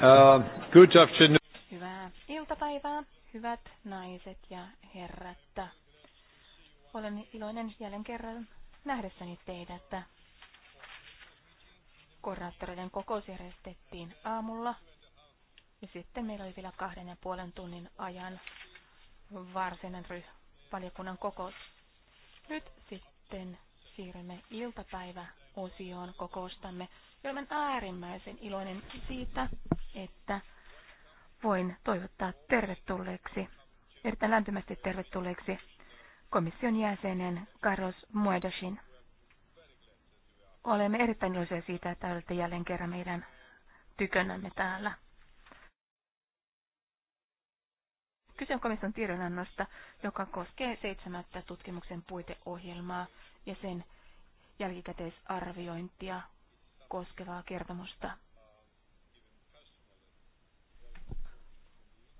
Uh, good afternoon. Hyvää iltapäivää, hyvät naiset ja herrat. Olen iloinen jälleen kerran nähdessäni teidät. Koordinaattoreiden kokous järjestettiin aamulla ja sitten meillä oli vielä kahden ja puolen tunnin ajan varsinainen valiokunnan kokous. Nyt sitten siirrymme iltapäiväosioon kokoustamme. Ja olen äärimmäisen iloinen siitä, että voin toivottaa tervetulleeksi, erittäin lämpimästi tervetulleeksi komission jäsenen Carlos Muedosin. Olemme erittäin iloisia siitä, että olette jälleen kerran meidän tykönämme täällä. Kyse on komission tiedonannosta, joka koskee seitsemättä tutkimuksen puiteohjelmaa ja sen jälkikäteisarviointia koskevaa kertomusta.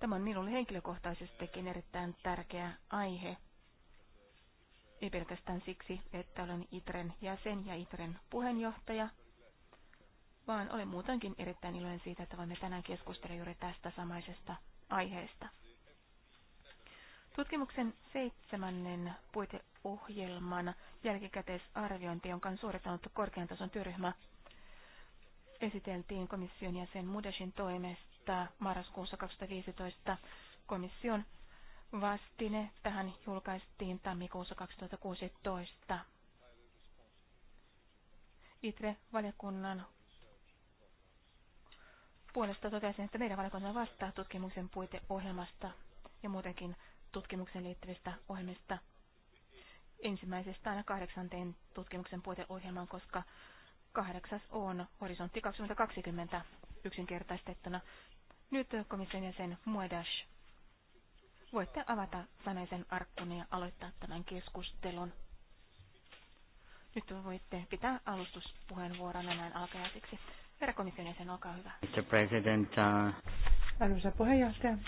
Tämä on minulle henkilökohtaisestikin erittäin tärkeä aihe. Ei pelkästään siksi, että olen ITREN jäsen ja ITREN puheenjohtaja, vaan olen muutenkin erittäin iloinen siitä, että voimme tänään keskustella juuri tästä samaisesta aiheesta. Tutkimuksen seitsemännen puiteohjelman jälkikäteisarviointi, jonka on suorittanut korkean tason työryhmä, esiteltiin komission jäsen Mudeshin toimesta julkaistaan marraskuussa 2015 komission vastine. Tähän julkaistiin tammikuussa 2016. ITRE-valiokunnan puolesta totesin, että meidän valiokunta vastaa tutkimuksen puiteohjelmasta ja muutenkin tutkimuksen liittyvistä ohjelmista ensimmäisestä aina kahdeksanteen tutkimuksen puiteohjelmaan, koska kahdeksas on horisontti 2020 yksinkertaistettuna. Nyt komission jäsen Muedas. Voitte avata sanaisen arkkunne ja aloittaa tämän keskustelun. Nyt voitte pitää alustuspuheenvuoron näin alkajaisiksi. Herra komission jäsen, olkaa hyvä. Mr. President, uh... Arvoisa puheenjohtaja,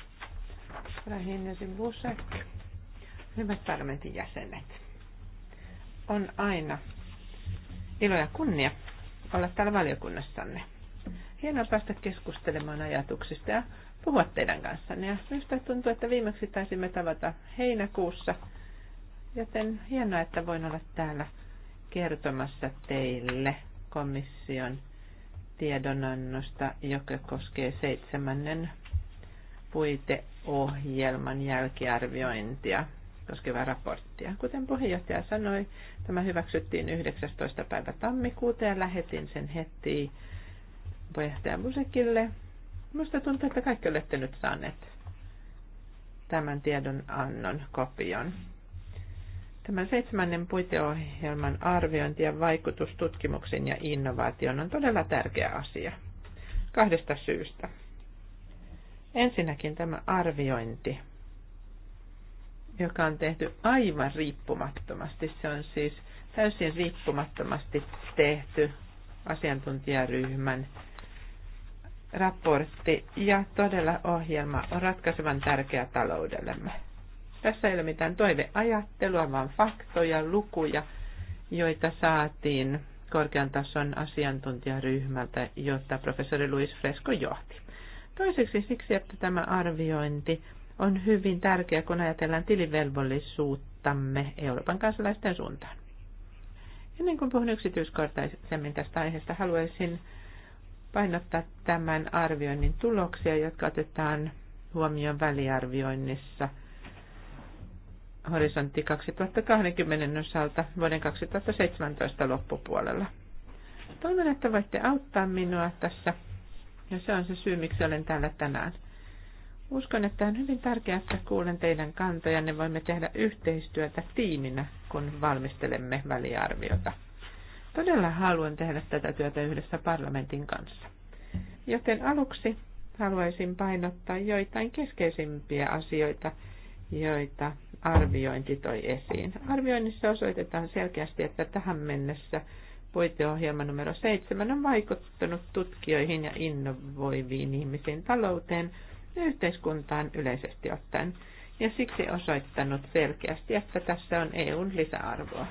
Rahinnesin Busek, hyvät parlamentin jäsenet. On aina ilo ja kunnia olla täällä valiokunnassanne. Hienoa päästä keskustelemaan ajatuksista ja puhua teidän kanssanne. Ja minusta tuntuu, että viimeksi taisimme tavata heinäkuussa, joten hienoa, että voin olla täällä kertomassa teille komission tiedonannosta, joka koskee seitsemännen puiteohjelman jälkiarviointia koskevaa raporttia. Kuten puheenjohtaja sanoi, tämä hyväksyttiin 19. päivä tammikuuta ja lähetin sen heti puheenjohtaja Busekille. Minusta tuntuu, että kaikki olette nyt saaneet tämän tiedon annon kopion. Tämän seitsemännen puiteohjelman arviointi ja vaikutus tutkimuksen ja innovaation on todella tärkeä asia. Kahdesta syystä. Ensinnäkin tämä arviointi, joka on tehty aivan riippumattomasti. Se on siis täysin riippumattomasti tehty asiantuntijaryhmän raportti ja todella ohjelma on ratkaisevan tärkeä taloudellemme. Tässä ei ole mitään toiveajattelua, vaan faktoja, lukuja, joita saatiin korkean tason asiantuntijaryhmältä, jota professori Luis Fresco johti. Toiseksi siksi, että tämä arviointi on hyvin tärkeä, kun ajatellaan tilivelvollisuuttamme Euroopan kansalaisten suuntaan. Ennen kuin puhun yksityiskohtaisemmin tästä aiheesta, haluaisin painottaa tämän arvioinnin tuloksia, jotka otetaan huomioon väliarvioinnissa horisontti 2020 osalta vuoden 2017 loppupuolella. Toivon, että voitte auttaa minua tässä, ja se on se syy, miksi olen täällä tänään. Uskon, että on hyvin tärkeää, että kuulen teidän kantoja, ne Voimme tehdä yhteistyötä tiiminä, kun valmistelemme väliarviota. Todella haluan tehdä tätä työtä yhdessä parlamentin kanssa. Joten aluksi haluaisin painottaa joitain keskeisimpiä asioita, joita arviointi toi esiin. Arvioinnissa osoitetaan selkeästi, että tähän mennessä puiteohjelma numero 7 on vaikuttanut tutkijoihin ja innovoiviin ihmisiin talouteen ja yhteiskuntaan yleisesti ottaen, ja siksi osoittanut selkeästi, että tässä on EUn lisäarvoa.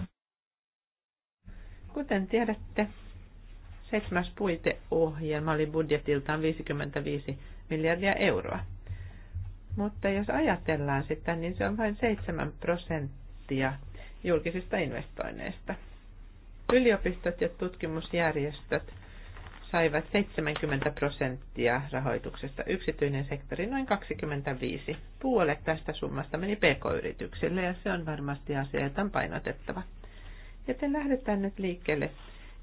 Kuten tiedätte, seitsemäs puiteohjelma oli budjetiltaan 55 miljardia euroa. Mutta jos ajatellaan sitä, niin se on vain 7 prosenttia julkisista investoinneista. Yliopistot ja tutkimusjärjestöt saivat 70 prosenttia rahoituksesta, yksityinen sektori noin 25. Puolet tästä summasta meni pk-yrityksille ja se on varmasti asia, jota on painotettava. Joten lähdetään nyt liikkeelle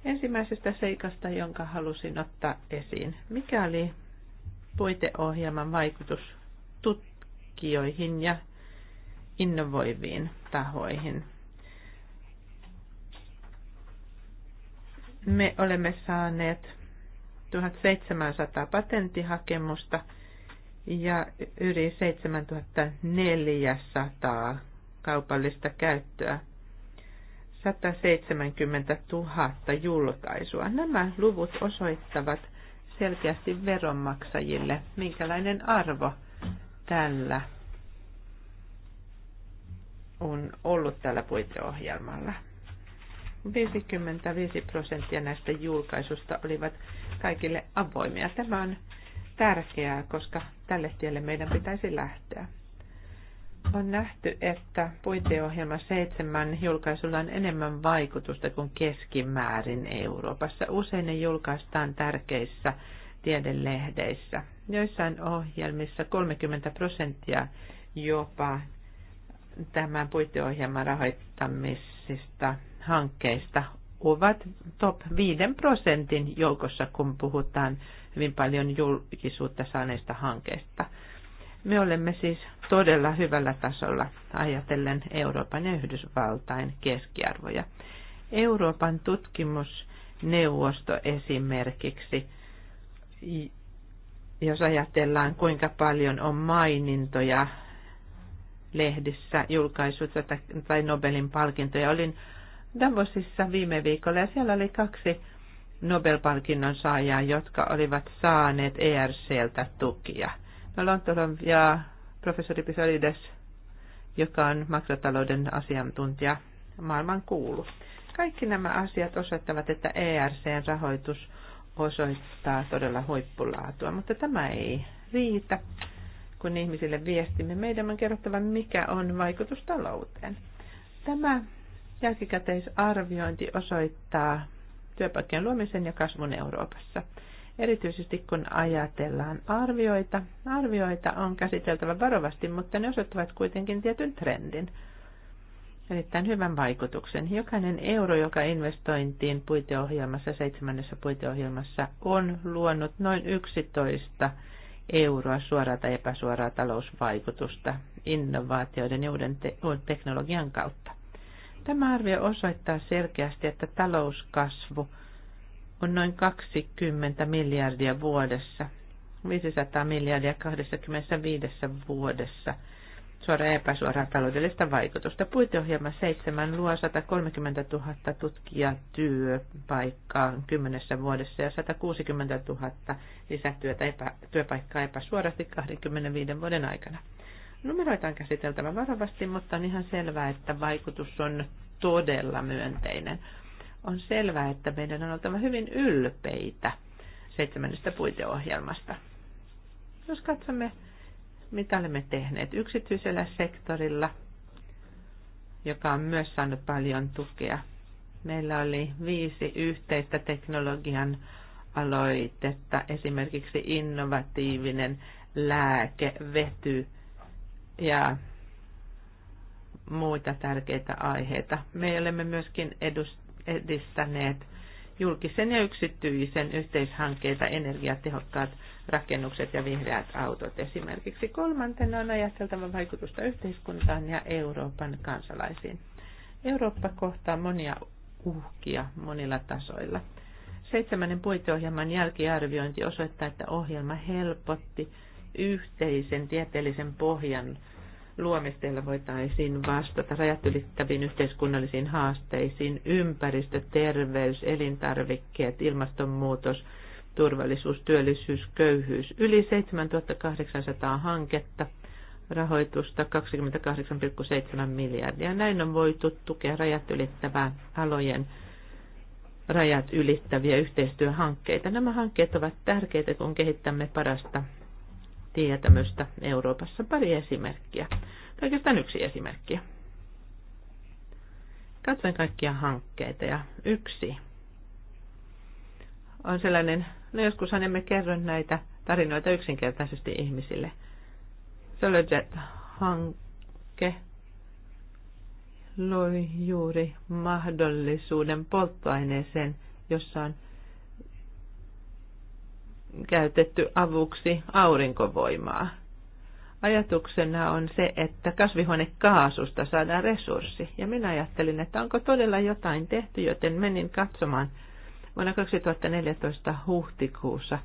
ensimmäisestä seikasta, jonka halusin ottaa esiin. Mikä oli puiteohjelman vaikutus tutkijoihin ja innovoiviin tahoihin? Me olemme saaneet 1700 patenttihakemusta ja yli 7400 kaupallista käyttöä 170 000 julkaisua. Nämä luvut osoittavat selkeästi veronmaksajille, minkälainen arvo tällä on ollut tällä puiteohjelmalla. 55 prosenttia näistä julkaisusta olivat kaikille avoimia. Tämä on tärkeää, koska tälle tielle meidän pitäisi lähteä. On nähty, että puiteohjelma 7 julkaisulla on enemmän vaikutusta kuin keskimäärin Euroopassa. Usein ne julkaistaan tärkeissä tiedelehdeissä. Joissain ohjelmissa 30 prosenttia jopa tämän puiteohjelman rahoittamisista hankkeista ovat top 5 prosentin joukossa, kun puhutaan hyvin paljon julkisuutta saaneista hankkeista. Me olemme siis todella hyvällä tasolla ajatellen Euroopan ja Yhdysvaltain keskiarvoja. Euroopan tutkimusneuvosto esimerkiksi, jos ajatellaan kuinka paljon on mainintoja lehdissä, julkaisuissa tai Nobelin palkintoja. Olin Davosissa viime viikolla ja siellä oli kaksi Nobel-palkinnon saajaa, jotka olivat saaneet ERCltä tukia – Lontolon ja professori Pisarides, joka on makrotalouden asiantuntija maailman kuulu. Kaikki nämä asiat osoittavat, että ERCn rahoitus osoittaa todella huippulaatua, mutta tämä ei riitä, kun ihmisille viestimme. Meidän on kerrottava, mikä on vaikutus talouteen. Tämä jälkikäteisarviointi osoittaa työpaikkien luomisen ja kasvun Euroopassa – erityisesti kun ajatellaan arvioita. Arvioita on käsiteltävä varovasti, mutta ne osoittavat kuitenkin tietyn trendin. Erittäin hyvän vaikutuksen. Jokainen euro, joka investointiin puiteohjelmassa, seitsemännessä puiteohjelmassa, on luonut noin 11 euroa suoraa tai epäsuoraa talousvaikutusta innovaatioiden ja uuden, te- uuden teknologian kautta. Tämä arvio osoittaa selkeästi, että talouskasvu – on noin 20 miljardia vuodessa, 500 miljardia 25 vuodessa suoraa ja epäsuoraa taloudellista vaikutusta. Puiteohjelma 7 luo 130 000 tutkijatyöpaikkaa kymmenessä vuodessa ja 160 000 lisätyötä epä, työpaikkaa epäsuorasti 25 vuoden aikana. Numeroita on käsiteltävä varovasti, mutta on ihan selvää, että vaikutus on todella myönteinen on selvää, että meidän on oltava hyvin ylpeitä seitsemännestä puiteohjelmasta. Jos katsomme, mitä olemme tehneet yksityisellä sektorilla, joka on myös saanut paljon tukea. Meillä oli viisi yhteistä teknologian aloitetta, esimerkiksi innovatiivinen lääke, vety ja muita tärkeitä aiheita. Me olemme myöskin edust- edistäneet julkisen ja yksityisen yhteishankkeita, energiatehokkaat rakennukset ja vihreät autot. Esimerkiksi kolmantena on ajateltava vaikutusta yhteiskuntaan ja Euroopan kansalaisiin. Eurooppa kohtaa monia uhkia monilla tasoilla. Seitsemännen puiteohjelman jälkiarviointi osoittaa, että ohjelma helpotti yhteisen tieteellisen pohjan luomisteilla voitaisiin vastata rajat ylittäviin yhteiskunnallisiin haasteisiin, ympäristö, terveys, elintarvikkeet, ilmastonmuutos, turvallisuus, työllisyys, köyhyys. Yli 7800 hanketta, rahoitusta 28,7 miljardia. Näin on voitu tukea rajat ylittävää alojen rajat ylittäviä yhteistyöhankkeita. Nämä hankkeet ovat tärkeitä, kun kehittämme parasta tietämystä Euroopassa. Pari esimerkkiä, tai oikeastaan yksi esimerkki. Katsoin kaikkia hankkeita ja yksi on sellainen, no joskushan emme kerro näitä tarinoita yksinkertaisesti ihmisille. SolarJet-hanke loi juuri mahdollisuuden polttoaineeseen, jossa on käytetty avuksi aurinkovoimaa. Ajatuksena on se, että kasvihuonekaasusta saadaan resurssi. Ja minä ajattelin, että onko todella jotain tehty, joten menin katsomaan. Vuonna 2014 huhtikuussa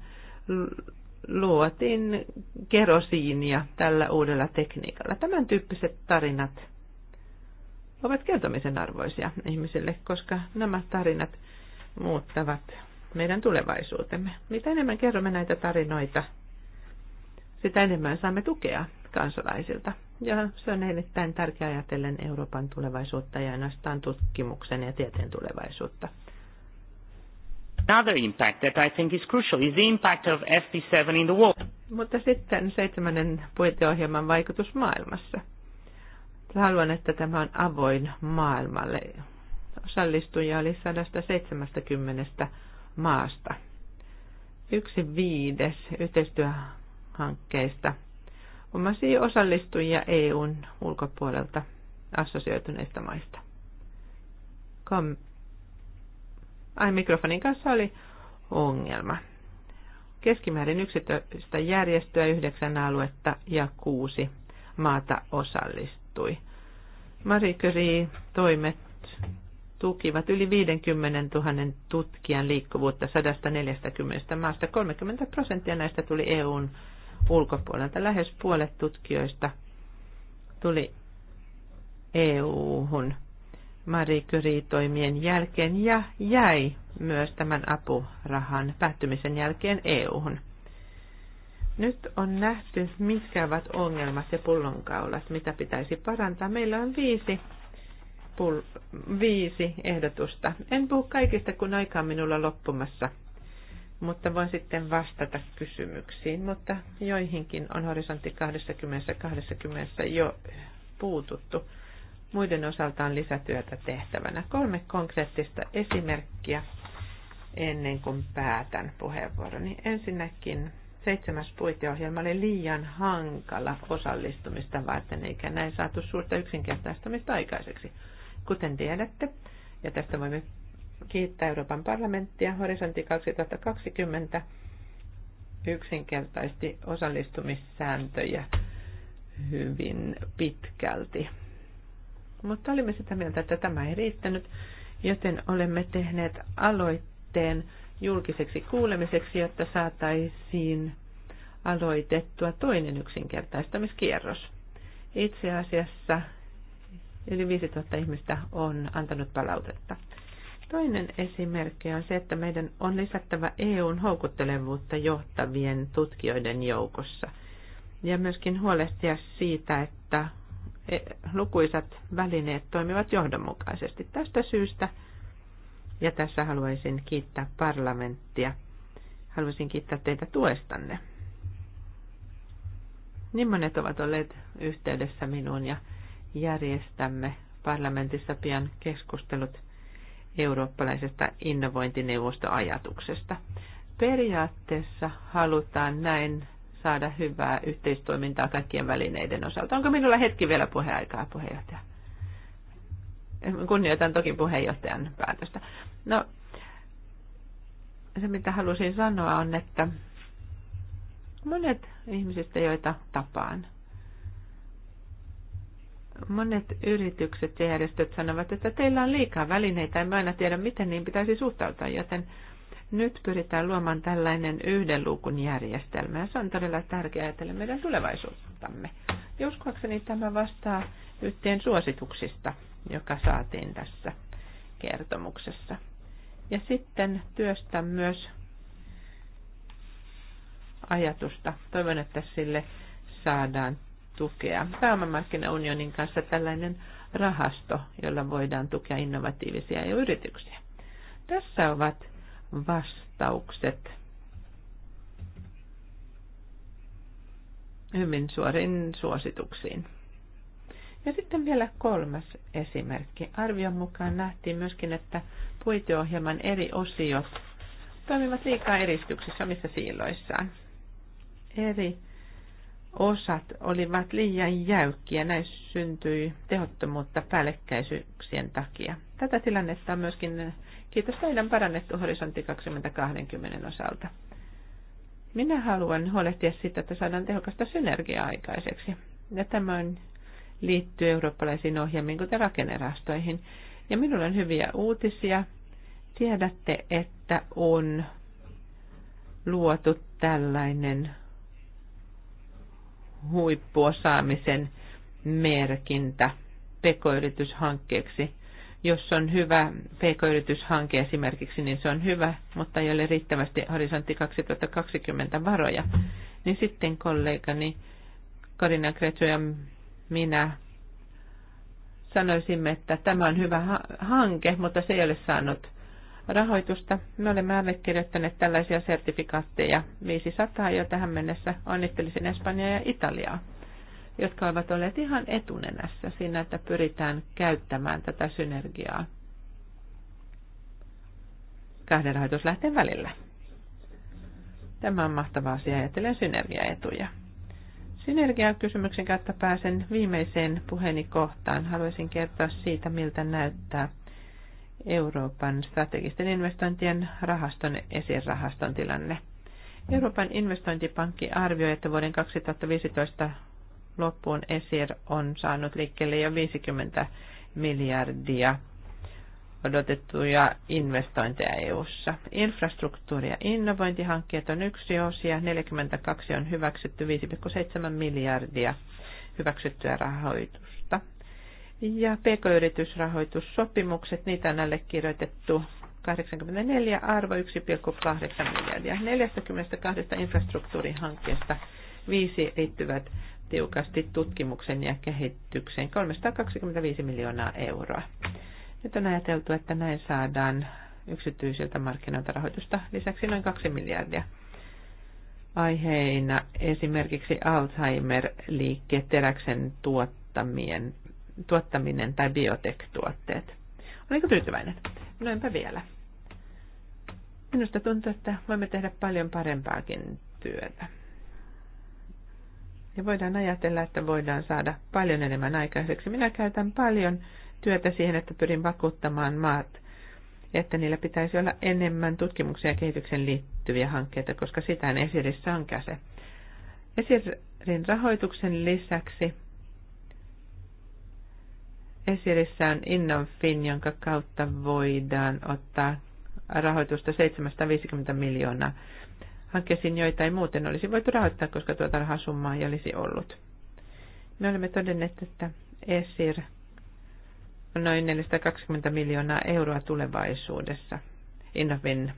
luotiin kerosiinia tällä uudella tekniikalla. Tämän tyyppiset tarinat ovat kertomisen arvoisia ihmisille, koska nämä tarinat muuttavat meidän tulevaisuutemme. Mitä enemmän kerromme näitä tarinoita, sitä enemmän saamme tukea kansalaisilta. Ja se on erittäin tärkeää ajatellen Euroopan tulevaisuutta ja ainoastaan tutkimuksen ja tieteen tulevaisuutta. Another impact that I think is crucial is the impact of FP7 in the world. Mutta sitten seitsemännen puheenjohtajan vaikutus maailmassa. Haluan, että tämä on avoin maailmalle. Osallistujia oli 170 maasta. Yksi viides yhteistyöhankkeista omasi osallistujia EUn ulkopuolelta assosioituneista maista. Kom- Ai, mikrofonin kanssa oli ongelma. Keskimäärin 11 järjestöä, 9 aluetta ja 6 maata osallistui. Marie Curie toimet tukivat yli 50 000 tutkijan liikkuvuutta 140 maasta. 30 prosenttia näistä tuli EUn ulkopuolelta. Lähes puolet tutkijoista tuli EU-hun Marie Curie-toimien jälkeen ja jäi myös tämän apurahan päättymisen jälkeen EU-hun. Nyt on nähty, mitkä ovat ongelmat ja pullonkaulat, mitä pitäisi parantaa. Meillä on viisi pul- viisi ehdotusta. En puhu kaikista, kun on minulla loppumassa, mutta voin sitten vastata kysymyksiin. Mutta joihinkin on horisontti 20-20 jo puututtu. Muiden osalta on lisätyötä tehtävänä. Kolme konkreettista esimerkkiä ennen kuin päätän puheenvuoroni. Ensinnäkin seitsemäs puiteohjelma oli liian hankala osallistumista varten, eikä näin saatu suurta yksinkertaistamista aikaiseksi. Kuten tiedätte, ja tästä voimme kiittää Euroopan parlamenttia, Horisontti 2020 yksinkertaisesti osallistumissääntöjä hyvin pitkälti. Mutta olimme sitä mieltä, että tämä ei riittänyt, joten olemme tehneet aloitteen julkiseksi kuulemiseksi, jotta saataisiin aloitettua toinen yksinkertaistamiskierros. Itse asiassa Yli 5000 ihmistä on antanut palautetta. Toinen esimerkki on se, että meidän on lisättävä EUn houkuttelevuutta johtavien tutkijoiden joukossa. Ja myöskin huolehtia siitä, että e, lukuisat välineet toimivat johdonmukaisesti. Tästä syystä, ja tässä haluaisin kiittää parlamenttia, haluaisin kiittää teitä tuestanne. Niin monet ovat olleet yhteydessä minuun ja järjestämme parlamentissa pian keskustelut eurooppalaisesta innovointineuvostoajatuksesta. Periaatteessa halutaan näin saada hyvää yhteistoimintaa kaikkien välineiden osalta. Onko minulla hetki vielä puheaikaa, puheenjohtaja? Kunnioitan toki puheenjohtajan päätöstä. No, se mitä halusin sanoa on, että monet ihmisistä, joita tapaan, Monet yritykset ja järjestöt sanovat, että teillä on liikaa välineitä, mä aina tiedä, miten niin pitäisi suhtautua, joten nyt pyritään luomaan tällainen yhden luukun järjestelmä, ja se on todella tärkeää ajatella meidän tulevaisuuttamme. uskoakseni tämä vastaa yhteen suosituksista, joka saatiin tässä kertomuksessa. Ja sitten työstä myös ajatusta. Toivon, että sille saadaan tukea. Pääomamarkkinaunionin kanssa tällainen rahasto, jolla voidaan tukea innovatiivisia yrityksiä. Tässä ovat vastaukset hyvin suorin suosituksiin. Ja sitten vielä kolmas esimerkki. Arvion mukaan nähtiin myöskin, että puiteohjelman eri osiot toimivat liikaa eristyksissä omissa siiloissaan. Eri osat olivat liian jäykkiä. Näissä syntyi tehottomuutta päällekkäisyyksien takia. Tätä tilannetta on myöskin, kiitos teidän parannettu horisontti 2020 osalta. Minä haluan huolehtia siitä, että saadaan tehokasta synergiaa aikaiseksi. Ja tämä on liittyy eurooppalaisiin ohjelmiin, kuten rakennerastoihin. Ja minulla on hyviä uutisia. Tiedätte, että on luotu tällainen huippuosaamisen merkintä pk-yrityshankkeeksi. Jos on hyvä pk-yrityshanke esimerkiksi, niin se on hyvä, mutta ei ole riittävästi horisontti 2020 varoja. Niin sitten kollegani Karina Kretsu ja minä sanoisimme, että tämä on hyvä hanke, mutta se ei ole saanut rahoitusta. Me olemme allekirjoittaneet tällaisia sertifikaatteja 500 jo tähän mennessä. Onnittelisin Espanjaa ja Italiaa, jotka ovat olleet ihan etunenässä siinä, että pyritään käyttämään tätä synergiaa kahden rahoituslähteen välillä. Tämä on mahtava asia ajatellen synergiaetuja. kysymyksen kautta pääsen viimeiseen puheeni kohtaan. Haluaisin kertoa siitä, miltä näyttää Euroopan strategisten investointien rahaston esirahaston tilanne. Euroopan investointipankki arvioi, että vuoden 2015 loppuun ESIR on saanut liikkeelle jo 50 miljardia odotettuja investointeja EU-ssa. Infrastruktuuri- ja innovointihankkeet on yksi osia, 42 on hyväksytty 5,7 miljardia hyväksyttyä rahoitus ja pk-yritysrahoitussopimukset, niitä on allekirjoitettu 84 arvo 1,8 miljardia. 42 infrastruktuurihankkeesta viisi liittyvät tiukasti tutkimuksen ja kehitykseen 325 miljoonaa euroa. Nyt on ajateltu, että näin saadaan yksityisiltä markkinoilta rahoitusta lisäksi noin 2 miljardia. Aiheina esimerkiksi Alzheimer-liikkeet, teräksen tuottamien tuottaminen tai biotech-tuotteet. Oliko tyytyväinen? No enpä vielä. Minusta tuntuu, että voimme tehdä paljon parempaakin työtä. Ja voidaan ajatella, että voidaan saada paljon enemmän aikaiseksi. Minä käytän paljon työtä siihen, että pyrin vakuuttamaan maat, että niillä pitäisi olla enemmän tutkimuksia ja kehityksen liittyviä hankkeita, koska sitä esirissä on käse. Esirin rahoituksen lisäksi Esirissä on Innofin, jonka kautta voidaan ottaa rahoitusta 750 miljoonaa. Hankkeisiin, joita ei muuten olisi voitu rahoittaa, koska tuota rahasummaa ei olisi ollut. Me olemme todenneet, että Esir on noin 420 miljoonaa euroa tulevaisuudessa Innofin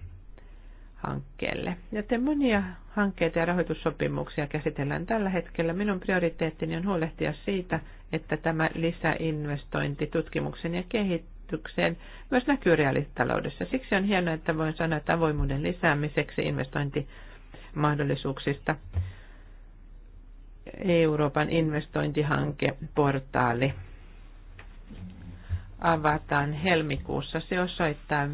hankkeelle. Joten monia hankkeita ja rahoitussopimuksia käsitellään tällä hetkellä. Minun prioriteettini on huolehtia siitä, että tämä lisäinvestointi tutkimuksen ja kehitykseen myös näkyy reaalitaloudessa. Siksi on hienoa, että voin sanoa, että avoimuuden lisäämiseksi investointimahdollisuuksista Euroopan investointihankeportaali avataan helmikuussa. Se osoittaa,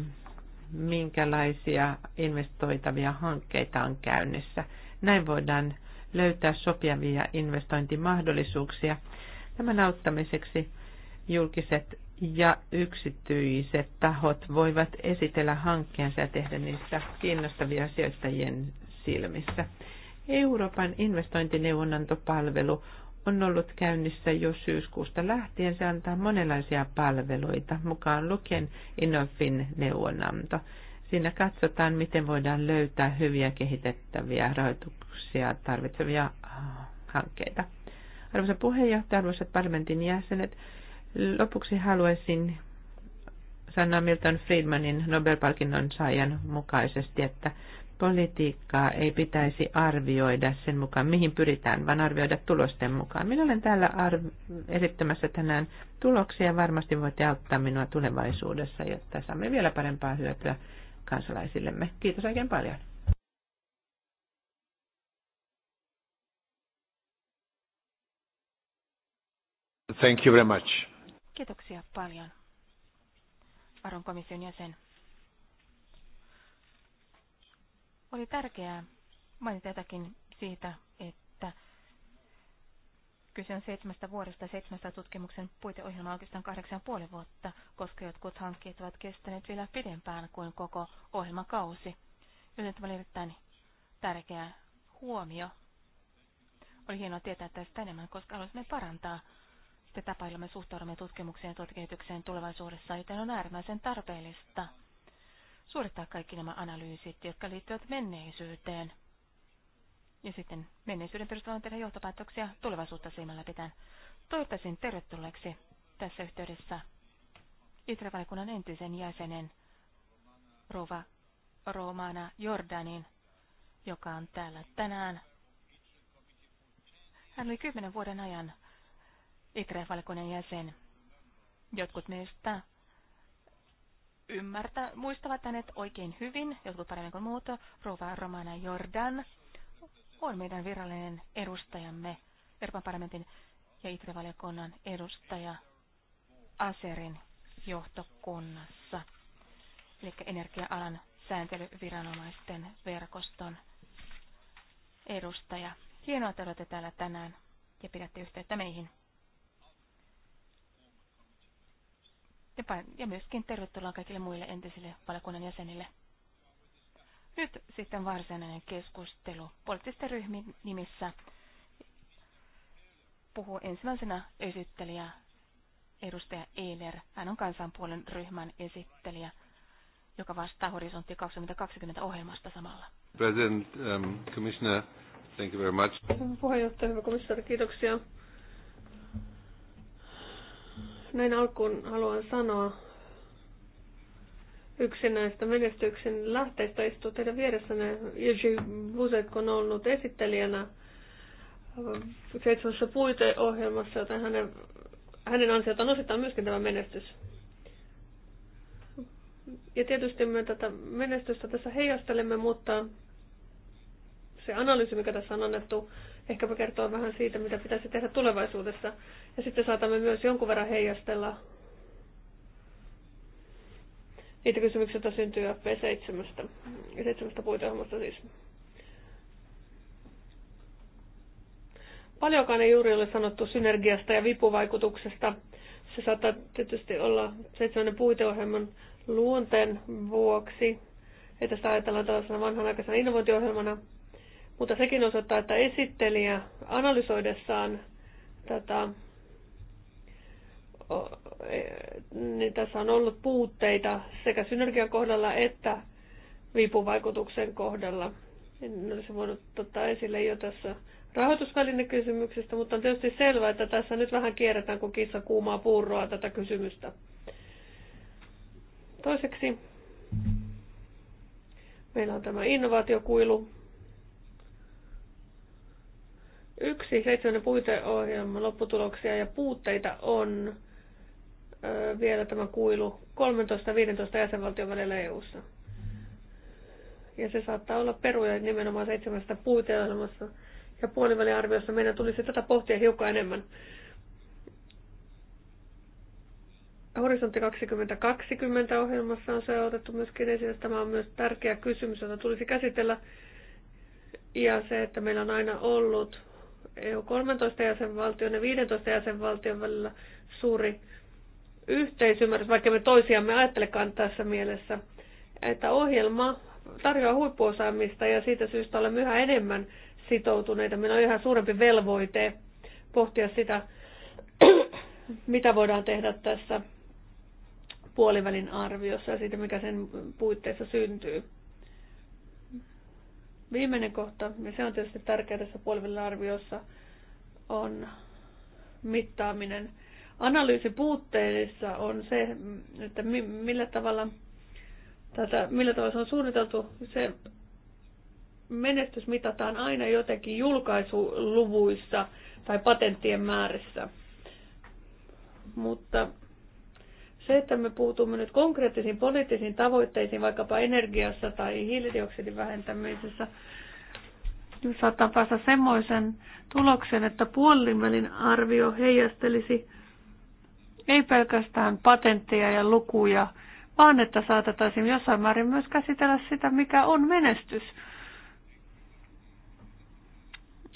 minkälaisia investoitavia hankkeita on käynnissä. Näin voidaan löytää sopivia investointimahdollisuuksia. Tämän auttamiseksi julkiset ja yksityiset tahot voivat esitellä hankkeensa ja tehdä niistä kiinnostavia sijoittajien silmissä. Euroopan investointineuvonantopalvelu on ollut käynnissä jo syyskuusta lähtien. Se antaa monenlaisia palveluita, mukaan lukien Innofin neuvonanto. Siinä katsotaan, miten voidaan löytää hyviä kehitettäviä rahoituksia tarvitsevia ah, hankkeita. Arvoisa puheenjohtaja, arvoisat parlamentin jäsenet, lopuksi haluaisin sanoa Milton Friedmanin Nobel-palkinnon saajan mukaisesti, että Politiikkaa ei pitäisi arvioida sen mukaan, mihin pyritään, vaan arvioida tulosten mukaan. Minä olen täällä arv- esittämässä tänään tuloksia ja varmasti voitte auttaa minua tulevaisuudessa, jotta saamme vielä parempaa hyötyä kansalaisillemme. Kiitos oikein paljon. Thank you very much. Kiitoksia paljon. Aron komission jäsen. Oli tärkeää mainita jotakin siitä, että kyse on seitsemästä vuodesta seitsemästä tutkimuksen puiteohjelmaa oikeastaan kahdeksan puoli vuotta, koska jotkut hankkeet ovat kestäneet vielä pidempään kuin koko ohjelmakausi. Joten tämä oli erittäin tärkeä huomio. Oli hienoa tietää tästä enemmän, koska haluaisimme parantaa sitä tapaa, jolla me suhtaudumme tutkimukseen ja tutkimukseen tulevaisuudessa, joten on äärimmäisen tarpeellista, suorittaa kaikki nämä analyysit, jotka liittyvät menneisyyteen. Ja sitten menneisyyden perusteella tehdä johtopäätöksiä tulevaisuutta silmällä pitäen. Toivottaisin tervetulleeksi tässä yhteydessä Itävalikunnan entisen jäsenen Rova Romana Jordanin, joka on täällä tänään. Hän oli kymmenen vuoden ajan Itävalikunnan jäsen. Jotkut meistä ymmärtä, muistavat hänet oikein hyvin, jotkut paremmin kuin muut. Rova Romana Jordan on meidän virallinen edustajamme, Euroopan parlamentin ja Itävaliokunnan edustaja Aserin johtokunnassa, eli energia-alan sääntelyviranomaisten verkoston edustaja. Hienoa, että olette täällä tänään ja pidätte yhteyttä meihin. Ja, ja myöskin tervetuloa kaikille muille entisille valiokunnan jäsenille. Nyt sitten varsinainen keskustelu poliittisten ryhmien nimissä. Puhuu ensimmäisenä esittelijä edustaja Eiler. Hän on kansanpuolen ryhmän esittelijä, joka vastaa Horisontti 2020 ohjelmasta samalla. President, um, Commissioner, thank you very much. Puheenjohtaja, hyvä komissaari, kiitoksia. Näin alkuun haluan sanoa yksi näistä menestyksen lähteistä istuu teidän vieressänne. Jerzy Buzek on ollut esittelijänä seitsemässä puiteohjelmassa, joten hänen, hänen ansiotaan osittain myöskin tämä menestys. Ja tietysti me tätä menestystä tässä heijastelemme, mutta se analyysi, mikä tässä on annettu, ehkäpä kertoo vähän siitä, mitä pitäisi tehdä tulevaisuudessa. Ja sitten saatamme myös jonkun verran heijastella niitä kysymyksiä, joita syntyy FP7 7 puiteohjelmasta siis. Paljonkaan ei juuri ole sanottu synergiasta ja vipuvaikutuksesta. Se saattaa tietysti olla seitsemän puiteohjelman luonteen vuoksi, että sitä ajatellaan tällaisena vanhanaikaisena innovointiohjelmana – mutta sekin osoittaa, että esittelijä analysoidessaan tätä, e, niin tässä on ollut puutteita sekä synergian kohdalla että vipuvaikutuksen kohdalla. En olisi voinut ottaa esille jo tässä rahoitusvälinekysymyksestä, mutta on tietysti selvää, että tässä nyt vähän kierretään kuin kissa kuumaa puuroa tätä kysymystä. Toiseksi meillä on tämä innovaatiokuilu, Yksi seitsemän puiteohjelman lopputuloksia ja puutteita on ö, vielä tämä kuilu 13-15 jäsenvaltion välillä EU-ssa. Ja se saattaa olla peruja nimenomaan seitsemästä puiteohjelmassa. Ja puoliväliarviossa meidän tulisi tätä pohtia hiukan enemmän. Horisontti 2020 ohjelmassa on se otettu myöskin esille. Tämä on myös tärkeä kysymys, jota tulisi käsitellä. Ja se, että meillä on aina ollut EU-13 jäsenvaltion ja 15 jäsenvaltion välillä suuri yhteisymmärrys, vaikka me toisiamme ajattelekaan tässä mielessä, että ohjelma tarjoaa huippuosaamista ja siitä syystä olemme yhä enemmän sitoutuneita. Meillä on yhä suurempi velvoite pohtia sitä, mitä voidaan tehdä tässä puolivälin arviossa ja siitä, mikä sen puitteissa syntyy. Viimeinen kohta, ja se on tietysti tärkeä tässä puolivälin arviossa, on mittaaminen. Analyysi puutteellisissa on se, että millä tavalla, tätä, millä tavalla se on suunniteltu. Se menestys mitataan aina jotenkin julkaisuluvuissa tai patenttien määrissä. Mutta se, että me puutumme nyt konkreettisiin poliittisiin tavoitteisiin vaikkapa energiassa tai hiilidioksidin vähentämisessä, niin saattaa päästä semmoisen tuloksen, että puolivälin arvio heijastelisi ei pelkästään patentteja ja lukuja, vaan että saatettaisiin jossain määrin myös käsitellä sitä, mikä on menestys.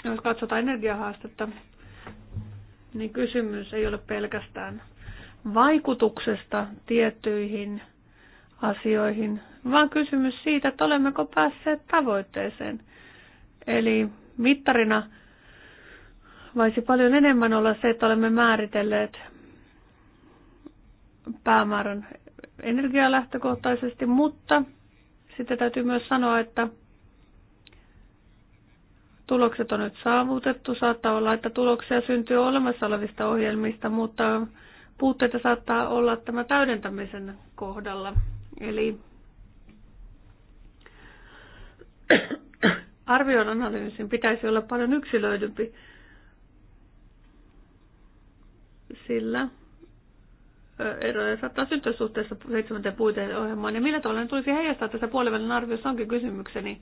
Jos katsotaan energiahaastetta, niin kysymys ei ole pelkästään vaikutuksesta tiettyihin asioihin, vaan kysymys siitä, että olemmeko päässeet tavoitteeseen. Eli mittarina voisi paljon enemmän olla se, että olemme määritelleet päämäärän energialähtökohtaisesti, mutta sitten täytyy myös sanoa, että tulokset on nyt saavutettu. Saattaa olla, että tuloksia syntyy olemassa olevista ohjelmista, mutta puutteita saattaa olla tämä täydentämisen kohdalla. Eli arvion analyysin pitäisi olla paljon yksilöidympi, sillä eroja saattaa syntyä suhteessa seitsemänteen puiteen ohjelmaan. Ja millä tavalla ne tulisi heijastaa tässä puolivälin arviossa onkin kysymykseni.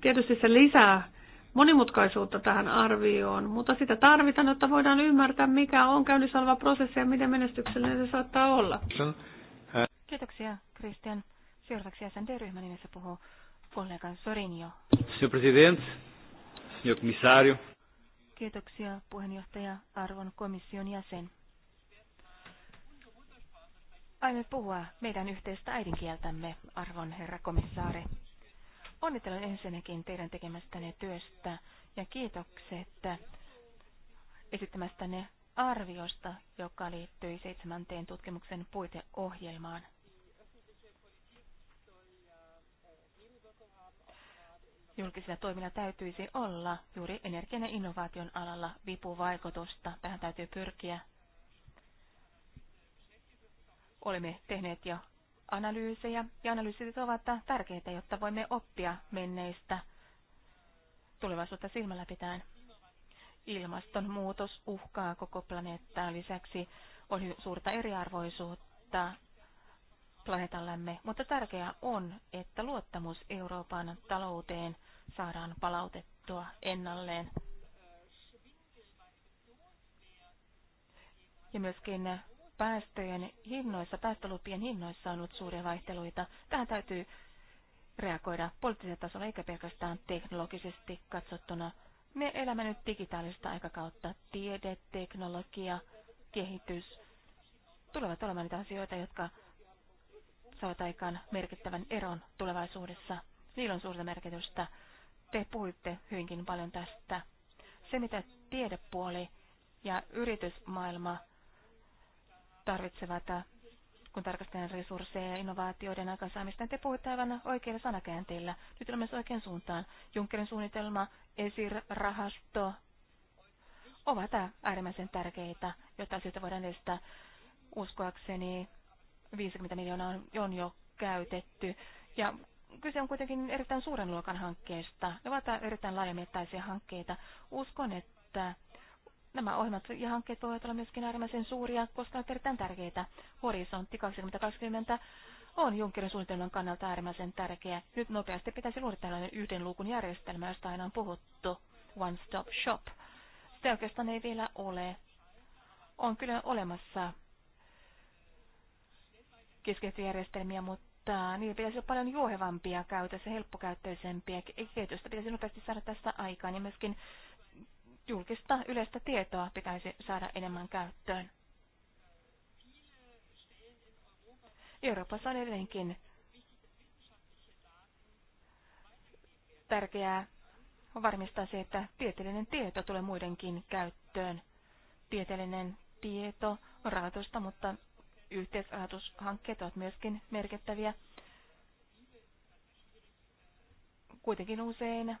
Tietysti se lisää monimutkaisuutta tähän arvioon, mutta sitä tarvitaan, jotta voidaan ymmärtää, mikä on käynnissä oleva prosessi ja miten menestyksellinen se saattaa olla. Kiitoksia, Christian. Seuraavaksi SND-ryhmän nimessä puhuu kollega Sorinio. Signor Presidente, signor Commissario. Kiitoksia, puheenjohtaja, arvon komission jäsen. Aimme puhua meidän yhteistä äidinkieltämme, arvon herra komissaari. Onnittelen ensinnäkin teidän tekemästänne työstä ja kiitokset esittämästänne arviosta, joka liittyi seitsemänteen tutkimuksen puiteohjelmaan. Julkisilla toimilla täytyisi olla juuri energian ja innovaation alalla vipuvaikutusta. Tähän täytyy pyrkiä. Olemme tehneet jo analyysejä, ja analyysit ovat tärkeitä, jotta voimme oppia menneistä tulevaisuutta silmällä pitäen. Ilmastonmuutos uhkaa koko planeettaa. Lisäksi on suurta eriarvoisuutta planeetallamme, mutta tärkeää on, että luottamus Euroopan talouteen saadaan palautettua ennalleen. Ja myöskin päästöjen hinnoissa, päästölupien hinnoissa on ollut suuria vaihteluita. Tähän täytyy reagoida poliittisella tasolla eikä pelkästään teknologisesti katsottuna. Me elämme nyt digitaalista aikakautta. Tiede, teknologia, kehitys tulevat olemaan niitä asioita, jotka saavat aikaan merkittävän eron tulevaisuudessa. Niillä on suurta merkitystä. Te puhuitte hyvinkin paljon tästä. Se, mitä tiedepuoli ja yritysmaailma tarvitsevat, äh, kun tarkastellaan resursseja ja innovaatioiden aikaansaamista. Te puhutte aivan oikeilla sanakäänteillä. Nyt olemme oikean suuntaan. Junckerin suunnitelma, esirahasto ovat äh, äärimmäisen tärkeitä, jotta asioita voidaan estää. Uskoakseni 50 miljoonaa on jo käytetty. Ja kyse on kuitenkin erittäin suuren luokan hankkeesta. Ne ovat äh, erittäin laajamittaisia hankkeita. Uskon, että Nämä ohjelmat ja hankkeet voivat olla myöskin äärimmäisen suuria, koska ovat erittäin tärkeitä. Horisontti 2020 on Junckerin suunnitelman kannalta äärimmäisen tärkeä. Nyt nopeasti pitäisi luoda tällainen yhden luukun järjestelmä, josta aina on puhuttu. One Stop Shop. Sitä oikeastaan ei vielä ole. On kyllä olemassa järjestelmiä, mutta niitä pitäisi olla paljon juohevampia käytössä, helppokäyttöisempiä. Kehitystä pitäisi nopeasti saada tästä aikaan ja myöskin julkista yleistä tietoa pitäisi saada enemmän käyttöön. Euroopassa on edelleenkin tärkeää varmistaa se, että tieteellinen tieto tulee muidenkin käyttöön. Tieteellinen tieto on rahoitusta, mutta yhteisrahoitushankkeet ovat myöskin merkittäviä. Kuitenkin usein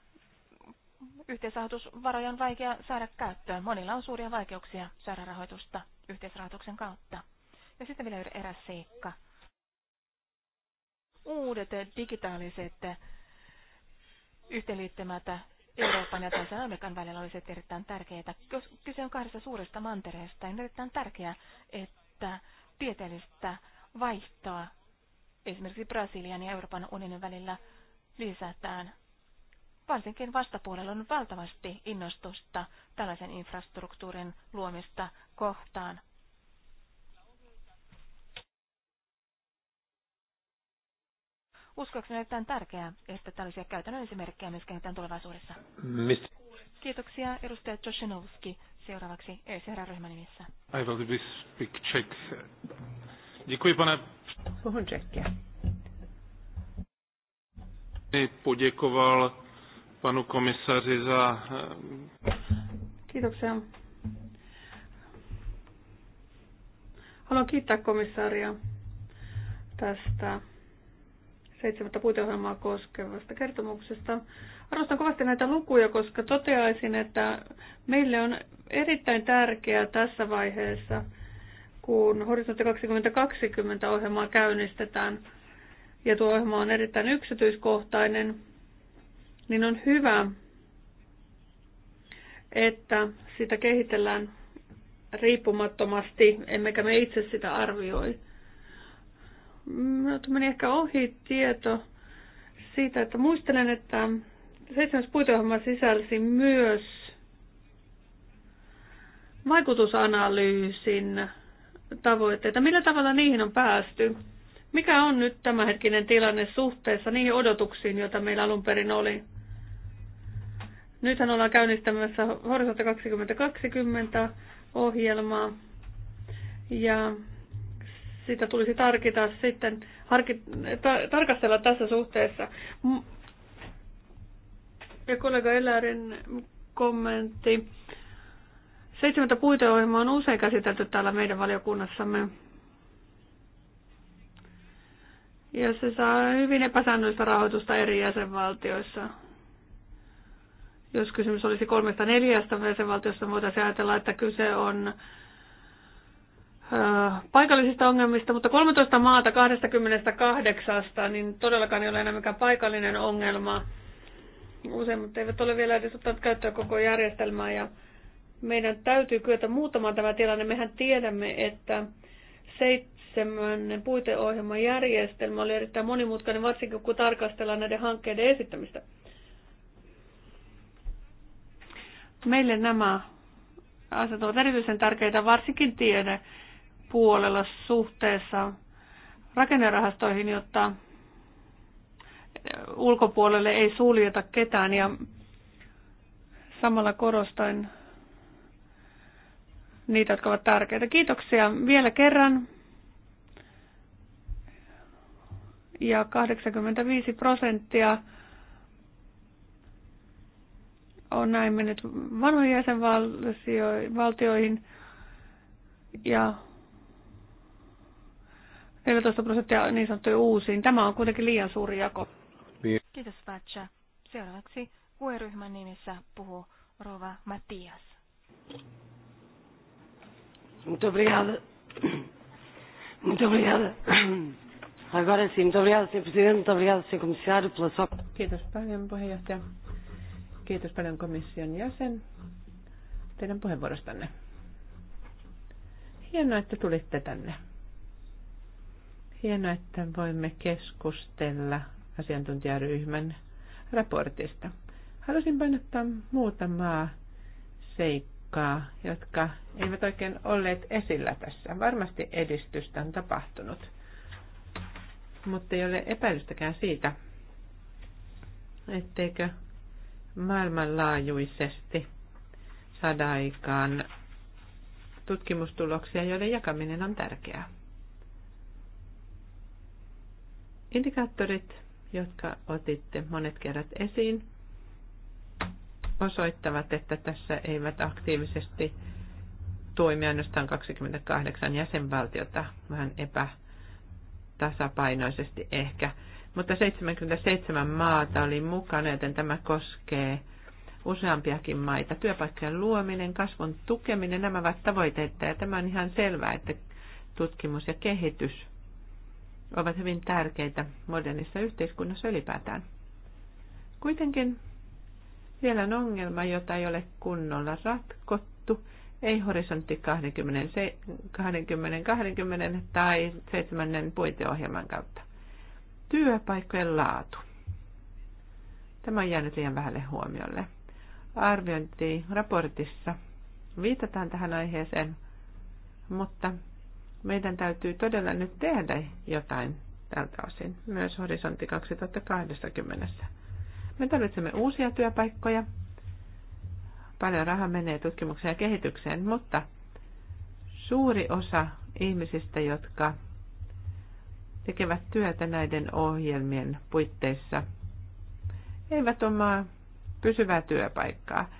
yhteisrahoitusvaroja on vaikea saada käyttöön. Monilla on suuria vaikeuksia saada rahoitusta yhteisrahoituksen kautta. Ja sitten vielä eräs seikka. Uudet digitaaliset yhteenliittymät Euroopan ja tässä Amerikan välillä olisivat erittäin tärkeitä. Kyse on kahdesta suuresta mantereesta. Niin on erittäin tärkeää, että tieteellistä vaihtoa esimerkiksi Brasilian ja Euroopan unionin välillä lisätään Varsinkin vastapuolella on valtavasti innostusta tällaisen infrastruktuurin luomista kohtaan. Uskoakseni on tärkeää, että tällaisia käytännön esimerkkejä myös kehitetään tulevaisuudessa. Mist? Kiitoksia edustaja Joshinovski seuraavaksi ECR-ryhmän nimissä. I will speak Czech. Děkuji, pane... Puhun Czechia. Poděkoval panu komisaři za... Eh, Kiitoksia. Haluan kiittää komissaaria tästä seitsemättä puiteohjelmaa koskevasta kertomuksesta. Arvostan kovasti näitä lukuja, koska toteaisin, että meille on erittäin tärkeää tässä vaiheessa, kun Horisontti 2020 ohjelmaa käynnistetään, ja tuo ohjelma on erittäin yksityiskohtainen, niin on hyvä, että sitä kehitellään riippumattomasti, emmekä me itse sitä arvioi. Minulta meni ehkä ohi tieto siitä, että muistelen, että seitsemäs puitohjelma sisälsi myös vaikutusanalyysin tavoitteita. Millä tavalla niihin on päästy? Mikä on nyt tämänhetkinen tilanne suhteessa niihin odotuksiin, joita meillä alun perin oli? Nythän ollaan käynnistämässä Horisontti 2020 ohjelmaa ja sitä tulisi tarkita sitten, harki, ta, tarkastella tässä suhteessa. Ja kollega Elärin kommentti. Seitsemäntä puiteohjelmaa on usein käsitelty täällä meidän valiokunnassamme. Ja se saa hyvin epäsäännöllistä rahoitusta eri jäsenvaltioissa. Jos kysymys olisi kolmesta neljästä jäsenvaltiosta, voitaisiin ajatella, että kyse on paikallisista ongelmista, mutta 13 maata 28, niin todellakaan ei ole enää mikään paikallinen ongelma. Useimmat eivät ole vielä edes ottaneet käyttöön koko järjestelmää ja meidän täytyy kyetä muuttamaan tämä tilanne. Mehän tiedämme, että seitsemännen puiteohjelman järjestelmä oli erittäin monimutkainen, varsinkin kun tarkastellaan näiden hankkeiden esittämistä. Meille nämä asiat ovat erityisen tärkeitä, varsinkin tiede puolella suhteessa rakennerahastoihin, jotta ulkopuolelle ei suljeta ketään ja samalla korostan niitä, jotka ovat tärkeitä. Kiitoksia vielä kerran. Ja 85 prosenttia on näin mennyt vanhoihin jäsenvaltioihin ja 14 prosenttia niin sanottuja uusiin. Tämä on kuitenkin liian suuri jako. Niin. Kiitos Vatsa. Seuraavaksi UE-ryhmän nimissä puhuu Rova Matias. Kiitos paljon, puheenjohtaja. Kiitos paljon komission jäsen teidän puheenvuorostanne. Hienoa, että tulitte tänne. Hienoa, että voimme keskustella asiantuntijaryhmän raportista. Halusin painottaa muutamaa seikkaa, jotka eivät oikein olleet esillä tässä. Varmasti edistystä on tapahtunut, mutta ei ole epäilystäkään siitä, etteikö maailmanlaajuisesti saada aikaan tutkimustuloksia, joiden jakaminen on tärkeää. Indikaattorit, jotka otitte monet kerrat esiin, osoittavat, että tässä eivät aktiivisesti toimi ainoastaan 28 jäsenvaltiota, vähän epätasapainoisesti ehkä mutta 77 maata oli mukana, joten tämä koskee useampiakin maita. Työpaikkojen luominen, kasvun tukeminen, nämä ovat tavoitteita ja tämä on ihan selvää, että tutkimus ja kehitys ovat hyvin tärkeitä modernissa yhteiskunnassa ylipäätään. Kuitenkin vielä on ongelma, jota ei ole kunnolla ratkottu, ei horisontti 20, 20, 20 tai seitsemännen puiteohjelman kautta. Työpaikkojen laatu. Tämä on jäänyt liian vähälle huomiolle. Arviointiraportissa viitataan tähän aiheeseen, mutta meidän täytyy todella nyt tehdä jotain tältä osin, myös horisontti 2020. Me tarvitsemme uusia työpaikkoja, paljon rahaa menee tutkimukseen ja kehitykseen, mutta suuri osa ihmisistä, jotka tekevät työtä näiden ohjelmien puitteissa, eivät omaa pysyvää työpaikkaa.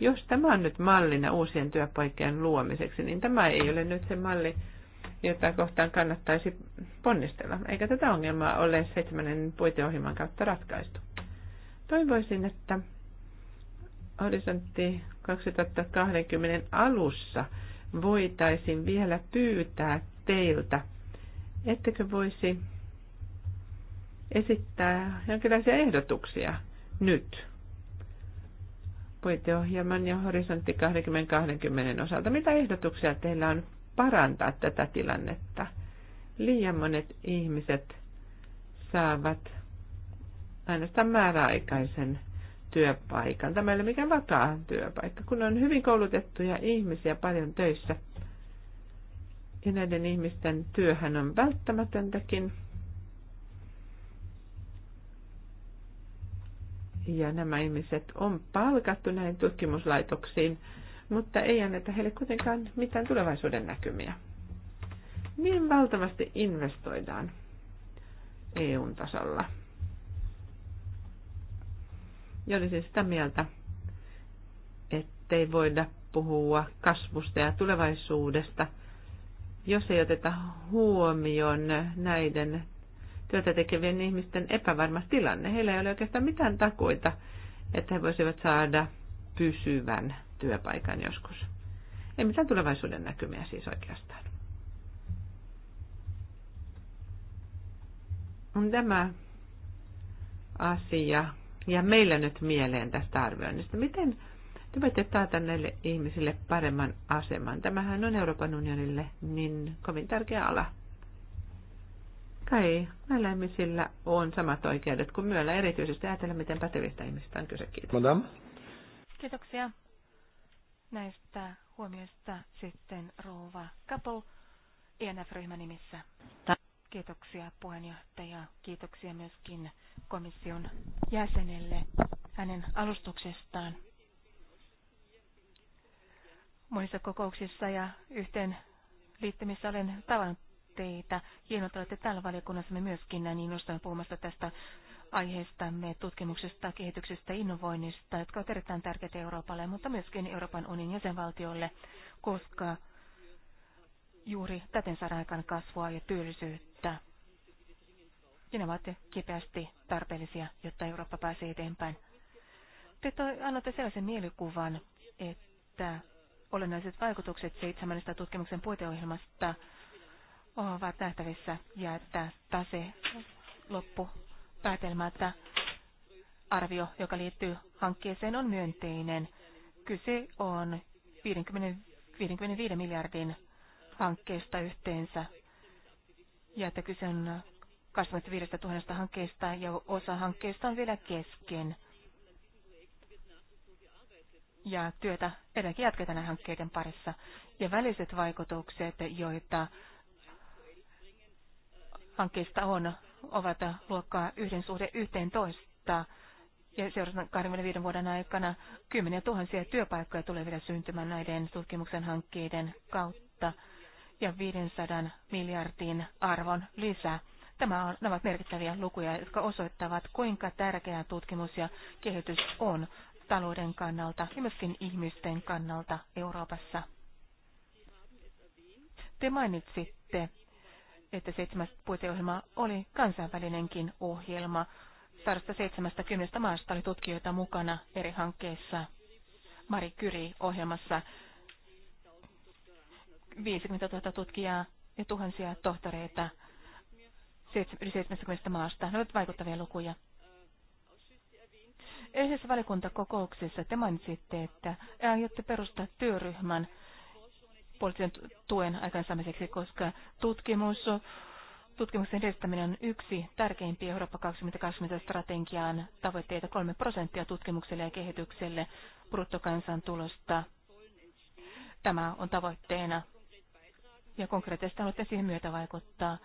Jos tämä on nyt mallina uusien työpaikkojen luomiseksi, niin tämä ei ole nyt se malli, jota kohtaan kannattaisi ponnistella, eikä tätä ongelmaa ole seitsemännen puiteohjelman kautta ratkaistu. Toivoisin, että horisontti 2020 alussa voitaisiin vielä pyytää teiltä ettekö voisi esittää jonkinlaisia ehdotuksia nyt puiteohjelman ja horisontti 2020 osalta? Mitä ehdotuksia teillä on parantaa tätä tilannetta? Liian monet ihmiset saavat ainoastaan määräaikaisen työpaikan. Tämä ei ole mikään vakaa työpaikka. Kun on hyvin koulutettuja ihmisiä paljon töissä – ja näiden ihmisten työhän on välttämätöntäkin. Ja nämä ihmiset on palkattu näihin tutkimuslaitoksiin, mutta ei anneta heille kuitenkaan mitään tulevaisuuden näkymiä. Niin valtavasti investoidaan EUn tasolla. Ja olisin sitä mieltä, ettei voida puhua kasvusta ja tulevaisuudesta – jos ei oteta huomioon näiden työtä tekevien ihmisten epävarma tilanne. Heillä ei ole oikeastaan mitään takuita, että he voisivat saada pysyvän työpaikan joskus. Ei mitään tulevaisuuden näkymiä siis oikeastaan. Tämä asia ja meillä nyt mieleen tästä arvioinnista. Miten te voitte taata näille ihmisille paremman aseman. Tämähän on Euroopan unionille niin kovin tärkeä ala. Kai näillä ihmisillä on samat oikeudet kuin myöllä, erityisesti ajatella, miten pätevistä ihmisistä on kyse. Kiitos. Madame. Kiitoksia näistä huomioista sitten Rouva Kapol INF-ryhmän e nimissä. Kiitoksia puheenjohtaja. Kiitoksia myöskin komission jäsenelle hänen alustuksestaan monissa kokouksissa ja yhteen liittymissä olen tavannut teitä. Hienoa, että olette täällä Me myöskin näin innostuneet puhumassa tästä aiheestamme, tutkimuksesta, kehityksestä, innovoinnista, jotka ovat erittäin tärkeitä Euroopalle, mutta myöskin Euroopan unionin jäsenvaltiolle, koska juuri täten saadaan aikaan kasvua ja työllisyyttä. Ja ne ovat kipeästi tarpeellisia, jotta Eurooppa pääsee eteenpäin. Te annatte sellaisen mielikuvan, että olennaiset vaikutukset seitsemännestä tutkimuksen puiteohjelmasta ovat nähtävissä ja että tase loppu että arvio, joka liittyy hankkeeseen, on myönteinen. Kyse on 50, 55 miljardin hankkeesta yhteensä ja että kyse on 25 000 hankkeesta ja osa hankkeesta on vielä kesken ja työtä edelleenkin jatketaan hankkeiden parissa. Ja väliset vaikutukset, joita hankkeista on, ovat luokkaa yhden suhde toista ja seuraavan 25 vuoden aikana kymmeniä tuhansia työpaikkoja tulee vielä syntymään näiden tutkimuksen hankkeiden kautta ja 500 miljardin arvon lisää. Tämä on, nämä ovat merkittäviä lukuja, jotka osoittavat, kuinka tärkeää tutkimus ja kehitys on talouden kannalta ja myöskin ihmisten kannalta Euroopassa. Te mainitsitte, että seitsemäs puiteohjelma oli kansainvälinenkin ohjelma. 170 maasta oli tutkijoita mukana eri hankkeissa. Mari Kyri-ohjelmassa 50 000 tutkijaa ja tuhansia tohtoreita yli 70 maasta. Ne ovat vaikuttavia lukuja. Yhdessä valikuntakokouksessa te mainitsitte, että aiotte perustaa työryhmän poliittisen tuen aikaansaamiseksi, koska tutkimus, tutkimuksen edistäminen on yksi tärkeimpiä Eurooppa 2020 strategian tavoitteita 3 prosenttia tutkimukselle ja kehitykselle bruttokansantulosta. Tämä on tavoitteena ja konkreettisesti haluatte siihen myötä vaikuttaa.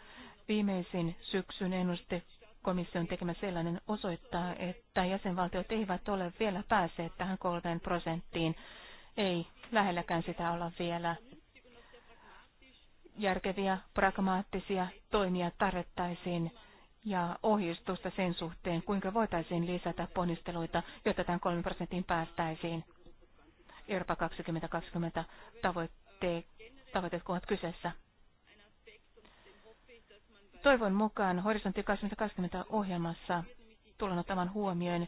Viimeisin syksyn ennuste komission tekemä sellainen osoittaa, että jäsenvaltiot eivät ole vielä päässeet tähän kolmeen prosenttiin. Ei lähelläkään sitä olla vielä. Järkeviä, pragmaattisia toimia tarvittaisiin ja ohjustusta sen suhteen, kuinka voitaisiin lisätä ponnisteluita, jotta tämän 3 prosentin päästäisiin. Euroopan 2020 tavoitteet, tavoitteet ovat kyseessä. Toivon mukaan Horisontti 2020 ohjelmassa tullaan ottamaan huomioon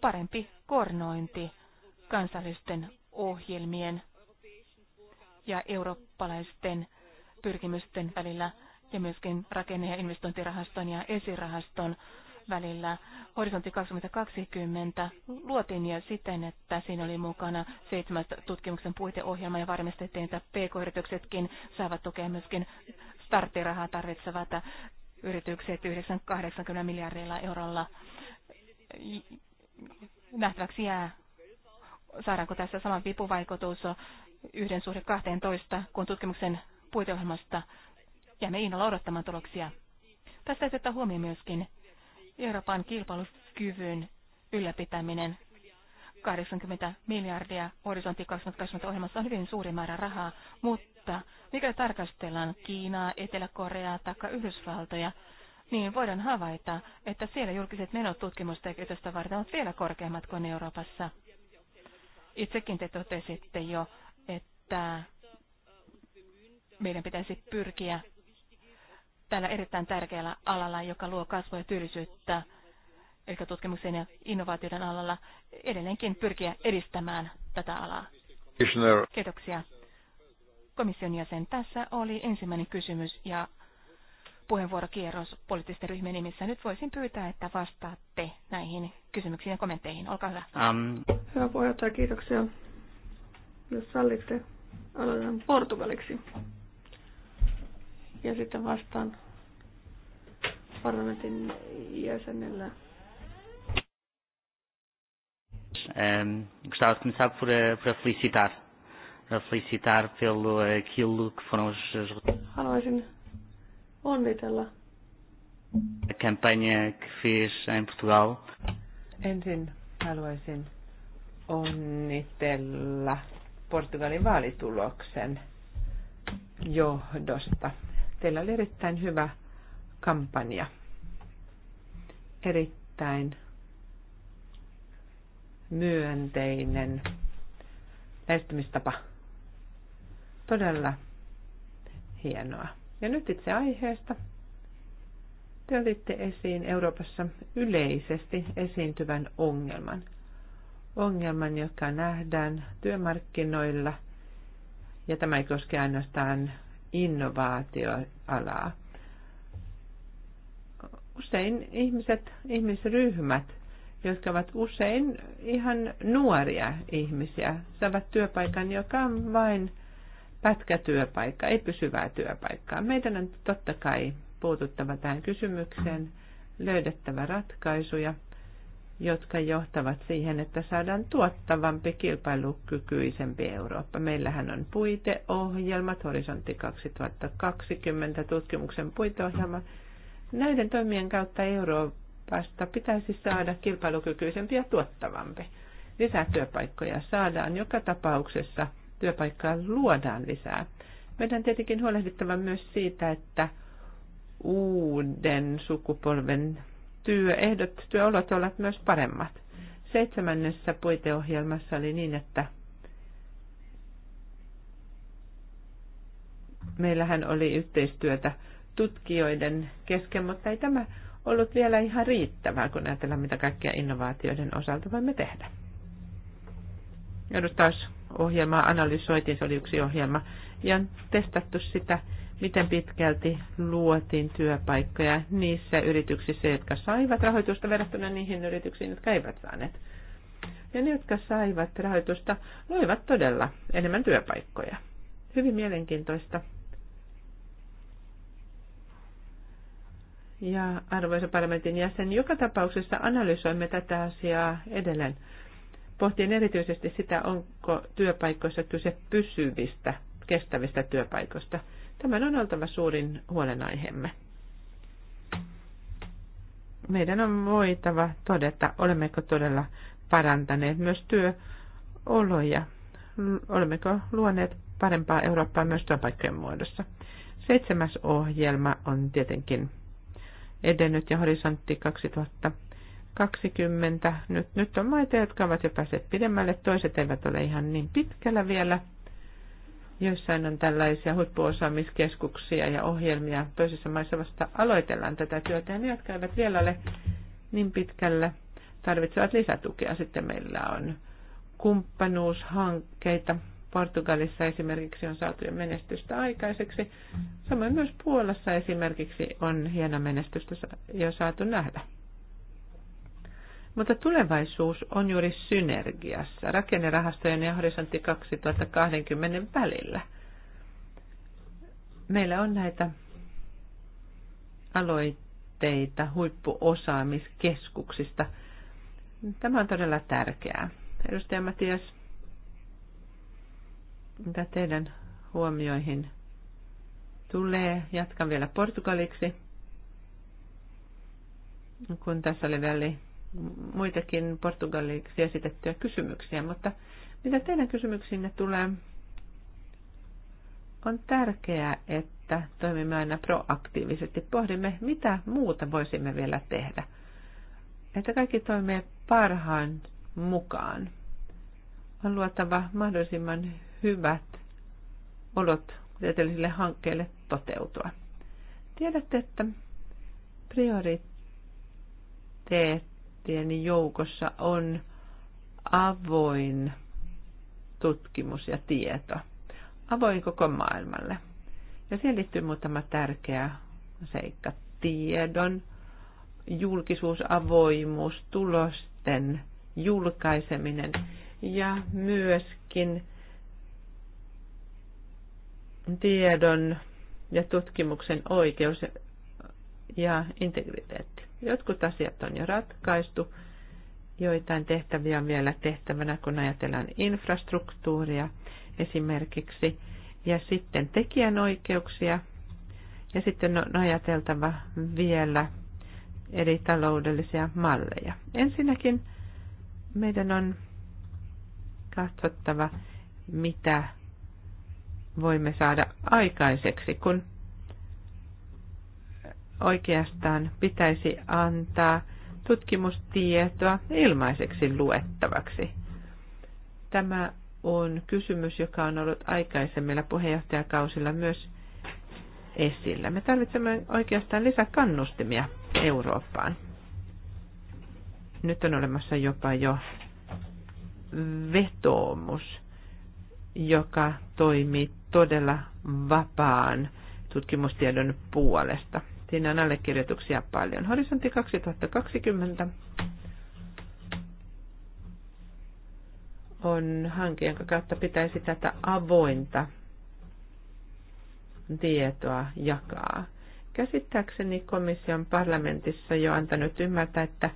parempi kornointi kansallisten ohjelmien ja eurooppalaisten pyrkimysten välillä ja myöskin rakenne- ja investointirahaston ja esirahaston välillä Horisontti 2020 luotiin ja siten, että siinä oli mukana seitsemän tutkimuksen puiteohjelma ja varmistettiin, että PK-yrityksetkin saavat tukea myöskin starttirahaa tarvitsevat yritykset 980 miljardilla eurolla. Nähtäväksi jää, saadaanko tässä sama vipuvaikutus yhden suhde 12, kun tutkimuksen puiteohjelmasta jäämme innolla odottamaan tuloksia. Tästä täytyy ottaa huomioon myöskin Euroopan kilpailukyvyn ylläpitäminen 80 miljardia horisontti 2020 ohjelmassa on hyvin suuri määrä rahaa, mutta mikäli tarkastellaan Kiinaa, Etelä-Koreaa tai Yhdysvaltoja, niin voidaan havaita, että siellä julkiset menot tutkimustekijöistä varten ovat vielä korkeammat kuin Euroopassa. Itsekin te totesitte jo, että meidän pitäisi pyrkiä tällä erittäin tärkeällä alalla, joka luo kasvua ja työllisyyttä, eli tutkimuksen ja innovaatioiden alalla, edelleenkin pyrkiä edistämään tätä alaa. Kiitoksia. Komission jäsen, tässä oli ensimmäinen kysymys ja puheenvuorokierros poliittisten ryhmien nimissä. Nyt voisin pyytää, että vastaatte näihin kysymyksiin ja kommentteihin. Olkaa hyvä. Um. Hyvä puheenjohtaja, kiitoksia. Jos sallitte, aloitan portugaliksi. Ja sitten vastaan parlamentin jäsenellä. Um, gostava de começar por, a, eh, por a felicitar, a felicitar pelo eh, aquilo que foram os. Haluaisin onnitella. A campanha que fez em Portugal. Ensin haluaisin onnitella Portugalin vaalituloksen johdosta. Teillä oli erittäin hyvä kampanja. Erittäin myönteinen lähestymistapa. Todella hienoa. Ja nyt itse aiheesta. Te otitte esiin Euroopassa yleisesti esiintyvän ongelman. Ongelman, joka nähdään työmarkkinoilla, ja tämä ei koske ainoastaan innovaatioalaa usein ihmiset, ihmisryhmät, jotka ovat usein ihan nuoria ihmisiä, saavat työpaikan, joka on vain pätkätyöpaikka, ei pysyvää työpaikkaa. Meidän on totta kai puututtava tähän kysymykseen, löydettävä ratkaisuja, jotka johtavat siihen, että saadaan tuottavampi, kilpailukykyisempi Eurooppa. Meillähän on puiteohjelmat, horisontti 2020, tutkimuksen puiteohjelma, Näiden toimien kautta Euroopasta pitäisi saada kilpailukykyisempi ja tuottavampi. Lisää työpaikkoja saadaan joka tapauksessa, työpaikkaa luodaan lisää. Meidän tietenkin huolehdittava myös siitä, että uuden sukupolven työehdot, työolot ovat myös paremmat. Seitsemännessä puiteohjelmassa oli niin, että meillähän oli yhteistyötä tutkijoiden kesken, mutta ei tämä ollut vielä ihan riittävää, kun ajatellaan, mitä kaikkia innovaatioiden osalta voimme tehdä. Edustausohjelmaa analysoitiin, se oli yksi ohjelma, ja on testattu sitä, miten pitkälti luotiin työpaikkoja niissä yrityksissä, jotka saivat rahoitusta verrattuna niihin yrityksiin, jotka eivät saaneet. Ja ne, jotka saivat rahoitusta, loivat todella enemmän työpaikkoja. Hyvin mielenkiintoista ja arvoisa parlamentin jäsen, joka tapauksessa analysoimme tätä asiaa edelleen. Pohtien erityisesti sitä, onko työpaikoissa kyse pysyvistä, kestävistä työpaikoista. Tämän on oltava suurin huolenaiheemme. Meidän on voitava todeta, olemmeko todella parantaneet myös työoloja, olemmeko luoneet parempaa Eurooppaa myös työpaikkojen muodossa. Seitsemäs ohjelma on tietenkin edennyt ja horisontti 2020. Nyt, nyt on maita, jotka ovat jo päässeet pidemmälle, toiset eivät ole ihan niin pitkällä vielä. Joissain on tällaisia huippuosaamiskeskuksia ja ohjelmia. Toisissa maissa vasta aloitellaan tätä työtä ja ne, jotka eivät vielä ole niin pitkällä, tarvitsevat lisätukea. Sitten meillä on kumppanuushankkeita, Portugalissa esimerkiksi on saatu jo menestystä aikaiseksi. Samoin myös Puolassa esimerkiksi on hieno menestystä jo saatu nähdä. Mutta tulevaisuus on juuri synergiassa rakennerahastojen ja horisontti 2020 välillä. Meillä on näitä aloitteita huippuosaamiskeskuksista. Tämä on todella tärkeää. Edustaja Matias mitä teidän huomioihin tulee. Jatkan vielä portugaliksi, kun tässä oli vielä muitakin portugaliksi esitettyjä kysymyksiä, mutta mitä teidän kysymyksiinne tulee, on tärkeää, että toimimme aina proaktiivisesti. Pohdimme, mitä muuta voisimme vielä tehdä. Että kaikki toimii parhaan mukaan. On luotava mahdollisimman hyvät olot tieteellisille hankkeille toteutua. Tiedätte, että prioriteettien joukossa on avoin tutkimus ja tieto. Avoin koko maailmalle. Ja siihen liittyy muutama tärkeä seikka. Tiedon, julkisuus, avoimuus, tulosten julkaiseminen ja myöskin tiedon ja tutkimuksen oikeus ja integriteetti. Jotkut asiat on jo ratkaistu, joitain tehtäviä on vielä tehtävänä, kun ajatellaan infrastruktuuria esimerkiksi, ja sitten tekijänoikeuksia, ja sitten on ajateltava vielä eri taloudellisia malleja. Ensinnäkin meidän on katsottava, mitä voimme saada aikaiseksi, kun oikeastaan pitäisi antaa tutkimustietoa ilmaiseksi luettavaksi. Tämä on kysymys, joka on ollut aikaisemmilla puheenjohtajakausilla myös esillä. Me tarvitsemme oikeastaan lisäkannustimia Eurooppaan. Nyt on olemassa jopa jo vetoomus, joka toimii todella vapaan tutkimustiedon puolesta. Siinä on allekirjoituksia paljon. Horisontti 2020 on hanke, jonka kautta pitäisi tätä avointa tietoa jakaa. Käsittääkseni komission parlamentissa jo antanut ymmärtää, että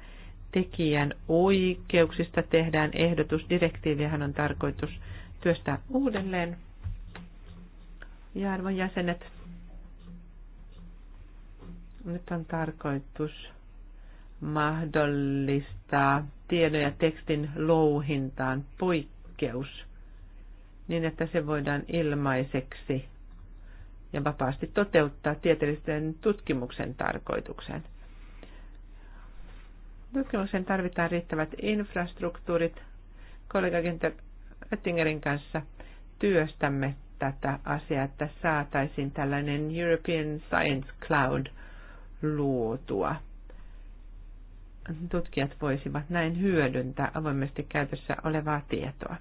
tekijän oikeuksista tehdään ehdotus. Direktiivihän on tarkoitus työstää uudelleen. Ja arvon jäsenet, nyt on tarkoitus mahdollistaa tiedon ja tekstin louhintaan poikkeus niin, että se voidaan ilmaiseksi ja vapaasti toteuttaa tieteellisten tutkimuksen tarkoituksen. Tutkimukseen tarvitaan riittävät infrastruktuurit. Kollega Günther Oettingerin kanssa työstämme tätä asiaa, että saataisiin tällainen European Science Cloud luotua. Tutkijat voisivat näin hyödyntää avoimesti käytössä olevaa tietoa.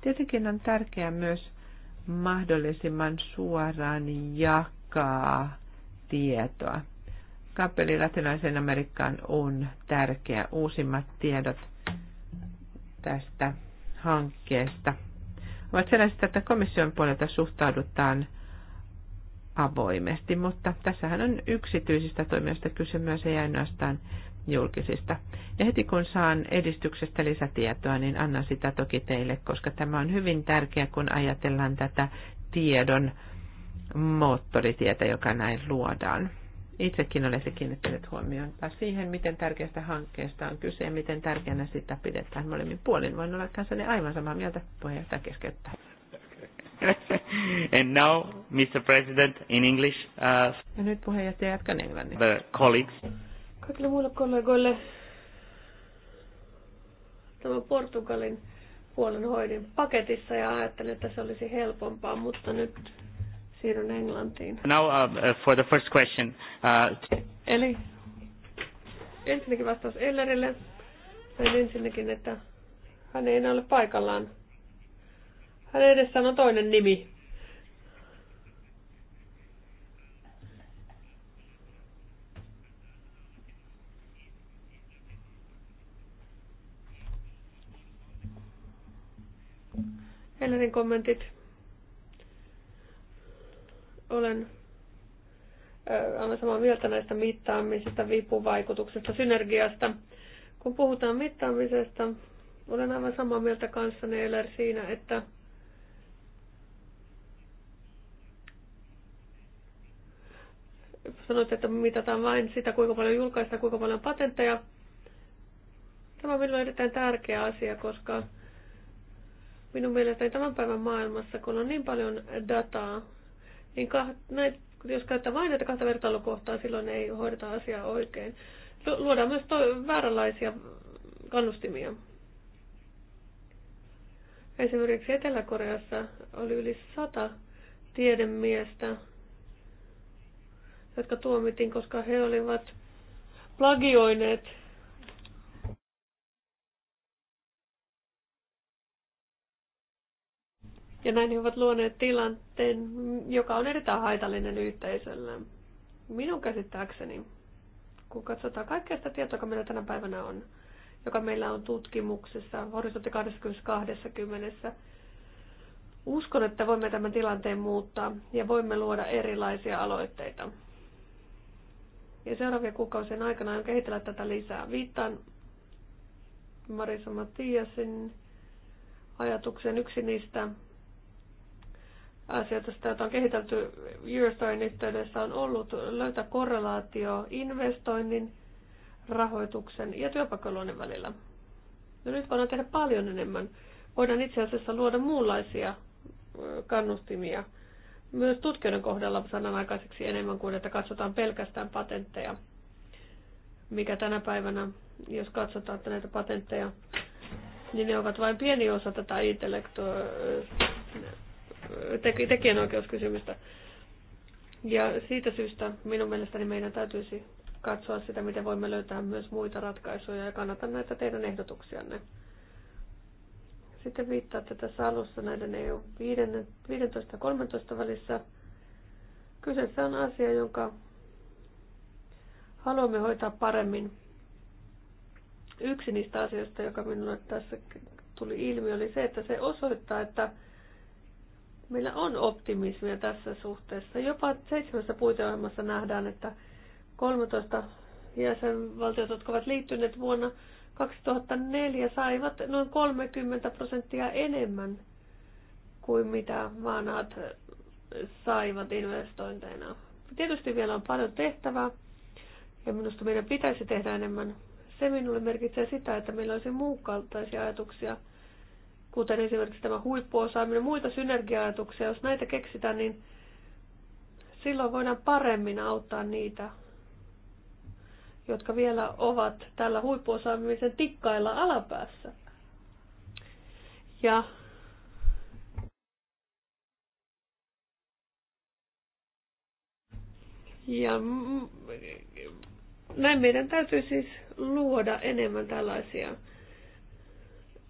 Tietenkin on tärkeää myös mahdollisimman suoraan jakaa tietoa. Kappeli Latinalaisen Amerikkaan on tärkeä. Uusimmat tiedot tästä hankkeesta ovat sellaiset, että komission puolelta suhtaudutaan avoimesti, mutta tässähän on yksityisistä toimijoista kyse myös, ei ainoastaan julkisista. Ja heti kun saan edistyksestä lisätietoa, niin annan sitä toki teille, koska tämä on hyvin tärkeä, kun ajatellaan tätä tiedon moottoritietä, joka näin luodaan itsekin olette kiinnittänyt huomioon siihen, miten tärkeästä hankkeesta on kyse ja miten tärkeänä sitä pidetään molemmin niin puolin. Voin olla kansani aivan samaa mieltä puheenjohtaja keskeyttää. And now, Mr. President, in English. Uh, ja nyt puheenjohtaja jatkan englanniksi. The colleagues. Kaikille muille kollegoille tämä Portugalin puolen hoidin paketissa ja ajattelin, että se olisi helpompaa, mutta nyt Siirryn Englantiin. Now uh, uh, for the first question. Uh... Eli ensinnäkin vastaus Ellerille. Sain ensinnäkin, että hän ei enää ole paikallaan. hän edessään on toinen nimi. Ellerin kommentit. Olen aivan samaa mieltä näistä mittaamisista, vipuvaikutuksesta, synergiasta. Kun puhutaan mittaamisesta, olen aivan samaa mieltä kanssanne Neeler siinä, että sanoit, että mitataan vain sitä, kuinka paljon julkaistaan, kuinka paljon patentteja. Tämä on minulle erittäin tärkeä asia, koska minun mielestäni tämän päivän maailmassa, kun on niin paljon dataa, niin ka, näitä, no jos käyttää vain näitä kahta vertailukohtaa, silloin ei hoideta asiaa oikein. Luodaan myös to, vääränlaisia kannustimia. Esimerkiksi Etelä-Koreassa oli yli sata tiedemiestä, jotka tuomitin, koska he olivat plagioineet Ja näin he ovat luoneet tilanteen, joka on erittäin haitallinen yhteisölle. Minun käsittääkseni, kun katsotaan kaikkea sitä tietoa, joka meillä tänä päivänä on, joka meillä on tutkimuksessa, horisontti 2020, uskon, että voimme tämän tilanteen muuttaa ja voimme luoda erilaisia aloitteita. Ja seuraavien kuukausien aikana on kehitellä tätä lisää. Viittaan Marisa Matiasin ajatukseen. Yksi niistä asioita, joita on kehitelty Eurostorin yhteydessä, on ollut löytää korrelaatio investoinnin, rahoituksen ja työpaikkaluonnin välillä. No nyt voidaan tehdä paljon enemmän. Voidaan itse asiassa luoda muunlaisia kannustimia. Myös tutkijoiden kohdalla sanan aikaiseksi enemmän kuin, että katsotaan pelkästään patentteja. Mikä tänä päivänä, jos katsotaan että näitä patentteja, niin ne ovat vain pieni osa tätä intellektua tekijänoikeuskysymystä. Ja siitä syystä minun mielestäni meidän täytyisi katsoa sitä, miten voimme löytää myös muita ratkaisuja ja kannatan näitä teidän ehdotuksianne. Sitten viittaatte tässä alussa näiden EU 15 ja 13 välissä. Kyseessä on asia, jonka haluamme hoitaa paremmin. Yksi niistä asioista, joka minulle tässä tuli ilmi, oli se, että se osoittaa, että Meillä on optimismia tässä suhteessa. Jopa seitsemässä puiteohjelmassa nähdään, että 13 jäsenvaltiot, jotka ovat liittyneet vuonna 2004, saivat noin 30 prosenttia enemmän kuin mitä maanat saivat investointeina. Tietysti vielä on paljon tehtävää ja minusta meidän pitäisi tehdä enemmän. Se minulle merkitsee sitä, että meillä olisi muukaltaisia ajatuksia – kuten esimerkiksi tämä huippuosaaminen, muita synergiaajatuksia, jos näitä keksitään, niin silloin voidaan paremmin auttaa niitä, jotka vielä ovat tällä huippuosaamisen tikkailla alapäässä. Ja Ja näin meidän täytyy siis luoda enemmän tällaisia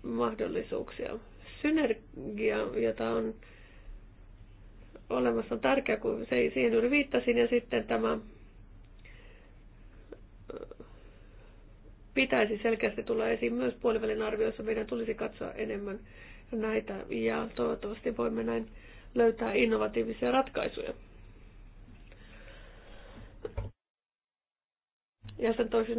mahdollisuuksia. Synergia, jota on olemassa, on tärkeä, kun se, siihen juuri viittasin, ja sitten tämä pitäisi selkeästi tulla esiin myös puolivälin arvioissa. Meidän tulisi katsoa enemmän näitä ja toivottavasti voimme näin löytää innovatiivisia ratkaisuja. Jäsen toisin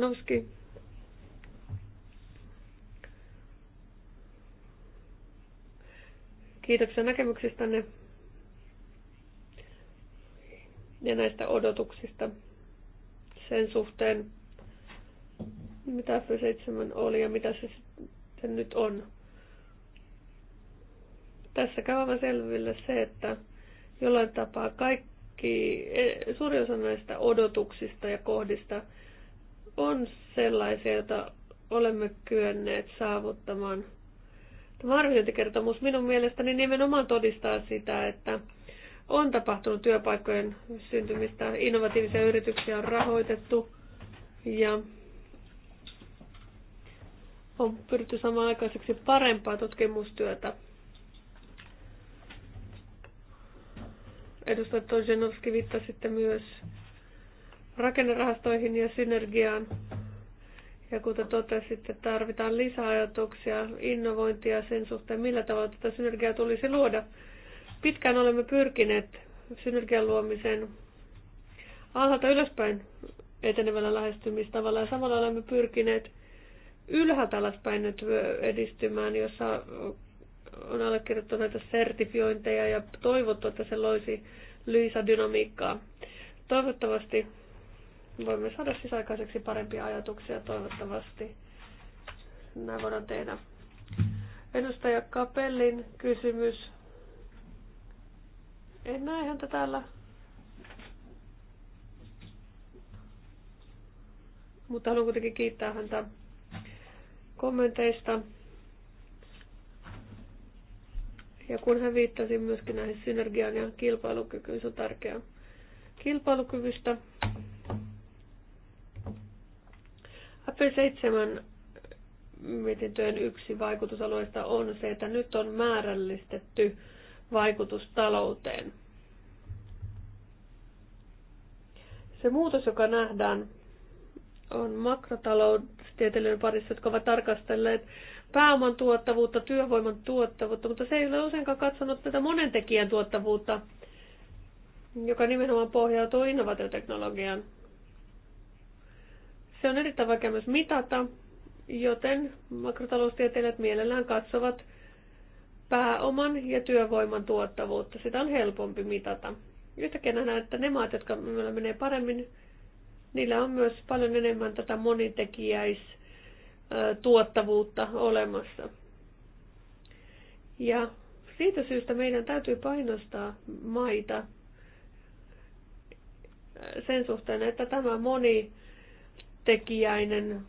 Kiitoksia näkemyksistänne ja näistä odotuksista sen suhteen, mitä F7 oli ja mitä se sitten nyt on. Tässä käy aivan selville se, että jollain tapaa kaikki, e, suuri osa näistä odotuksista ja kohdista on sellaisia, joita olemme kyenneet saavuttamaan – Tämä arviointikertomus minun mielestäni nimenomaan todistaa sitä, että on tapahtunut työpaikkojen syntymistä, innovatiivisia yrityksiä on rahoitettu ja on pyritty samaan aikaiseksi parempaa tutkimustyötä. Edustaja Tojenovski viittasi sitten myös rakennerahastoihin ja synergiaan ja kuten totesitte, tarvitaan lisäajatuksia, innovointia sen suhteen, millä tavalla tätä synergiaa tulisi luoda. Pitkään olemme pyrkineet synergian luomiseen alhaalta ylöspäin etenevällä lähestymistavalla ja samalla olemme pyrkineet ylhäältä alaspäin nyt edistymään, jossa on allekirjoittu näitä sertifiointeja ja toivottu, että se loisi lyisä dynamiikkaa. Toivottavasti voimme saada siis aikaiseksi parempia ajatuksia toivottavasti. Näin voidaan tehdä. Edustaja Kapellin kysymys. En näe häntä täällä. Mutta haluan kuitenkin kiittää häntä kommenteista. Ja kun hän viittasi myöskin näihin synergiaan ja kilpailukykyyn, se on tärkeää. Kilpailukyvystä FP7 mietintöjen yksi vaikutusalueista on se, että nyt on määrällistetty vaikutus talouteen. Se muutos, joka nähdään, on makrotaloustieteilijöiden parissa, jotka ovat tarkastelleet pääoman tuottavuutta, työvoiman tuottavuutta, mutta se ei ole useinkaan katsonut tätä monen tekijän tuottavuutta, joka nimenomaan pohjautuu innovaatioteknologiaan. Se on erittäin vaikea myös mitata, joten makrotaloustieteilijät mielellään katsovat pääoman ja työvoiman tuottavuutta. Sitä on helpompi mitata. Yhtäkkiä nähdään, että ne maat, jotka meillä menee paremmin, niillä on myös paljon enemmän tätä monitekijäistuottavuutta olemassa. Ja siitä syystä meidän täytyy painostaa maita sen suhteen, että tämä moni Tekijäinen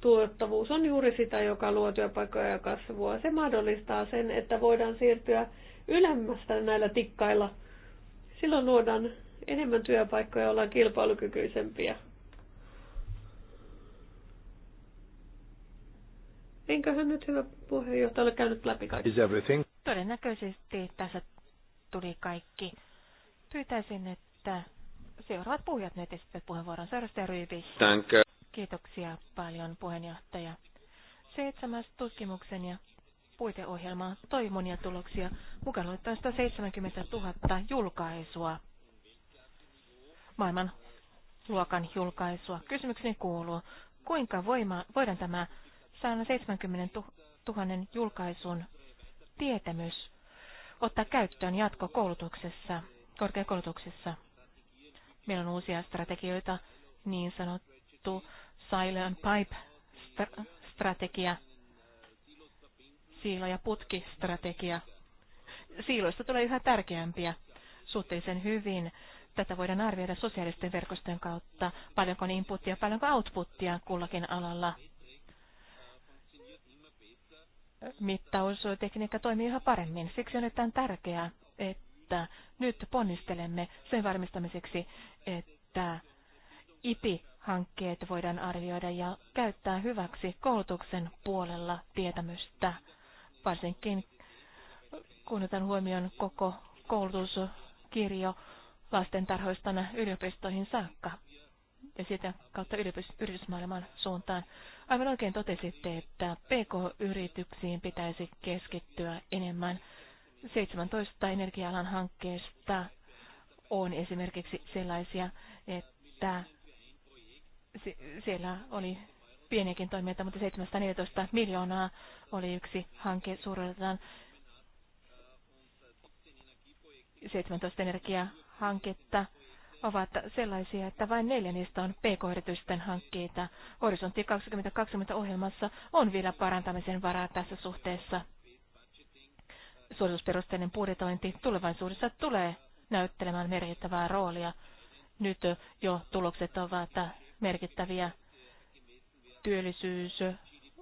tuottavuus on juuri sitä, joka luo työpaikkoja ja kasvua. Se mahdollistaa sen, että voidaan siirtyä ylemmästä näillä tikkailla. Silloin luodaan enemmän työpaikkoja ja ollaan kilpailukykyisempiä. Enköhän nyt hyvä puheenjohtaja ole käynyt läpi kaikki? Todennäköisesti tässä tuli kaikki. Pyytäisin, että seuraavat puhujat nyt esittävät puheenvuoron. Seuraavaksi Ryypi. Kiitoksia paljon puheenjohtaja. Seitsemäs tutkimuksen ja puiteohjelma toi monia tuloksia, mukaan luettuna 170 000 julkaisua, maailman luokan julkaisua. Kysymykseni kuuluu, kuinka voima, voidaan tämä 170 000 julkaisun tietämys ottaa käyttöön jatkokoulutuksessa, korkeakoulutuksessa? Meillä on uusia strategioita, niin sanottu Silent Pipe-strategia, siilo- ja putkistrategia. Siiloista tulee yhä tärkeämpiä suhteellisen hyvin. Tätä voidaan arvioida sosiaalisten verkostojen kautta, paljonko on inputtia, paljonko outputtia kullakin alalla. Mittaustekniikka toimii yhä paremmin. Siksi on erittäin tärkeää, että nyt ponnistelemme sen varmistamiseksi, että IPI-hankkeet voidaan arvioida ja käyttää hyväksi koulutuksen puolella tietämystä, varsinkin kun otan huomioon koko koulutuskirjo lastentarhoista yliopistoihin saakka ja sitä kautta yritysmaailman suuntaan. Aivan oikein totesitte, että PK-yrityksiin pitäisi keskittyä enemmän. 17 energia-alan hankkeesta on esimerkiksi sellaisia, että siellä oli pieniäkin toimijoita, mutta 714 miljoonaa oli yksi hanke suureltaan 17 energiahanketta ovat sellaisia, että vain neljä niistä on pk-yritysten hankkeita. Horisontti 2020 ohjelmassa on vielä parantamisen varaa tässä suhteessa. Suoritusperusteinen budjetointi tulevaisuudessa tulee näyttelemään merkittävää roolia. Nyt jo tulokset ovat merkittäviä. Työllisyys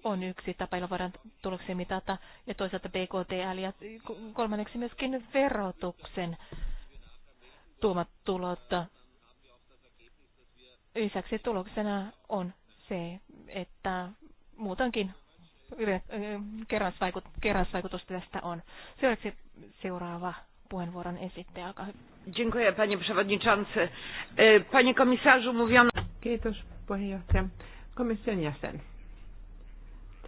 on yksi tapa, jolla voidaan tuloksia mitata, ja toisaalta BKTL, ja kolmanneksi myöskin verotuksen tuomat tulot. Lisäksi tuloksena on se, että muutenkin kerrasvaikutusta tästä on. Seuraavaksi seuraava puheenvuoron esittäjä. Olkaa hyvä. Dziękuję panie przewodniczący. E, panie komisarzu mówiono... Kiitos puheenjohtaja. Komission jäsen.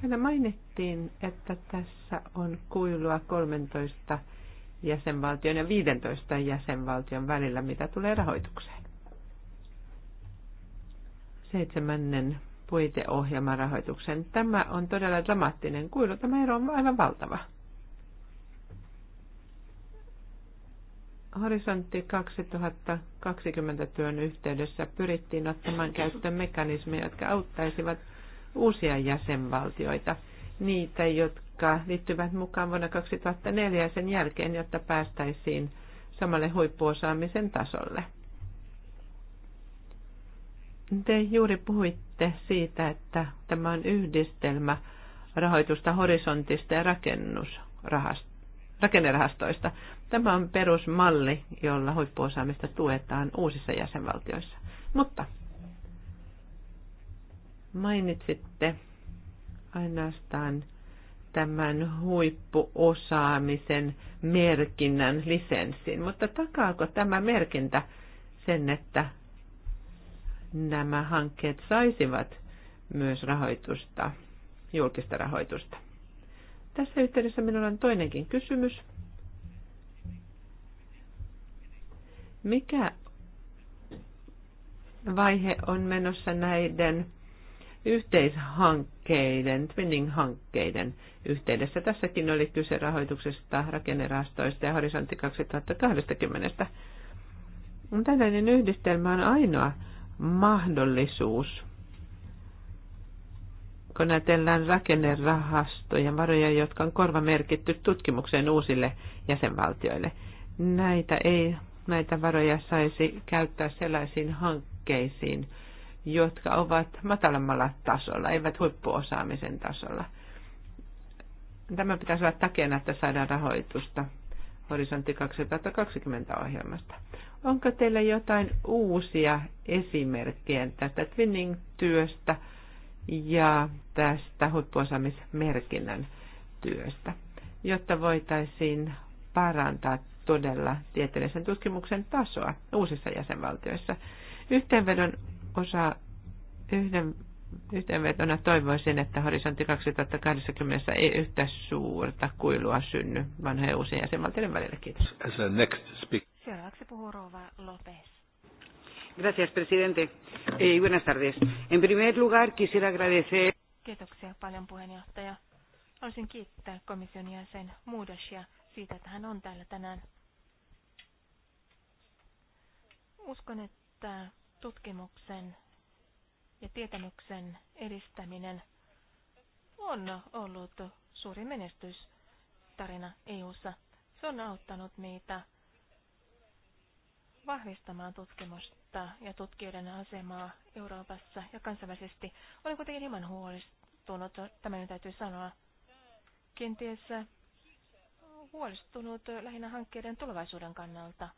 Täällä mainittiin, että tässä on kuilua 13 jäsenvaltion ja 15 jäsenvaltion välillä, mitä tulee rahoitukseen. Seitsemännen puiteohjelman rahoituksen. Tämä on todella dramaattinen kuilu. Tämä ero on aivan valtava. Horisontti 2020 työn yhteydessä pyrittiin ottamaan käyttöön mekanismeja, jotka auttaisivat uusia jäsenvaltioita, niitä, jotka liittyvät mukaan vuonna 2004 ja sen jälkeen, jotta päästäisiin samalle huippuosaamisen tasolle. Te juuri puhuitte siitä, että tämä on yhdistelmä rahoitusta horisontista ja rakennusrahasta rakennerahastoista. Tämä on perusmalli, jolla huippuosaamista tuetaan uusissa jäsenvaltioissa. Mutta mainitsitte ainoastaan tämän huippuosaamisen merkinnän lisenssin, mutta takaako tämä merkintä sen, että nämä hankkeet saisivat myös rahoitusta, julkista rahoitusta? Tässä yhteydessä minulla on toinenkin kysymys. Mikä vaihe on menossa näiden yhteishankkeiden, twinning-hankkeiden yhteydessä. Tässäkin oli kyse rahoituksesta, rakennerastoista ja horisontti 2020. Tällainen yhdistelmä on ainoa mahdollisuus kun ajatellaan rakennerahastoja, varoja, jotka on korvamerkitty tutkimukseen uusille jäsenvaltioille. Näitä ei näitä varoja saisi käyttää sellaisiin hankkeisiin, jotka ovat matalammalla tasolla, eivät huippuosaamisen tasolla. Tämä pitäisi olla takia, että saadaan rahoitusta Horisontti 2020-ohjelmasta. Onko teillä jotain uusia esimerkkejä tästä twinning-työstä? ja tästä huippuosaamismerkinnän työstä, jotta voitaisiin parantaa todella tieteellisen tutkimuksen tasoa uusissa jäsenvaltioissa. Yhteenvedon osa, yhden, yhteenvetona toivoisin, että horisontti 2020 ei yhtä suurta kuilua synny vanhojen uusien jäsenvaltioiden välillä. Kiitos. Seuraavaksi puhuu Rova Lopes. Gracias, presidente. Eh, buenas tardes. En primer lugar, quisiera agradecer... Kiitoksia paljon puheenjohtaja. Haluaisin kiittää komission jäsen Muudosia siitä, että hän on täällä tänään. Uskon, että tutkimuksen ja tietämyksen edistäminen on ollut suuri menestystarina EU:ssa. Se on auttanut meitä vahvistamaan tutkimusta ja tutkijoiden asemaa Euroopassa ja kansainvälisesti. Olen kuitenkin hieman huolestunut, tämä täytyy sanoa, kenties huolestunut lähinnä hankkeiden tulevaisuuden kannalta.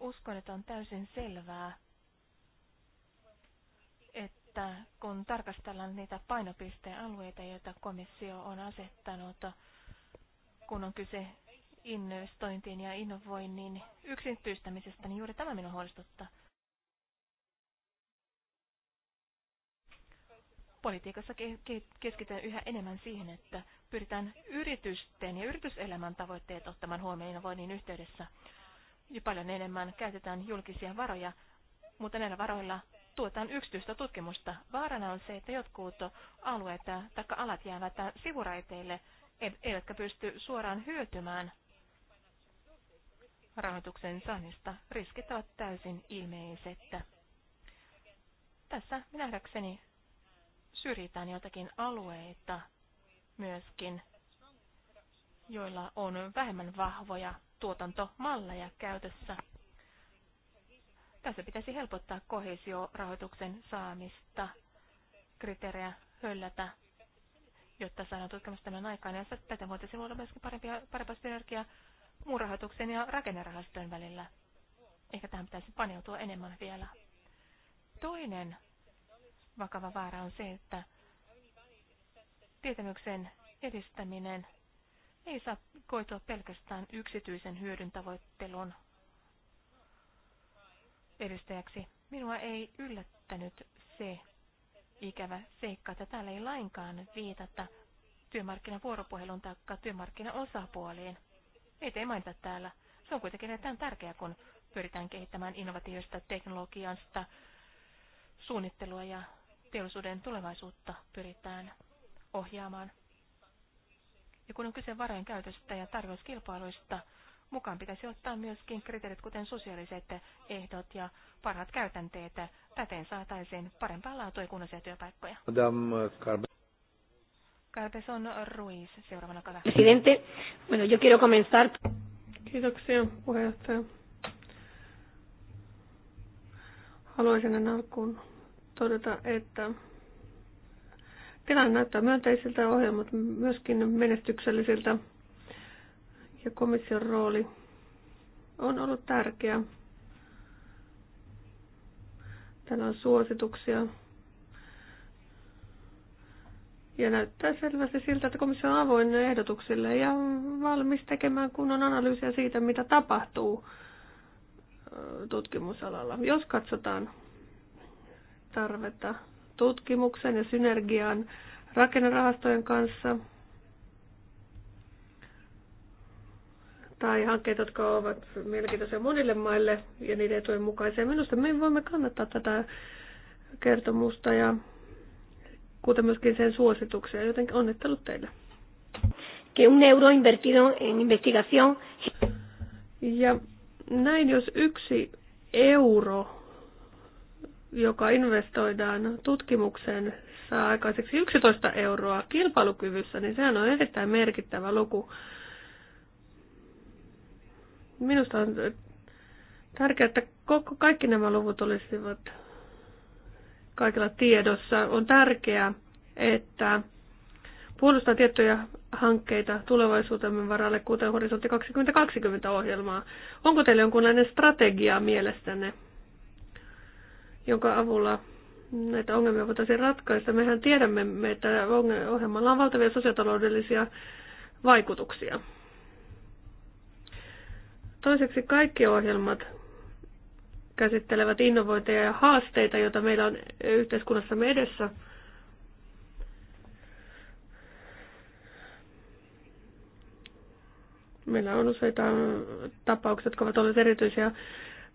Uskon, että on täysin selvää, että kun tarkastellaan niitä painopistealueita, joita komissio on asettanut, kun on kyse investointiin ja innovoinnin yksityistämisestä, niin juuri tämä minun huolestuttaa. Politiikassa keskitytään yhä enemmän siihen, että pyritään yritysten ja yrityselämän tavoitteet ottamaan huomioon innovoinnin yhteydessä. Ja paljon enemmän käytetään julkisia varoja, mutta näillä varoilla tuetaan yksityistä tutkimusta. Vaarana on se, että jotkut alueet tai alat jäävät sivuraiteille e- eivätkä pysty suoraan hyötymään rahoituksen saannista. Riskit ovat täysin ilmeiset. Tässä nähdäkseni syrjitään jotakin alueita myöskin, joilla on vähemmän vahvoja tuotantomalleja käytössä. Tässä pitäisi helpottaa kohesiorahoituksen saamista, kriteerejä höllätä, jotta saadaan tutkimusta tämän aikaan. Ja tätä voitaisiin luoda myöskin parempia, parempaa synergiaa muun rahoituksen ja rakennerahastojen välillä. Ehkä tähän pitäisi paneutua enemmän vielä. Toinen vakava vaara on se, että tietämyksen edistäminen ei saa koitua pelkästään yksityisen hyödyn tavoittelun edistäjäksi. Minua ei yllättänyt se ikävä seikka, että täällä ei lainkaan viitata työmarkkinavuoropuhelun tai työmarkkinaosapuoliin. Ei mainita täällä. Se on kuitenkin erittäin tärkeää, kun pyritään kehittämään innovatiivista teknologiasta suunnittelua ja teollisuuden tulevaisuutta pyritään ohjaamaan. Ja kun on kyse varojen käytöstä ja tarjouskilpailuista, mukaan pitäisi ottaa myöskin kriteerit, kuten sosiaaliset ehdot ja parhaat käytänteet. Täten saataisiin parempaa laatua ja kunnollisia työpaikkoja. Carpezón Ruiz, seuraavana kala. Presidente, bueno, yo quiero comenzar. Kiitoksia, puheenjohtaja. Haluaisin en alkuun todeta, että tilanne näyttää myönteisiltä ohjelmat myöskin menestyksellisiltä ja komission rooli on ollut tärkeä. Täällä on suosituksia ja näyttää selvästi siltä, että komissio on avoin ehdotuksille ja valmis tekemään kunnon analyysiä siitä, mitä tapahtuu tutkimusalalla. Jos katsotaan tarvetta tutkimuksen ja synergian rakennerahastojen kanssa tai hankkeet, jotka ovat mielenkiintoisia monille maille ja niiden etujen mukaisia. Minusta me voimme kannattaa tätä kertomusta ja kuten myöskin sen suosituksia, joten onnittelut teille. Que un euro invertido en investigación. Ja näin, jos yksi euro, joka investoidaan tutkimukseen, saa aikaiseksi 11 euroa kilpailukyvyssä, niin sehän on erittäin merkittävä luku. Minusta on tärkeää, että kaikki nämä luvut olisivat kaikilla tiedossa. On tärkeää, että puolustaa tiettyjä hankkeita tulevaisuutemme varalle, kuten Horisontti 2020-ohjelmaa. Onko teillä jonkunlainen strategia mielestänne, jonka avulla näitä ongelmia voitaisiin ratkaista? Mehän tiedämme, että ohjelmalla on valtavia sosiotaloudellisia vaikutuksia. Toiseksi kaikki ohjelmat käsittelevät innovointeja ja haasteita, joita meillä on yhteiskunnassa edessä. Meillä on useita tapauksia, jotka ovat olleet erityisiä,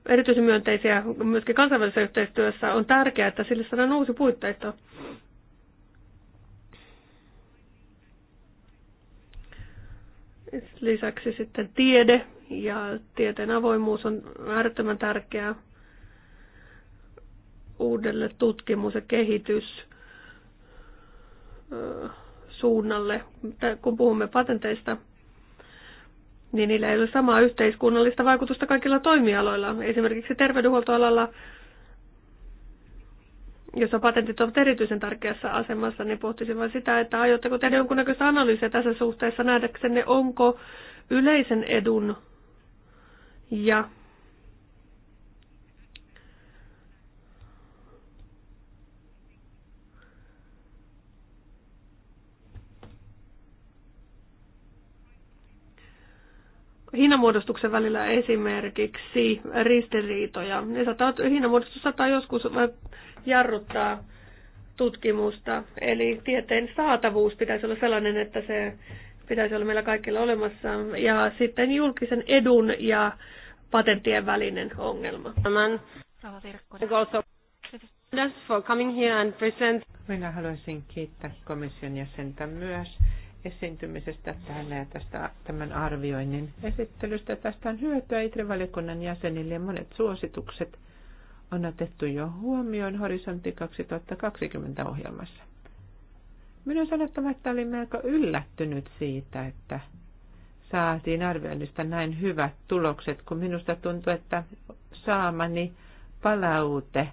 erityisen myönteisiä myöskin kansainvälisessä yhteistyössä. On tärkeää, että sille saadaan uusi puitteisto. Lisäksi sitten tiede ja tieteen avoimuus on äärettömän tärkeää uudelle tutkimus- ja kehityssuunnalle. Kun puhumme patenteista, niin niillä ei ole samaa yhteiskunnallista vaikutusta kaikilla toimialoilla. Esimerkiksi terveydenhuoltoalalla, jossa patentit ovat erityisen tärkeässä asemassa, niin pohtisin vain sitä, että aiotteko tehdä jonkunnäköistä analyysiä tässä suhteessa nähdäksenne, onko yleisen edun ja hinnanmuodostuksen välillä esimerkiksi ristiriitoja. Ne saattaa, hinnanmuodostus saattaa joskus jarruttaa tutkimusta. Eli tieteen saatavuus pitäisi olla sellainen, että se pitäisi olla meillä kaikilla olemassa. Ja sitten julkisen edun ja patenttien välinen ongelma. Tämän for coming here and present. Minä haluaisin kiittää komission jäsentä myös esiintymisestä täällä ja tästä, tämän arvioinnin esittelystä. Tästä on hyötyä ITRE-valiokunnan jäsenille ja monet suositukset on otettu jo huomioon Horisontti 2020 ohjelmassa. Minun sanottava, että olin melko yllättynyt siitä, että saatiin arvioinnista näin hyvät tulokset, kun minusta tuntui, että saamani palaute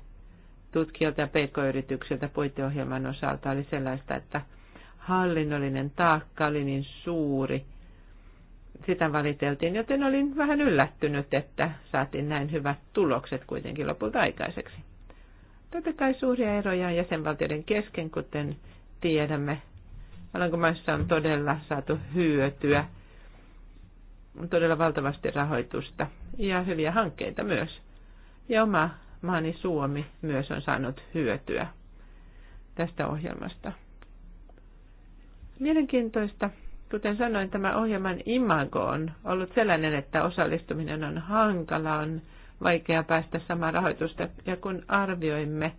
tutkijoilta ja pk-yrityksiltä puiteohjelman osalta oli sellaista, että – hallinnollinen taakka oli niin suuri. Sitä valiteltiin, joten olin vähän yllättynyt, että saatiin näin hyvät tulokset kuitenkin lopulta aikaiseksi. Totta kai suuria eroja jäsenvaltioiden kesken, kuten tiedämme. Alankomaissa on todella saatu hyötyä, todella valtavasti rahoitusta ja hyviä hankkeita myös. Ja oma maani Suomi myös on saanut hyötyä tästä ohjelmasta. Mielenkiintoista. Kuten sanoin, tämä ohjelman imago on ollut sellainen, että osallistuminen on hankala, on vaikea päästä samaan rahoitusta. Ja kun arvioimme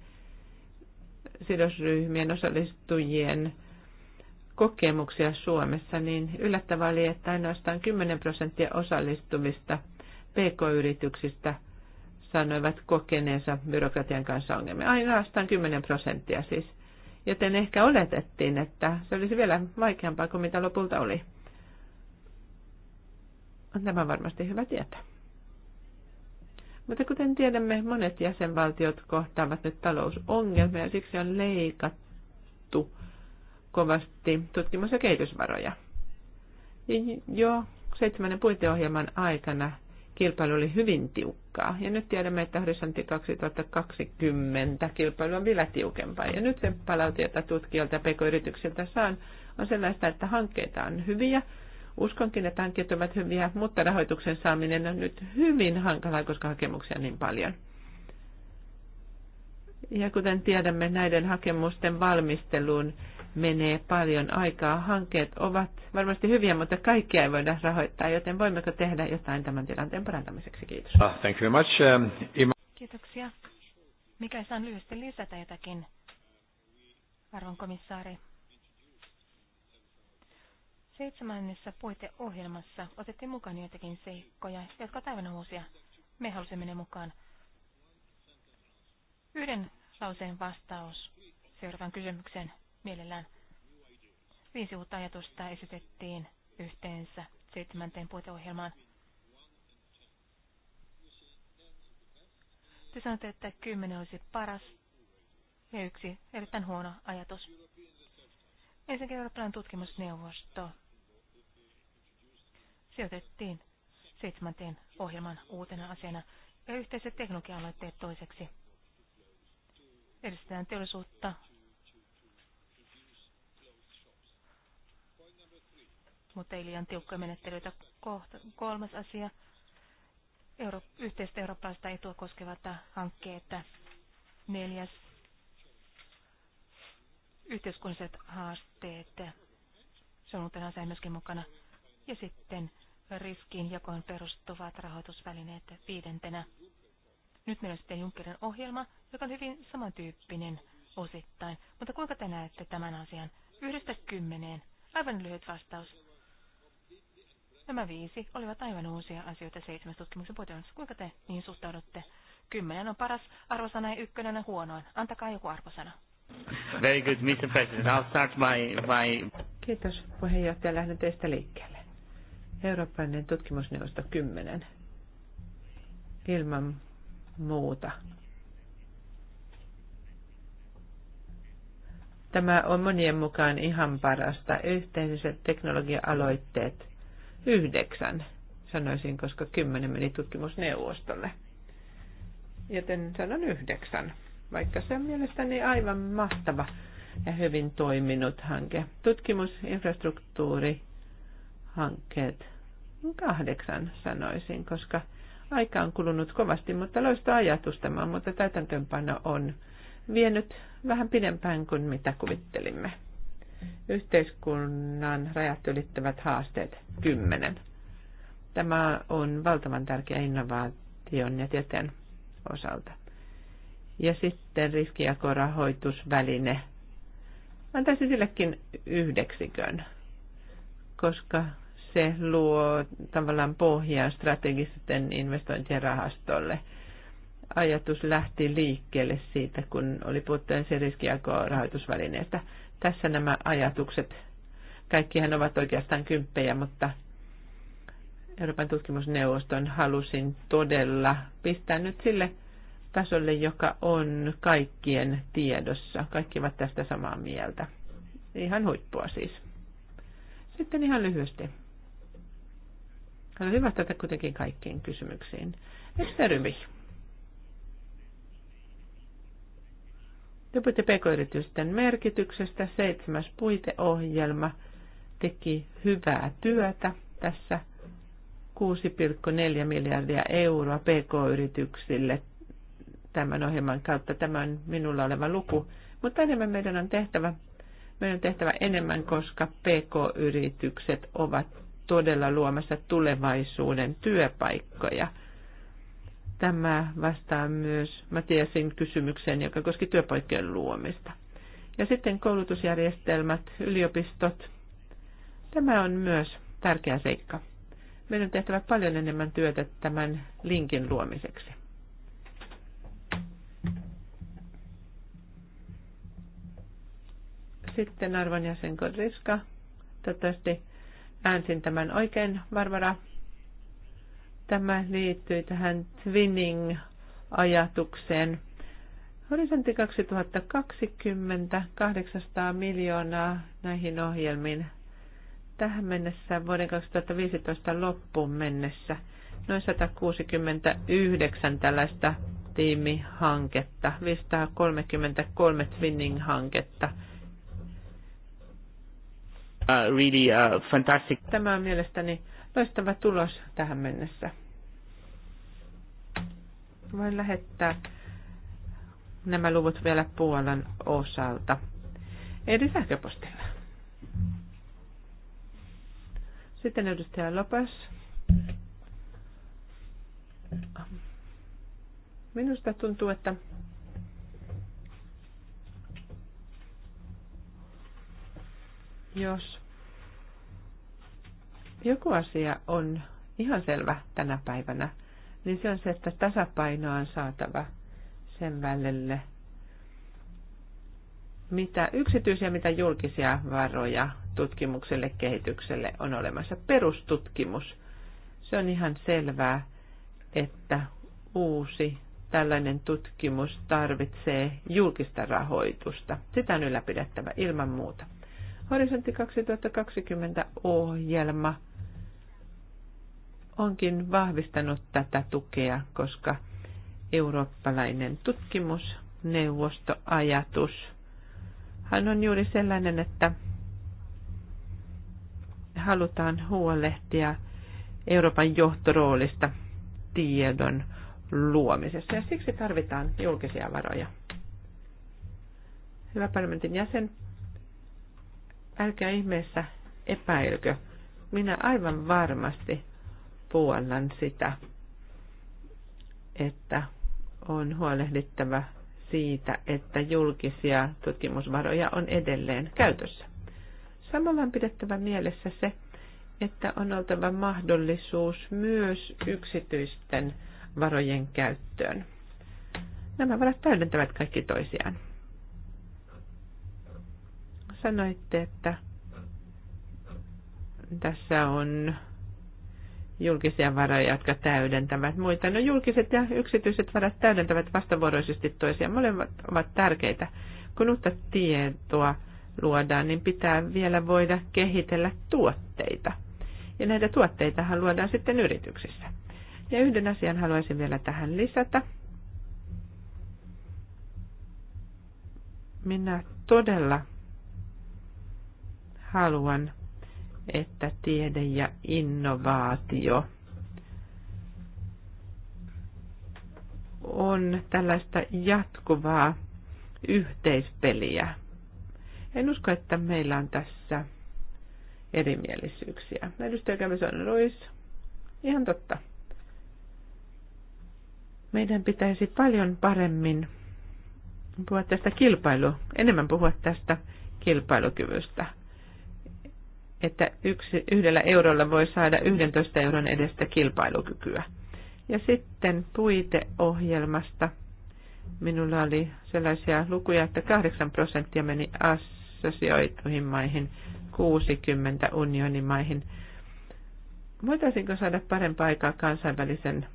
sidosryhmien osallistujien kokemuksia Suomessa, niin yllättävää oli, että ainoastaan 10 prosenttia osallistuvista pk-yrityksistä sanoivat kokeneensa byrokratian kanssa ongelmia. Ainoastaan 10 prosenttia siis joten ehkä oletettiin, että se olisi vielä vaikeampaa kuin mitä lopulta oli. Tämä varmasti hyvä tietää. Mutta kuten tiedämme, monet jäsenvaltiot kohtaavat nyt talousongelmia ja siksi on leikattu kovasti tutkimus- ja kehitysvaroja. jo seitsemännen puiteohjelman aikana kilpailu oli hyvin tiukkaa. Ja nyt tiedämme, että horisontti 2020 kilpailu on vielä tiukempaa. Ja nyt se palaute, jota tutkijoilta ja pk-yrityksiltä saan, on sellaista, että hankkeita on hyviä. Uskonkin, että hankkeet ovat hyviä, mutta rahoituksen saaminen on nyt hyvin hankalaa, koska hakemuksia on niin paljon. Ja kuten tiedämme, näiden hakemusten valmisteluun menee paljon aikaa. Hankkeet ovat varmasti hyviä, mutta kaikkia ei voida rahoittaa, joten voimmeko tehdä jotain tämän tilanteen parantamiseksi? Kiitos. Ah, thank you very much. Um, Kiitoksia. Mikä saan lyhyesti lisätä jotakin, arvon komissaari? Seitsemännessä puiteohjelmassa otettiin mukaan joitakin seikkoja, jotka ovat uusia. Me halusimme ne mukaan. Yhden lauseen vastaus seuraavan kysymykseen mielellään. Viisi uutta ajatusta esitettiin yhteensä seitsemänteen puiteohjelmaan. Te sanotte, että kymmenen olisi paras ja yksi erittäin huono ajatus. Ensinnäkin Eurooppalainen tutkimusneuvosto sijoitettiin seitsemänteen ohjelman uutena asiana ja yhteiset teknologia-aloitteet toiseksi. Edistetään teollisuutta, mutta ei liian tiukkoja menettelyitä kohta. Kolmas asia, euro, yhteistä eurooppalaista etua koskevat hankkeet. Neljäs, yhteiskunnalliset haasteet. Se on uutena asia myöskin mukana. Ja sitten riskiin jakoon perustuvat rahoitusvälineet viidentenä. Nyt meillä on sitten Junckerin ohjelma, joka on hyvin samantyyppinen osittain. Mutta kuinka te näette tämän asian? Yhdestä kymmeneen. Aivan lyhyt vastaus. Nämä viisi olivat aivan uusia asioita seitsemäs tutkimuksen potilaassa. Kuinka te niin suhtaudutte? Kymmenen on paras arvosana ja ykkönen on huonoin. Antakaa joku arvosana. Very good, Mr. President. I'll start my, my... Kiitos puheenjohtaja. Lähden teistä liikkeelle. Eurooppainen tutkimusneuvosto 10. Ilman muuta. Tämä on monien mukaan ihan parasta. Yhteiset teknologia-aloitteet yhdeksän, sanoisin, koska kymmenen meni tutkimusneuvostolle. Joten sanon yhdeksän, vaikka se on mielestäni aivan mahtava ja hyvin toiminut hanke. Tutkimusinfrastruktuuri hankkeet kahdeksan sanoisin, koska aika on kulunut kovasti, mutta loista ajatus tämä, mutta täytäntöönpano on vienyt vähän pidempään kuin mitä kuvittelimme. Yhteiskunnan rajat ylittävät haasteet 10. Tämä on valtavan tärkeä innovaation ja tieteen osalta. Ja sitten riskijakorahoitusväline. Antaisin sillekin yhdeksikön, koska se luo tavallaan pohjaa strategisten investointien rahastolle. Ajatus lähti liikkeelle siitä, kun oli puhuttu ensin riskijakorahoitusvälineestä. rahoitusvälineestä tässä nämä ajatukset. Kaikkihan ovat oikeastaan kymppejä, mutta Euroopan tutkimusneuvoston halusin todella pistää nyt sille tasolle, joka on kaikkien tiedossa. Kaikki ovat tästä samaa mieltä. Ihan huippua siis. Sitten ihan lyhyesti. Haluaisin vastata kuitenkin kaikkiin kysymyksiin. Esterymi. Te pekoyritysten merkityksestä. Seitsemäs puiteohjelma teki hyvää työtä tässä 6,4 miljardia euroa pk-yrityksille tämän ohjelman kautta. Tämä on minulla oleva luku, mutta enemmän meidän on tehtävä, meidän on tehtävä enemmän, koska pk-yritykset ovat todella luomassa tulevaisuuden työpaikkoja – Tämä vastaa myös Matiasin kysymykseen, joka koski työpaikkojen luomista. Ja sitten koulutusjärjestelmät, yliopistot. Tämä on myös tärkeä seikka. Meidän on tehtävä paljon enemmän työtä tämän linkin luomiseksi. Sitten arvon jäsen Kodriska. Toivottavasti äänsin tämän oikein, Barbara. Tämä liittyy tähän twinning-ajatukseen. Horisontti 2020, 800 miljoonaa näihin ohjelmiin tähän mennessä vuoden 2015 loppuun mennessä. Noin 169 tällaista tiimihanketta, 533 twinning-hanketta. Uh, really, uh, fantastic. Tämä on mielestäni loistava tulos tähän mennessä. Voin lähettää nämä luvut vielä Puolan osalta. Eli sähköpostilla. Sitten edustaja Lopas. Minusta tuntuu, että jos joku asia on ihan selvä tänä päivänä, niin se on se, että tasapaino on saatava sen välille, mitä yksityisiä, mitä julkisia varoja tutkimukselle, kehitykselle on olemassa. Perustutkimus. Se on ihan selvää, että uusi tällainen tutkimus tarvitsee julkista rahoitusta. Sitä on ylläpidettävä ilman muuta. Horisontti 2020 ohjelma – onkin vahvistanut tätä tukea, koska eurooppalainen tutkimusneuvostoajatus hän on juuri sellainen, että halutaan huolehtia Euroopan johtoroolista tiedon luomisessa ja siksi tarvitaan julkisia varoja. Hyvä parlamentin jäsen, älkää ihmeessä epäilkö. Minä aivan varmasti puollan sitä, että on huolehdittava siitä, että julkisia tutkimusvaroja on edelleen käytössä. Samalla on pidettävä mielessä se, että on oltava mahdollisuus myös yksityisten varojen käyttöön. Nämä varat täydentävät kaikki toisiaan. Sanoitte, että tässä on julkisia varoja, jotka täydentävät muita. No julkiset ja yksityiset varat täydentävät vastavuoroisesti toisiaan. Molemmat ovat tärkeitä. Kun uutta tietoa luodaan, niin pitää vielä voida kehitellä tuotteita. Ja näitä tuotteitahan luodaan sitten yrityksissä. Ja yhden asian haluaisin vielä tähän lisätä. Minä todella haluan että tiede ja innovaatio on tällaista jatkuvaa yhteispeliä. En usko, että meillä on tässä erimielisyyksiä. Edustaja Kävison Ruis, ihan totta. Meidän pitäisi paljon paremmin puhua tästä kilpailu, enemmän puhua tästä kilpailukyvystä että yksi, yhdellä eurolla voi saada 11 euron edestä kilpailukykyä. Ja sitten puiteohjelmasta minulla oli sellaisia lukuja, että 8 prosenttia meni assosioituihin maihin, 60 unionimaihin. Voitaisinko saada parempaa aikaa kansainvälisen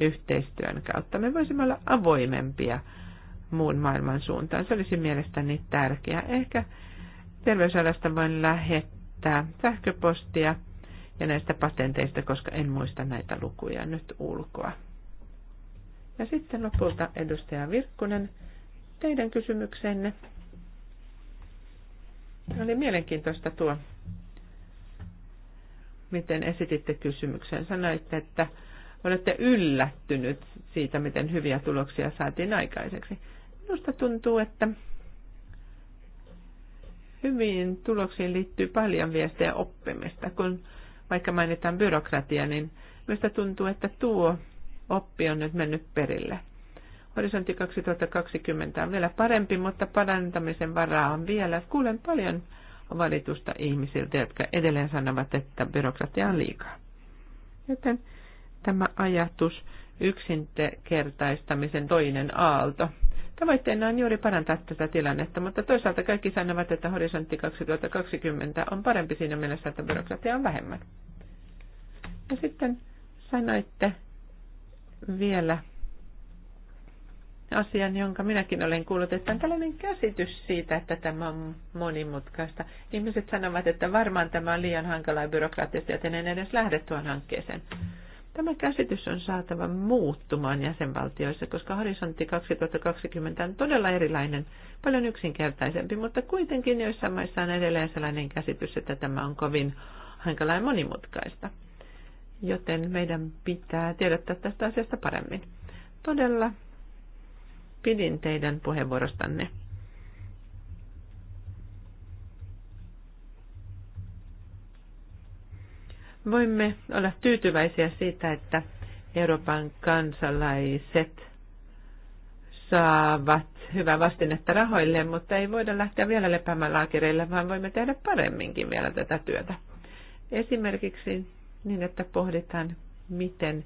yhteistyön kautta? Me voisimme olla avoimempia muun maailman suuntaan. Se olisi mielestäni tärkeää. Ehkä terveysalasta voin lähettää lähettää sähköpostia ja näistä patenteista, koska en muista näitä lukuja nyt ulkoa. Ja sitten lopulta edustaja Virkkunen, teidän kysymyksenne. Oli mielenkiintoista tuo, miten esititte kysymyksen. Sanoitte, että olette yllättynyt siitä, miten hyviä tuloksia saatiin aikaiseksi. Minusta tuntuu, että hyvin tuloksiin liittyy paljon viestejä oppimista. Kun vaikka mainitaan byrokratia, niin minusta tuntuu, että tuo oppi on nyt mennyt perille. Horisontti 2020 on vielä parempi, mutta parantamisen varaa on vielä. Kuulen paljon valitusta ihmisiltä, jotka edelleen sanovat, että byrokratia on liikaa. Joten tämä ajatus yksinkertaistamisen toinen aalto – Tavoitteena on juuri parantaa tätä tilannetta, mutta toisaalta kaikki sanovat, että horisontti 2020 on parempi siinä mielessä, että byrokratia on vähemmän. Ja sitten sanoitte vielä asian, jonka minäkin olen kuullut, että on tällainen käsitys siitä, että tämä on monimutkaista. Ihmiset sanovat, että varmaan tämä on liian hankalaa ja byrokraattista, joten en edes lähde tuon hankkeeseen. Tämä käsitys on saatava muuttumaan jäsenvaltioissa, koska horisontti 2020 on todella erilainen, paljon yksinkertaisempi, mutta kuitenkin joissain maissa on edelleen sellainen käsitys, että tämä on kovin hankala ja monimutkaista. Joten meidän pitää tiedottaa tästä asiasta paremmin. Todella pidin teidän puheenvuorostanne. Voimme olla tyytyväisiä siitä, että Euroopan kansalaiset saavat hyvää vastinetta rahoille, mutta ei voida lähteä vielä lepäämään laakereille, vaan voimme tehdä paremminkin vielä tätä työtä. Esimerkiksi niin, että pohditaan, miten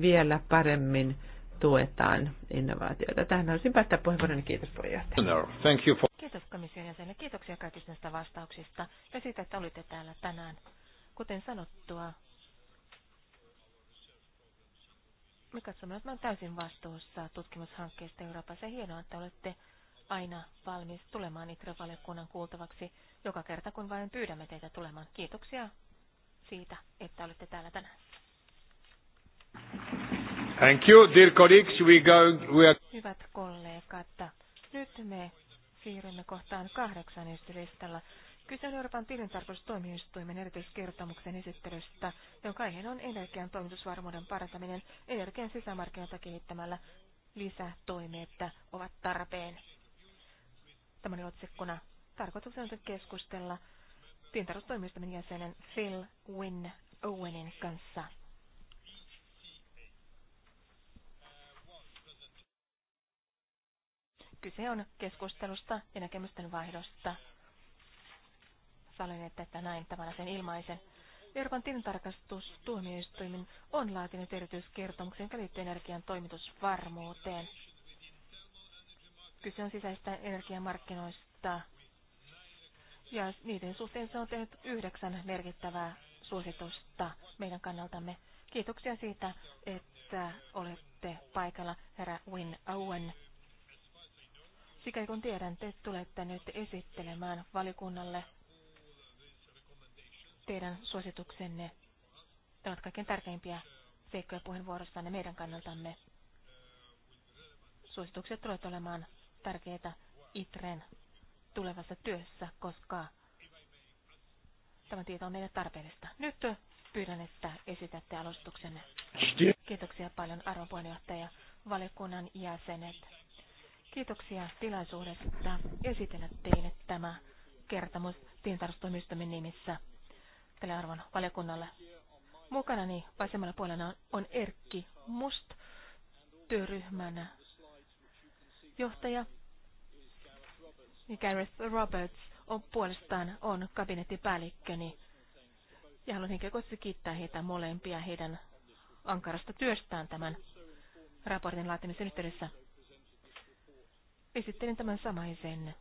vielä paremmin tuetaan innovaatioita. Tähän haluaisin päättää puheenvuoron. Kiitos puheenjohtaja. No, thank you for... Kiitos komission jäsenille. Kiitoksia kaikista näistä vastauksista ja siitä, että olitte täällä tänään. Kuten sanottua, me katsomme, että olen täysin vastuussa tutkimushankkeesta Euroopassa. Hienoa, että olette aina valmis tulemaan ITRE-valiokunnan kuultavaksi joka kerta, kun vain pyydämme teitä tulemaan. Kiitoksia siitä, että olette täällä tänään. Thank you, dear colleagues. We go, we are... Hyvät kollegat, nyt me siirrymme kohtaan kahdeksan listalla. Kyse Euroopan tilintarkastustoimistoimen erityiskertomuksen esittelystä, jonka aiheena on energian toimitusvarmuuden parantaminen energian sisämarkkinoita kehittämällä lisätoimet ovat tarpeen. Tämä oli otsikkona. Tarkoituksena on keskustella tilintarkastustoimistoimen jäsenen Phil Wynne Owenin kanssa. Kyse on keskustelusta ja näkemysten vaihdosta sallineet, että näin tämän sen ilmaisen. Euroopan tilintarkastustuomioistuimen on laatinut erityiskertomuksen, joka energian toimitusvarmuuteen. Kyse on sisäistä energiamarkkinoista ja niiden suhteen se on tehnyt yhdeksän merkittävää suositusta meidän kannaltamme. Kiitoksia siitä, että olette paikalla, herra Win Owen. Sikäli kun tiedän, te tulette nyt esittelemään valikunnalle teidän suosituksenne. Tämä ovat kaikkein tärkeimpiä seikkoja puheenvuorostanne meidän kannaltamme. Suositukset tulevat olemaan tärkeitä ITREn tulevassa työssä, koska tämä tieto on meille tarpeellista. Nyt pyydän, että esitätte alustuksenne. Kiitoksia paljon arvon puheenjohtaja, valiokunnan jäsenet. Kiitoksia tilaisuudesta esitellä teille tämä kertomus tilintarkastustoimistomme nimissä esittelee arvon valiokunnalle. Mukana niin vasemmalla puolella on Erkki Must, työryhmän johtaja. Gareth Roberts on puolestaan on kabinettipäällikköni. Ja haluan henkilökohtaisesti kiittää heitä molempia heidän ankarasta työstään tämän raportin laatimisen yhteydessä. Esittelin tämän samaisen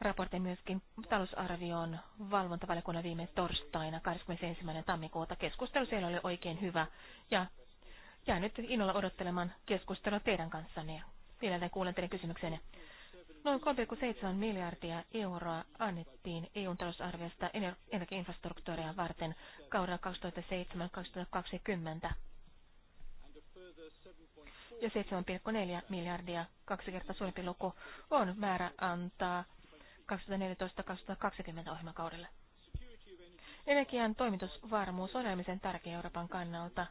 raportin myöskin talousarvioon valvontavaliokunnan viime torstaina 21. tammikuuta. Keskustelu siellä oli oikein hyvä ja jään nyt innolla odottelemaan keskustelua teidän kanssanne ja mielelläni kuulen teidän kysymyksenne. Noin 3,7 miljardia euroa annettiin EUn talousarviosta energiainfrastruktuuria varten kaudella 2007-2020 ja 7,4 miljardia, kaksi kertaa suurempi luku, on määrä antaa 2014-2020 ohjelmakaudelle. Energian toimitusvarmuus on elämisen tärkeä Euroopan kannalta,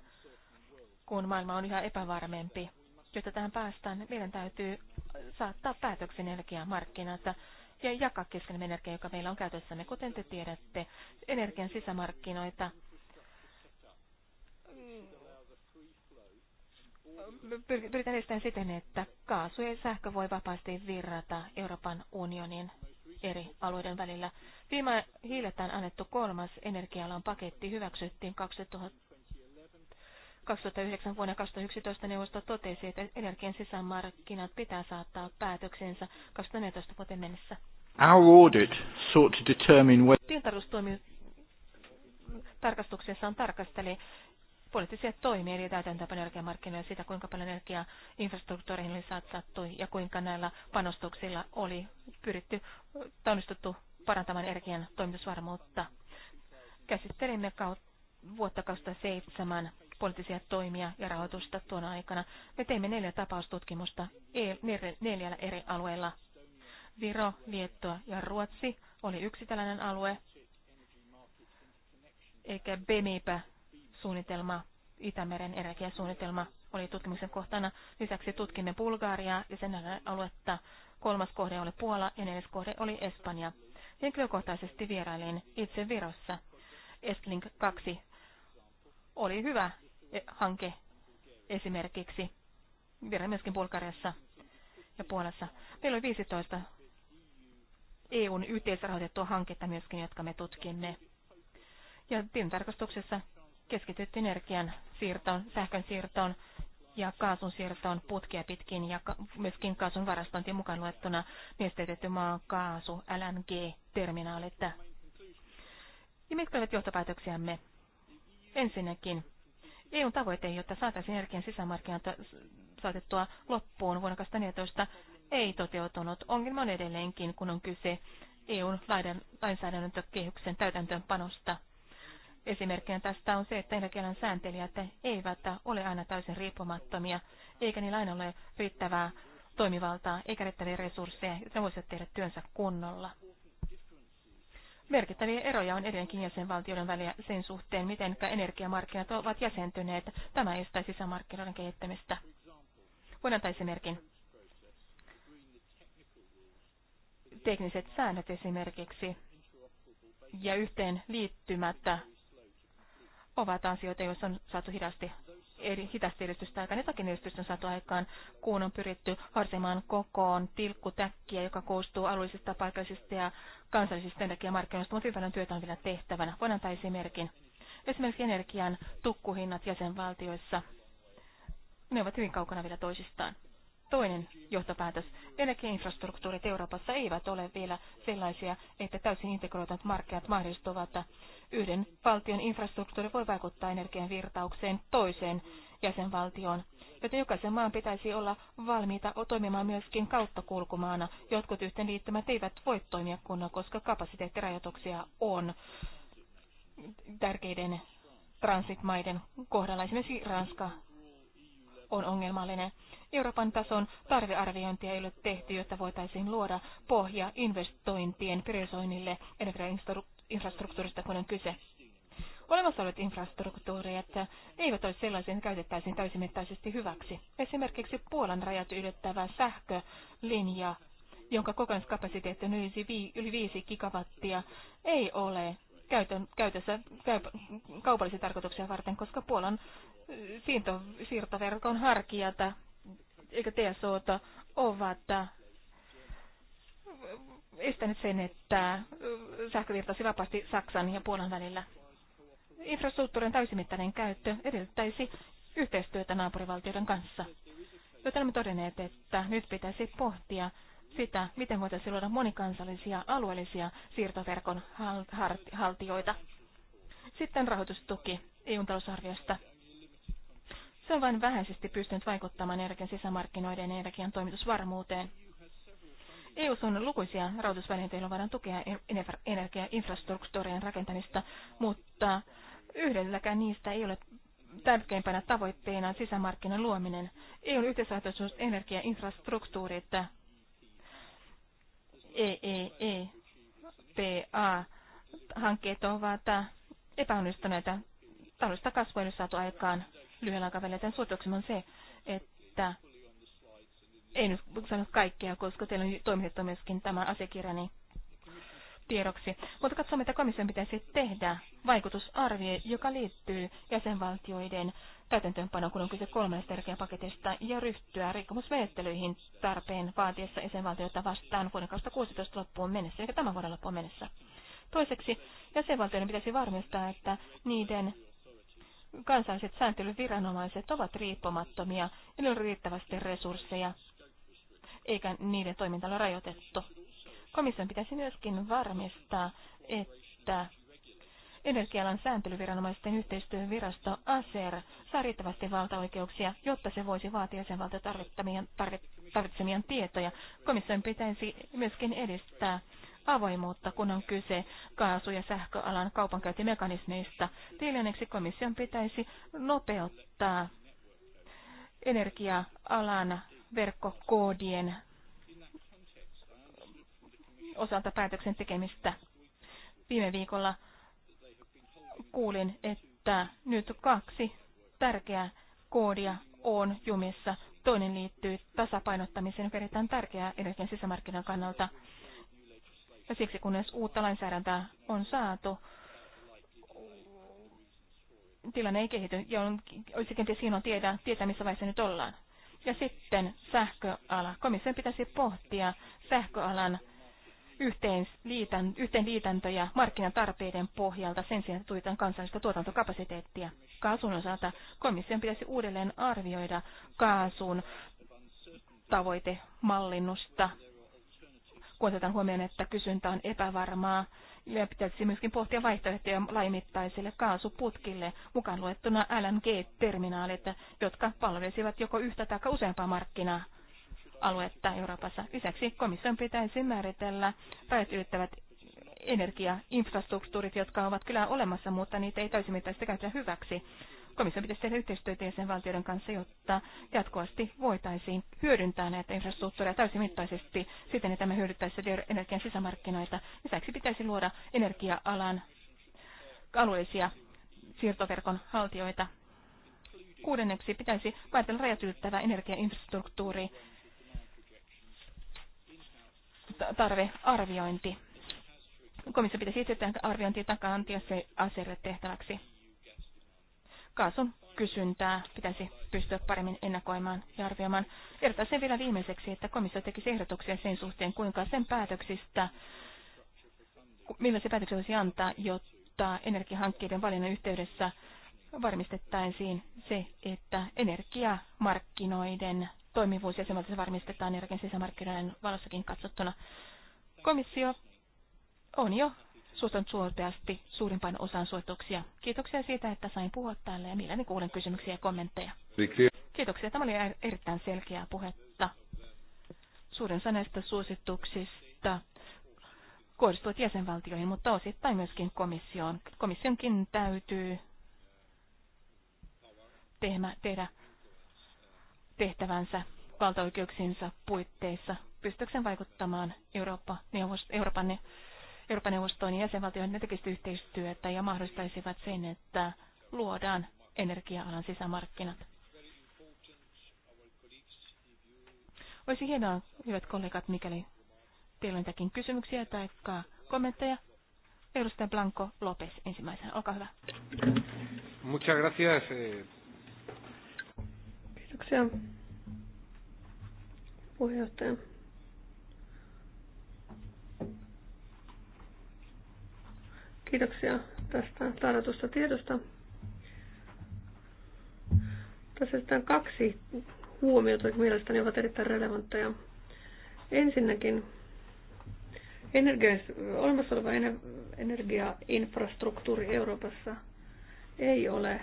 kun maailma on yhä epävarmempi. Jotta tähän päästään, meidän täytyy saattaa päätöksen energiamarkkinat ja jakaa kesken energiaa, joka meillä on käytössämme. Kuten te tiedätte, energian sisämarkkinoita pyritään estämään siten, että kaasu ja sähkö voi vapaasti virrata Euroopan unionin eri alueiden välillä. Viime hiiletään annettu kolmas energialan paketti hyväksyttiin 2000 2009 vuonna 2011 neuvosto totesi, että energian sisämarkkinat pitää saattaa päätöksensä 2014 vuoteen mennessä. Our audit sought to determine whether... tarkastuksessaan tarkasteli poliittisia toimia, eli täytäntöönpanoja energiamarkkinoilla sitä, kuinka paljon energiaa infrastruktuureihin oli satsattu ja kuinka näillä panostuksilla oli pyritty onnistuttu parantamaan energian toimitusvarmuutta. Käsittelimme vuotta 2007 poliittisia toimia ja rahoitusta tuona aikana. Me teimme neljä tapaustutkimusta e, neljällä eri alueella. Viro, Liettua ja Ruotsi oli yksi tällainen alue, eikä BEMIPä suunnitelma, Itämeren energiasuunnitelma oli tutkimuksen kohtana. Lisäksi tutkimme Bulgariaa ja sen aluetta. Kolmas kohde oli Puola ja neljäs kohde oli Espanja. Henkilökohtaisesti vierailin itse Virossa. Estlink 2 oli hyvä eh, hanke esimerkiksi. Vielä myöskin Bulgariassa ja Puolassa. Meillä oli 15 EUn yhteisrahoitettua hanketta myöskin, jotka me tutkimme. Ja tilintarkastuksessa keskitytty energian siirtoon, sähkön siirtoon ja kaasun siirtoon putkia pitkin ja myöskin kaasun varastointi mukaan luettuna nesteytetty kaasu LNG-terminaalit. Ja mitkä ovat johtopäätöksiämme? Ensinnäkin EUn tavoite, jotta saataisiin energian sisämarkkinat saatettua loppuun vuonna 2014, ei toteutunut. Ongelma on edelleenkin, kun on kyse EUn lainsäädäntökehyksen täytäntöönpanosta. Esimerkkinä tästä on se, että energialan sääntelijät eivät ole aina täysin riippumattomia, eikä niillä aina ole riittävää toimivaltaa eikä riittäviä resursseja, jotta voisivat tehdä työnsä kunnolla. Merkittäviä eroja on edelleenkin jäsenvaltioiden välillä sen suhteen, miten energiamarkkinat ovat jäsentyneet. Tämä estää sisämarkkinoiden kehittämistä. Voin antaa esimerkin. Tekniset säännöt esimerkiksi ja yhteen liittymättä ovat asioita, joissa on saatu hidasti eri, hitaasti edistystä aikaan. Jotakin edistystä on saatu aikaan, kun on pyritty harsimaan kokoon tilkkutäkkiä, joka koostuu alueellisista, paikallisista ja kansallisista energiamarkkinoista, mutta hyvin työtä on vielä tehtävänä. Voin antaa esimerkin. Esimerkiksi energian tukkuhinnat jäsenvaltioissa, ne ovat hyvin kaukana vielä toisistaan. Toinen johtopäätös. Energiainfrastruktuurit Euroopassa eivät ole vielä sellaisia, että täysin integroitut markkinat mahdollistuvat. Yhden valtion infrastruktuuri voi vaikuttaa energian virtaukseen toiseen jäsenvaltioon, joten jokaisen maan pitäisi olla valmiita toimimaan myöskin kauttakulkumaana. Jotkut yhteenliittymät eivät voi toimia kunnolla, koska kapasiteettirajoituksia on tärkeiden transitmaiden kohdalla. Esimerkiksi Ranska on ongelmallinen. Euroopan tason tarvearviointia ei ole tehty, jotta voitaisiin luoda pohja investointien priorisoinnille energiainfrastruktuurista, kun on kyse. Olemassa olevat infrastruktuurit eivät ole sellaisia, että käytettäisiin täysimittaisesti hyväksi. Esimerkiksi Puolan rajat ylittävä sähkölinja, jonka kokonaiskapasiteetti on yli 5 gigawattia, ei ole käytössä kaupallisia tarkoituksia varten, koska Puolan siirtoverkon harkijata eikä TSOta ovat äh, estänyt sen, että äh, sähkö virtaisi vapaasti Saksan ja Puolan välillä. Infrastruktuurin täysimittainen käyttö edellyttäisi yhteistyötä naapurivaltioiden kanssa. Joten olemme todenneet, että nyt pitäisi pohtia sitä, miten voitaisiin luoda monikansallisia alueellisia siirtoverkon haltijoita. Sitten rahoitustuki eu talousarviosta. Se on vain vähäisesti pystynyt vaikuttamaan energian sisämarkkinoiden ja energian toimitusvarmuuteen. EU on lukuisia rahoitusvälineitä, joilla voidaan tukea energiainfrastruktuurien rakentamista, mutta yhdelläkään niistä ei ole tärkeimpänä tavoitteena sisämarkkinan luominen. EUn yhteisrahoitus energiainfrastruktuurit EEEPA-hankkeet ovat epäonnistuneita. Taloudellista kasvua ei saatu aikaan lyhyellä aikavälillä tämän suosituksemme on se, että ei nyt sano kaikkea, koska teillä on toimitettu myöskin tämän asiakirjani tiedoksi. Mutta katsomme, mitä komission pitäisi tehdä. Vaikutusarvio, joka liittyy jäsenvaltioiden täytäntöönpanoon, kun on kyse kolmannesta energiapaketista, ja ryhtyä rikkomusmenettelyihin tarpeen vaatiessa jäsenvaltioita vastaan vuoden 2016 loppuun mennessä, eli tämän vuoden loppuun mennessä. Toiseksi jäsenvaltioiden pitäisi varmistaa, että niiden kansalliset sääntelyviranomaiset ovat riippumattomia ja niillä on riittävästi resursseja, eikä niiden toiminta ole rajoitettu. Komission pitäisi myöskin varmistaa, että energialan sääntelyviranomaisten yhteistyövirasto ASER saa riittävästi valtaoikeuksia, jotta se voisi vaatia sen valta tarvitsemia tietoja. Komission pitäisi myöskin edistää avoimuutta, kun on kyse kaasu- ja sähköalan kaupankäyntimekanismeista. Neljänneksi komission pitäisi nopeuttaa energia-alan verkkokoodien osalta päätöksen tekemistä. Viime viikolla kuulin, että nyt kaksi tärkeää koodia on jumissa. Toinen liittyy tasapainottamiseen, joka on erittäin tärkeää energian sisämarkkinan kannalta. Ja siksi kunnes uutta lainsäädäntöä on saatu, tilanne ei kehity ja on, olisi kenties hienoa tiedä, tietää, missä vaiheessa nyt ollaan. Ja sitten sähköala. Komission pitäisi pohtia sähköalan yhteenliitän, yhteenliitäntöjä markkinatarpeiden pohjalta sen sijaan, että tuetaan kansallista tuotantokapasiteettia. Kaasun osalta komission pitäisi uudelleen arvioida kaasun tavoitemallinnusta kun otetaan huomioon, että kysyntä on epävarmaa. Ja pitäisi myöskin pohtia vaihtoehtoja laimittaisille kaasuputkille, mukaan luettuna LNG-terminaalit, jotka palvelisivat joko yhtä tai useampaa markkinaa aluetta Euroopassa. Lisäksi komission pitäisi määritellä rajat ylittävät energiainfrastruktuurit, jotka ovat kyllä olemassa, mutta niitä ei täysimittaisesti käytetä hyväksi. Komissio pitäisi tehdä yhteistyötä jäsenvaltioiden kanssa, jotta jatkuvasti voitaisiin hyödyntää näitä infrastruktuureja täysimittaisesti siten, että me hyödyttäisi energian sisämarkkinoita. Lisäksi pitäisi luoda energia-alan alueellisia siirtoverkon haltijoita. Kuudenneksi pitäisi päätellä rajat ylittävää energiainfrastruktuuri tarvearviointi. Komissio pitäisi itse tehdä arviointia takaa se tehtäväksi kaasun kysyntää pitäisi pystyä paremmin ennakoimaan ja arvioimaan. sen vielä viimeiseksi, että komissio tekisi ehdotuksia sen suhteen, kuinka sen päätöksistä, millaisia päätöksiä voisi antaa, jotta energiahankkeiden valinnan yhteydessä varmistettaisiin se, että energiamarkkinoiden toimivuus ja se varmistetaan energian sisämarkkinoiden valossakin katsottuna. Komissio on jo suhtanut suopeasti suurimpaan osaan suosituksia. Kiitoksia siitä, että sain puhua täällä ja mielelläni kuulen kysymyksiä ja kommentteja. Kiitoksia. Tämä oli er-, erittäin selkeää puhetta. Suurin osa näistä suosituksista kohdistuvat jäsenvaltioihin, mutta osittain myöskin komissioon. Komissionkin täytyy tehdä, tehdä tehtävänsä valtaoikeuksiensa puitteissa pystyykö vaikuttamaan Eurooppa, neuvost, Euroopan Euroopan neuvoston jäsenvaltioiden ne tekisivät yhteistyötä ja mahdollistaisivat sen, että luodaan energia-alan sisämarkkinat. Olisi hienoa, hyvät kollegat, mikäli teillä on jotakin kysymyksiä tai kommentteja. Edustaja Blanco Lopes ensimmäisenä, olkaa hyvä. Muchas gracias. Eh. Kiitoksia puheenjohtaja. Kiitoksia tästä tarjotusta tiedosta. Tässä on kaksi huomiota, jotka mielestäni ovat erittäin relevantteja. Ensinnäkin energia, olemassa oleva energiainfrastruktuuri Euroopassa ei ole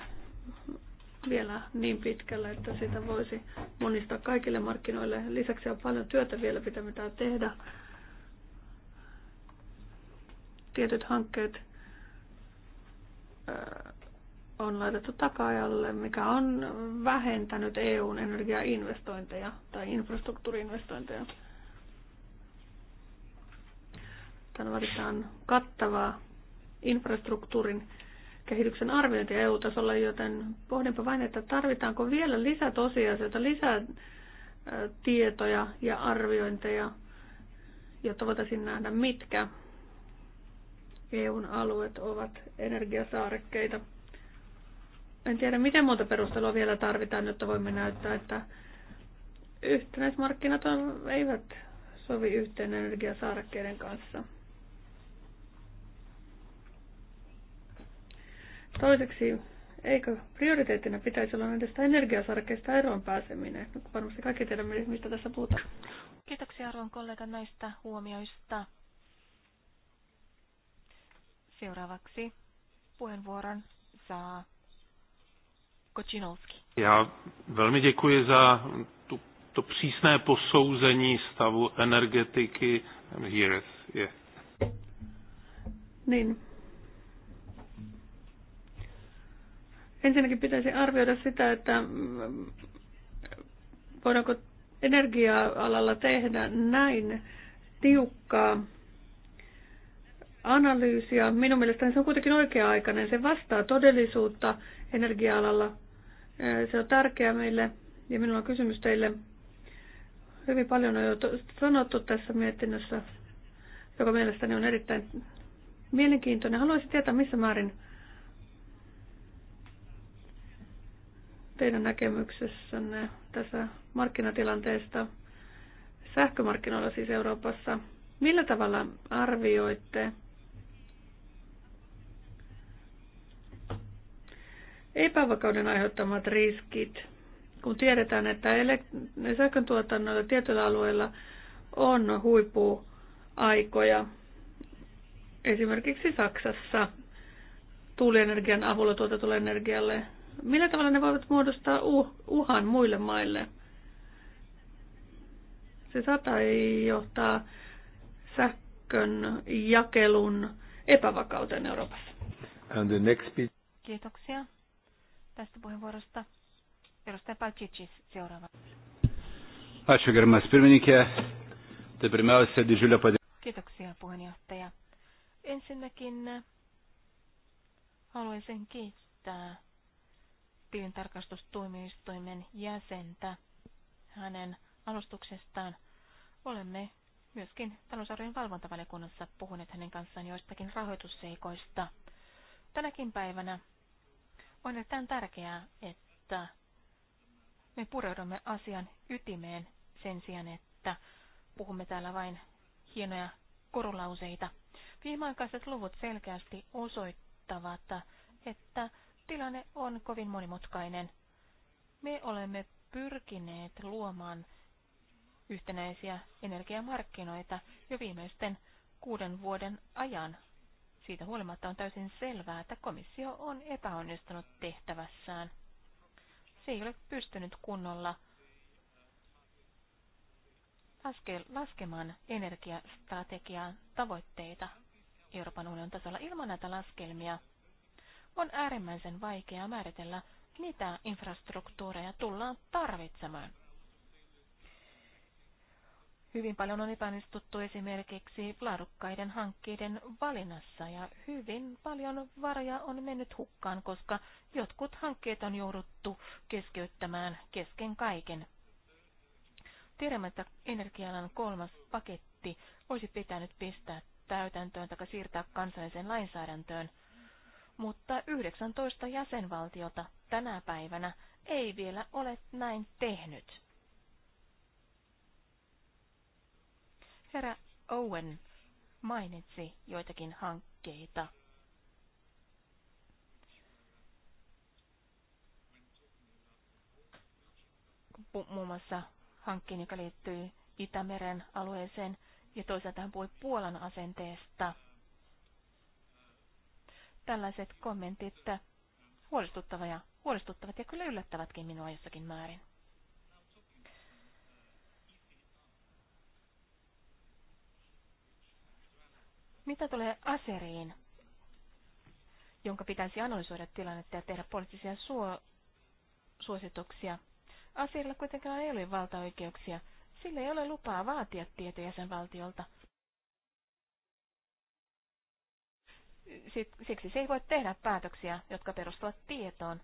vielä niin pitkällä, että sitä voisi monistaa kaikille markkinoille. Lisäksi on paljon työtä vielä, mitä pitää tehdä. Tietyt hankkeet on laitettu takajalle, mikä on vähentänyt EUn energiainvestointeja tai infrastruktuuriinvestointeja. Tämä vaaditaan kattavaa infrastruktuurin kehityksen arviointia EU-tasolla, joten pohdinpa vain, että tarvitaanko vielä lisää tosiasioita, lisää tietoja ja arviointeja, jotta voitaisiin nähdä, mitkä EUn alueet ovat energiasaarekkeita. En tiedä, miten monta perustelua vielä tarvitaan, jotta voimme näyttää, että yhtenäismarkkinat on, eivät sovi yhteen energiasaarekkeiden kanssa. Toiseksi, eikö prioriteettina pitäisi olla näistä energiasarkeista eroon pääseminen? varmasti kaikki tiedämme, mistä tässä puhutaan. Kiitoksia arvon kollega näistä huomioista. Seuraavaksi puheenvuoron saa Kočinovski. Já velmi děkuji za tu, to přísné posouzení stavu energetiky. I'm here. Yeah. Niin. Ensinnäkin pitäisi arvioida sitä, että mm, voidaanko energia-alalla tehdä näin tiukkaa analyysiä. Minun mielestäni se on kuitenkin oikea-aikainen. Se vastaa todellisuutta energia-alalla. Se on tärkeää meille ja minulla on kysymys teille. Hyvin paljon on jo sanottu tässä mietinnössä, joka mielestäni on erittäin mielenkiintoinen. Haluaisin tietää, missä määrin teidän näkemyksessänne tässä markkinatilanteesta sähkömarkkinoilla siis Euroopassa. Millä tavalla arvioitte epävakauden aiheuttamat riskit, kun tiedetään, että sähköntuotannolla tietyillä alueilla on huippuaikoja, esimerkiksi Saksassa tuulienergian avulla tuotetulle energialle, millä tavalla ne voivat muodostaa uhan muille maille? Se saattaa johtaa sähkön jakelun epävakauteen Euroopassa. And the next Kiitoksia tästä puheenvuorosta. Edustaja Palcicis seuraava. Ačiū, gerbiamas pirmininkė. Tai pirmiausia, didžiulio padėkos. Kiitoksia, puheenjohtaja. Ensinnäkin eh, haluaisin kiittää tilintarkastustuomioistuimen jäsentä hänen alustuksestaan. Olemme myöskin talousarvojen valvontavaliokunnassa puhuneet hänen kanssaan joistakin rahoitusseikoista. Tänäkin päivänä on erittäin tärkeää, että me pureudumme asian ytimeen sen sijaan, että puhumme täällä vain hienoja korulauseita. Viimeaikaiset luvut selkeästi osoittavat, että tilanne on kovin monimutkainen. Me olemme pyrkineet luomaan yhtenäisiä energiamarkkinoita jo viimeisten kuuden vuoden ajan siitä huolimatta on täysin selvää, että komissio on epäonnistunut tehtävässään. Se ei ole pystynyt kunnolla laskemaan energiastrategian tavoitteita Euroopan unionin tasolla. Ilman näitä laskelmia on äärimmäisen vaikeaa määritellä, mitä infrastruktuureja tullaan tarvitsemaan. Hyvin paljon on epäonnistuttu esimerkiksi laadukkaiden hankkeiden valinnassa ja hyvin paljon varoja on mennyt hukkaan, koska jotkut hankkeet on jouduttu keskeyttämään kesken kaiken. Tiedämme, että energialan kolmas paketti olisi pitänyt pistää täytäntöön tai siirtää kansalliseen lainsäädäntöön, mutta 19 jäsenvaltiota tänä päivänä ei vielä ole näin tehnyt. Herra Owen mainitsi joitakin hankkeita. Muun muassa hankkeen, joka liittyy Itämeren alueeseen, ja toisaalta hän puhui Puolan asenteesta. Tällaiset kommentit ja, huolestuttavat ja kyllä yllättävätkin minua jossakin määrin. Mitä tulee aseriin, jonka pitäisi analysoida tilannetta ja tehdä poliittisia suo- suosituksia? Aserilla kuitenkaan ei ole valtaoikeuksia. Sillä ei ole lupaa vaatia tietoja sen valtiolta. Siksi se ei voi tehdä päätöksiä, jotka perustuvat tietoon.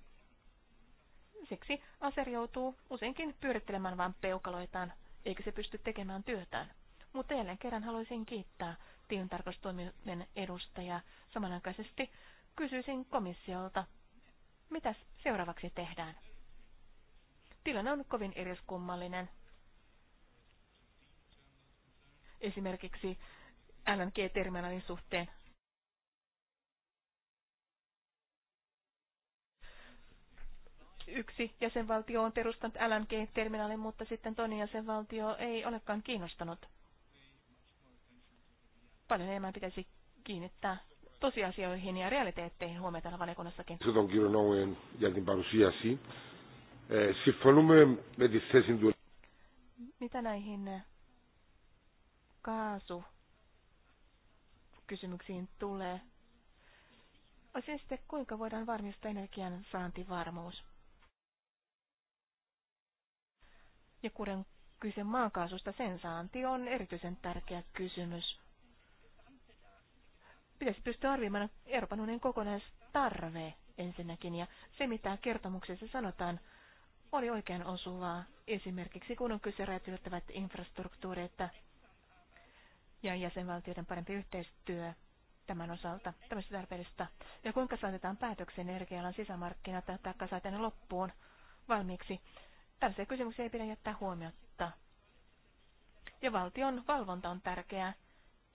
Siksi aser joutuu useinkin pyörittelemään vain peukaloitaan, eikä se pysty tekemään työtään. Mutta jälleen kerran haluaisin kiittää tilintarkastustoimien edustaja samanaikaisesti kysyisin komissiolta, mitä seuraavaksi tehdään. Tilanne on kovin eriskummallinen. Esimerkiksi LNG-terminaalin suhteen yksi jäsenvaltio on perustanut LNG-terminaalin, mutta sitten toinen jäsenvaltio ei olekaan kiinnostanut Paljon enemmän pitäisi kiinnittää tosiasioihin ja realiteetteihin huomioon täällä valiokunnassakin. Eh, se on kirjo Noujen jätin parusiasi. Συμφωνούμε με τη θέση Mitä näihin eh, kaasukysymyksiin tulee? Osin sitten, kuinka voidaan varmistaa energian saantivarmuus? Ja kuten kyse maakaasusta, sen saanti on erityisen tärkeä kysymys pitäisi pystyä arvioimaan Euroopan unionin kokonaistarve ensinnäkin. Ja se, mitä kertomuksessa sanotaan, oli oikein osuvaa. Esimerkiksi kun on kyse räätylöttävät infrastruktuurit ja jäsenvaltioiden parempi yhteistyö tämän osalta, tämmöisestä tarpeellista. Ja kuinka saatetaan päätöksen energialan sisämarkkinat tai kasaiten loppuun valmiiksi. Tällaisia kysymyksiä ei pidä jättää huomiotta. Ja valtion valvonta on tärkeää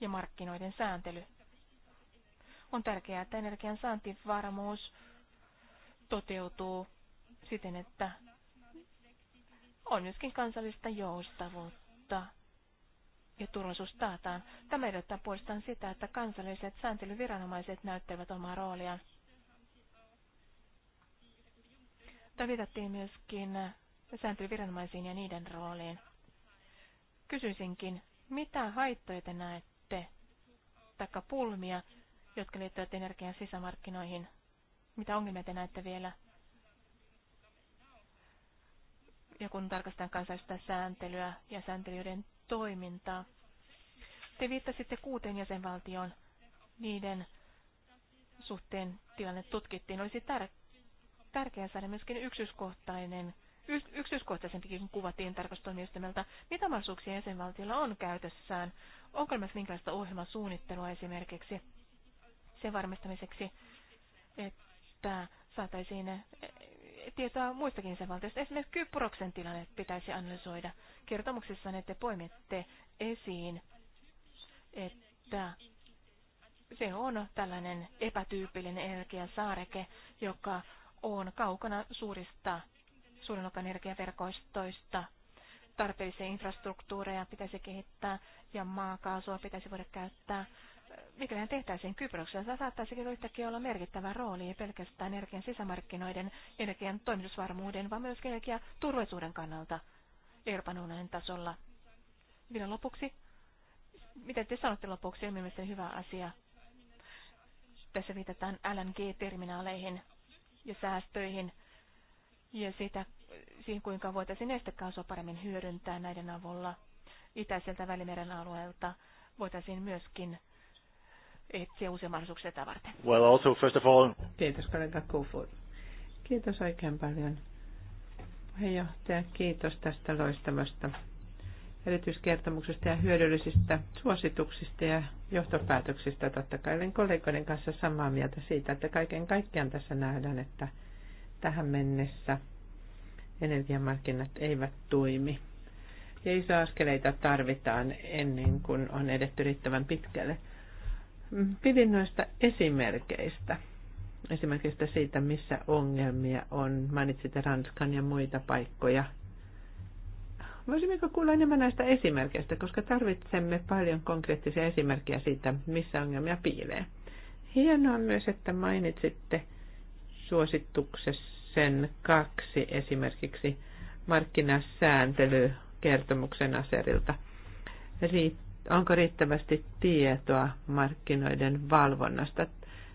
ja markkinoiden sääntely on tärkeää, että energian saantivarmuus toteutuu siten, että on myöskin kansallista joustavuutta ja turvallisuus taataan. Tämä edellyttää puolestaan sitä, että kansalliset sääntelyviranomaiset näyttävät omaa rooliaan. Tämä viitattiin myöskin sääntelyviranomaisiin ja niiden rooliin. Kysyisinkin, mitä haittoja te näette, taikka pulmia, jotka liittyvät energian sisämarkkinoihin. Mitä ongelmia te näette vielä? Ja kun tarkastetaan kansallista sääntelyä ja sääntelyiden toimintaa. Te viittasitte kuuteen jäsenvaltioon. Niiden suhteen tilanne tutkittiin. Olisi tär- tärkeää saada myöskin yksityiskohtainen yksityiskohtaisempikin kuva tilintarkastustoimijoistamelta, mitä mahdollisuuksia jäsenvaltiolla on käytössään, onko myös minkälaista ohjelmasuunnittelua esimerkiksi, sen varmistamiseksi, että saataisiin eh, tietoa muistakin sen valtiosta. Esimerkiksi Kyproksen tilanne pitäisi analysoida. Kertomuksessa ne te poimitte esiin, että se on tällainen epätyypillinen energiasaareke, joka on kaukana suurista suurinokan energiaverkostoista. Tarpeellisia infrastruktuureja pitäisi kehittää ja maakaasua pitäisi voida käyttää mikäli tehtäisiin Kyproksella, saattaisikin yhtäkkiä olla merkittävä rooli ei pelkästään energian sisämarkkinoiden, energian toimitusvarmuuden, vaan myös energian turvallisuuden kannalta Euroopan unionin tasolla. Vielä lopuksi, mitä te sanotte lopuksi, on mielestäni hyvä asia. Tässä viitataan LNG-terminaaleihin ja säästöihin ja sitä, siihen, kuinka voitaisiin nestekaasua paremmin hyödyntää näiden avulla itäiseltä välimeren alueelta voitaisiin myöskin etsiä uusia mahdollisuuksia tätä varten. Well, also, first of all... Kiitos kollega Kufur. Kiitos oikein paljon. Puheenjohtaja, kiitos tästä loistavasta erityiskertomuksesta ja hyödyllisistä suosituksista ja johtopäätöksistä. Totta kai olen kollegoiden kanssa samaa mieltä siitä, että kaiken kaikkiaan tässä nähdään, että tähän mennessä energiamarkkinat eivät toimi. Ja askeleita tarvitaan ennen kuin on edetty riittävän pitkälle. Pidin noista esimerkkeistä, esimerkiksi siitä, missä ongelmia on. Mainitsit Ranskan ja muita paikkoja. Voisimmeko kuulla enemmän näistä esimerkkeistä, koska tarvitsemme paljon konkreettisia esimerkkejä siitä, missä ongelmia piilee. Hienoa myös, että mainitsitte suosituksessa kaksi esimerkiksi markkinasääntelykertomuksen aserilta. Riittää onko riittävästi tietoa markkinoiden valvonnasta.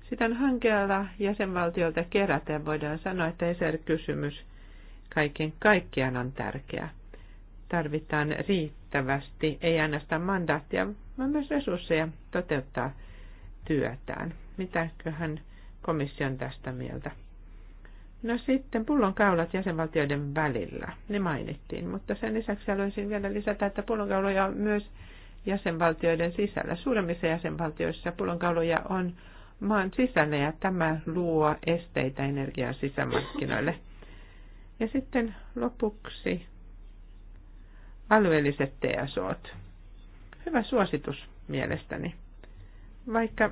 Sitä hankkeella jäsenvaltiolta keräten voidaan sanoa, että ESER-kysymys kaiken kaikkiaan on tärkeä. Tarvitaan riittävästi, ei ainoastaan mandaattia, vaan myös resursseja toteuttaa työtään. Mitäköhän komission tästä mieltä? No sitten pullonkaulat jäsenvaltioiden välillä, ne mainittiin, mutta sen lisäksi haluaisin vielä lisätä, että pullonkauloja on myös jäsenvaltioiden sisällä. Suuremmissa jäsenvaltioissa pullonkauloja on maan sisällä ja tämä luo esteitä energian sisämarkkinoille. Ja sitten lopuksi alueelliset TSOt. Hyvä suositus mielestäni. Vaikka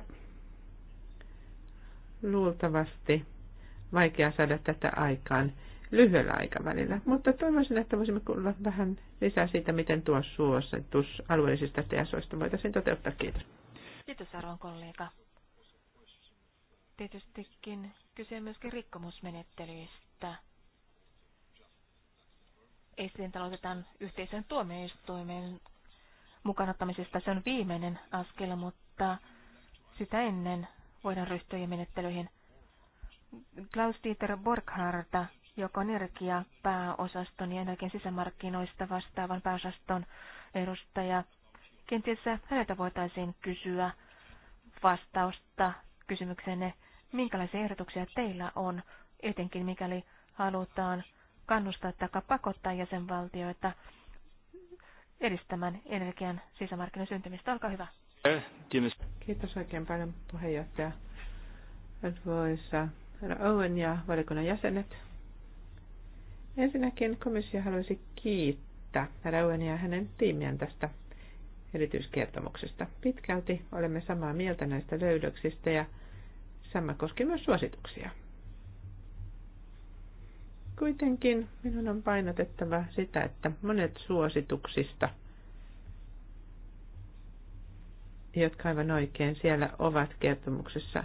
luultavasti vaikea saada tätä aikaan, lyhyellä aikavälillä. Mutta toivoisin, että voisimme kuulla vähän lisää siitä, miten tuo suositus alueellisista TSOista voitaisiin toteuttaa. Kiitos. Kiitos arvon kollega. Tietystikin kyse on myöskin rikkomusmenettelyistä. Esiin otetaan yhteisen tuomioistuimen mukanottamisesta. Se on viimeinen askel, mutta sitä ennen voidaan ryhtyä menettelyihin. Klaus-Dieter Borgharta joka on energiapääosaston ja energian sisämarkkinoista vastaavan pääosaston edustaja. Kenties häneltä voitaisiin kysyä vastausta kysymykseenne, minkälaisia ehdotuksia teillä on, etenkin mikäli halutaan kannustaa tai pakottaa jäsenvaltioita edistämään energian sisämarkkinoiden syntymistä. Olkaa hyvä. Kiitos oikein paljon puheenjohtaja. Arvoisa herra Owen ja valikunnan jäsenet. Ensinnäkin komissio haluaisi kiittää Rauen ja hänen tiimien tästä erityiskertomuksesta. Pitkälti olemme samaa mieltä näistä löydöksistä ja sama koski myös suosituksia. Kuitenkin minun on painotettava sitä, että monet suosituksista, jotka aivan oikein siellä ovat kertomuksessa,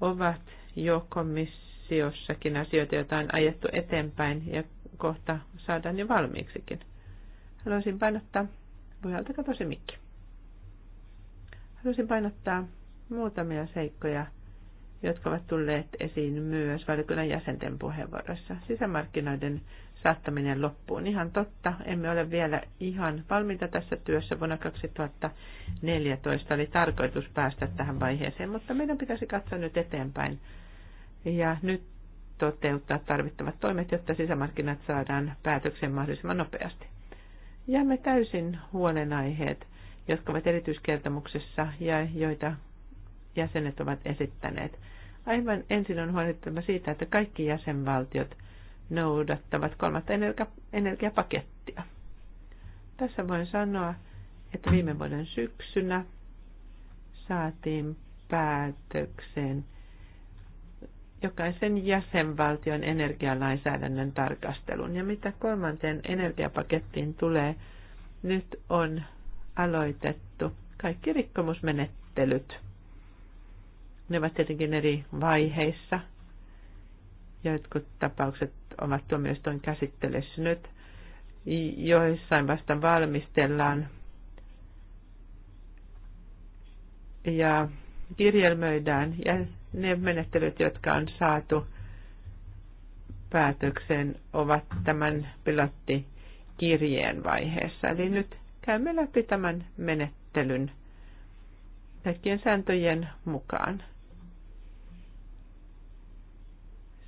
ovat jo komissiossakin asioita, joita on ajettu eteenpäin ja kohta saadaan jo valmiiksikin. Haluaisin painottaa, voi altakaa tosi mikki. Haluaisin painottaa muutamia seikkoja, jotka ovat tulleet esiin myös valiokunnan jäsenten puheenvuorossa. Sisämarkkinoiden saattaminen loppuun. Ihan totta, emme ole vielä ihan valmiita tässä työssä. Vuonna 2014 oli tarkoitus päästä tähän vaiheeseen, mutta meidän pitäisi katsoa nyt eteenpäin. Ja nyt toteuttaa tarvittavat toimet, jotta sisämarkkinat saadaan päätöksen mahdollisimman nopeasti. Jäämme täysin huolenaiheet, jotka ovat erityiskertomuksessa ja joita jäsenet ovat esittäneet. Aivan ensin on huolehdittava siitä, että kaikki jäsenvaltiot noudattavat kolmatta energiapakettia. Tässä voin sanoa, että viime vuoden syksynä saatiin päätökseen – jokaisen jäsenvaltion energialainsäädännön tarkastelun. Ja mitä kolmanteen energiapakettiin tulee, nyt on aloitettu kaikki rikkomusmenettelyt. Ne ovat tietenkin eri vaiheissa. Jotkut tapaukset ovat tuomioistuin käsittelyssä nyt. Joissain vasta valmistellaan ja kirjelmöidään ja ne menettelyt, jotka on saatu päätökseen, ovat tämän pilottikirjeen vaiheessa. Eli nyt käymme läpi tämän menettelyn kaikkien sääntöjen mukaan.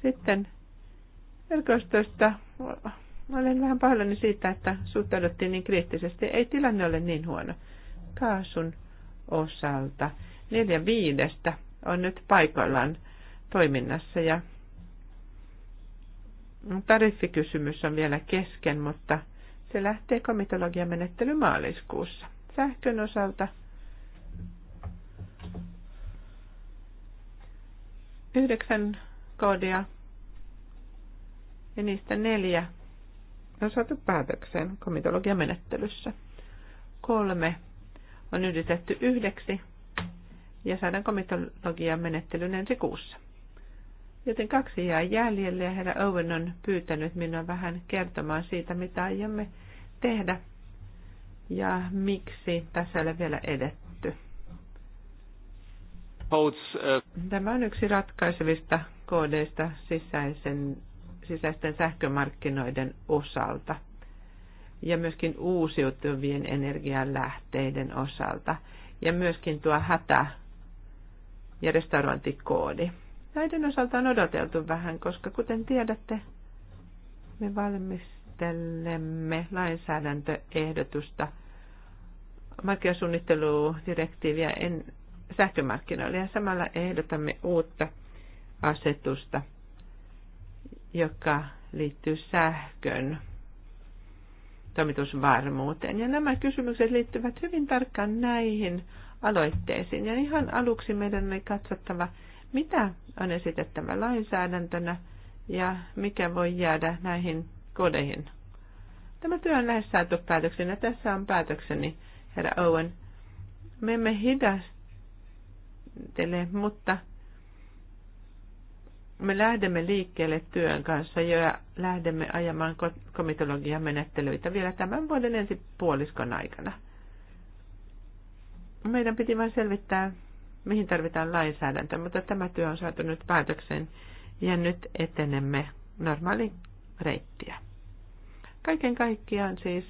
Sitten 11. Olen vähän pahoillani siitä, että suhtauduttiin niin kriittisesti. Ei tilanne ole niin huono. Kaasun osalta neljä viidestä on nyt paikallaan toiminnassa ja tariffikysymys on vielä kesken, mutta se lähtee komitologiamenettely maaliskuussa. Sähkön osalta 9 koodia ja niistä neljä on saatu päätökseen komitologiamenettelyssä. Kolme on yhdistetty yhdeksi ja saadaan komitologian menettelyn ensi kuussa. Joten kaksi jää jäljelle ja herra Owen on pyytänyt minua vähän kertomaan siitä, mitä aiomme tehdä ja miksi tässä ei ole vielä edetty. Eh, Tämä on yksi ratkaisevista koodeista sisäisen, sisäisten sähkömarkkinoiden osalta ja myöskin uusiutuvien energialähteiden osalta ja myöskin tuo hätä ja restaurantikoodi. Näiden osalta on odoteltu vähän, koska kuten tiedätte, me valmistelemme lainsäädäntöehdotusta markkinasuunnitteludirektiiviä en, sähkömarkkinoille ja samalla ehdotamme uutta asetusta, joka liittyy sähkön toimitusvarmuuteen. Ja nämä kysymykset liittyvät hyvin tarkkaan näihin aloitteisiin. Ja ihan aluksi meidän on katsottava, mitä on esitettävä lainsäädäntönä ja mikä voi jäädä näihin kodeihin. Tämä työ on lähes saatu päätöksen ja tässä on päätökseni, herra Owen. Me emme hidastele, mutta me lähdemme liikkeelle työn kanssa jo ja lähdemme ajamaan komitologian menettelyitä vielä tämän vuoden ensi puoliskon aikana meidän piti vain selvittää, mihin tarvitaan lainsäädäntö, mutta tämä työ on saatu nyt päätöksen ja nyt etenemme normaali reittiä. Kaiken kaikkiaan siis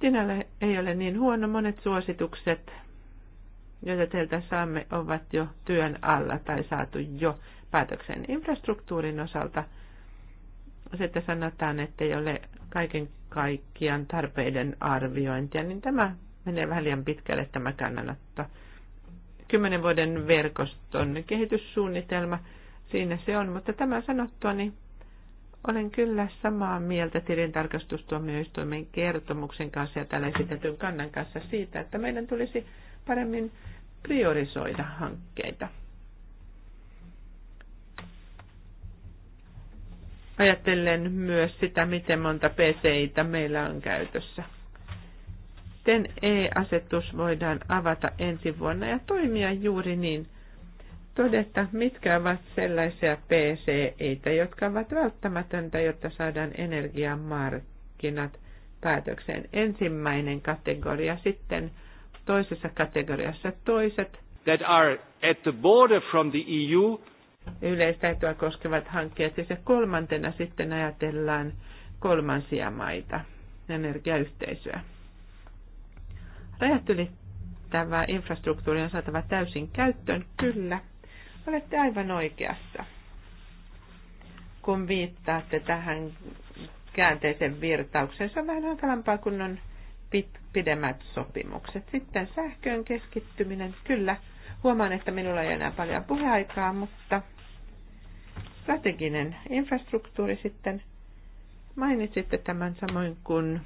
Tinalle ei ole niin huono. Monet suositukset, joita teiltä saamme, ovat jo työn alla tai saatu jo päätöksen infrastruktuurin osalta. Sitten sanotaan, että ei ole kaiken kaikkiaan tarpeiden arviointia, niin tämä menee vähän liian pitkälle tämä kannanotto. Kymmenen vuoden verkoston kehityssuunnitelma, siinä se on, mutta tämä sanottua, niin olen kyllä samaa mieltä tilintarkastustuomioistuimen kertomuksen kanssa ja tällä esitetyn kannan kanssa siitä, että meidän tulisi paremmin priorisoida hankkeita. Ajattelen myös sitä, miten monta PCItä meillä on käytössä. Sitten e-asetus voidaan avata ensi vuonna ja toimia juuri niin. Todeta, mitkä ovat sellaisia PCIitä, jotka ovat välttämätöntä, jotta saadaan energiamarkkinat päätökseen. Ensimmäinen kategoria, sitten toisessa kategoriassa toiset. That are at the border from the EU. Yleistä koskevat hankkeet. Siis ja kolmantena sitten ajatellaan kolmansia maita, energiayhteisöä. Rajat ylittävää infrastruktuuri on saatava täysin käyttöön. Kyllä, olette aivan oikeassa, kun viittaatte tähän käänteisen virtaukseen. Se on vähän hankalampaa, kun on pit, pidemmät sopimukset. Sitten sähköön keskittyminen. Kyllä, huomaan, että minulla ei enää paljon puheaikaa, mutta strateginen infrastruktuuri sitten mainitsitte tämän samoin kuin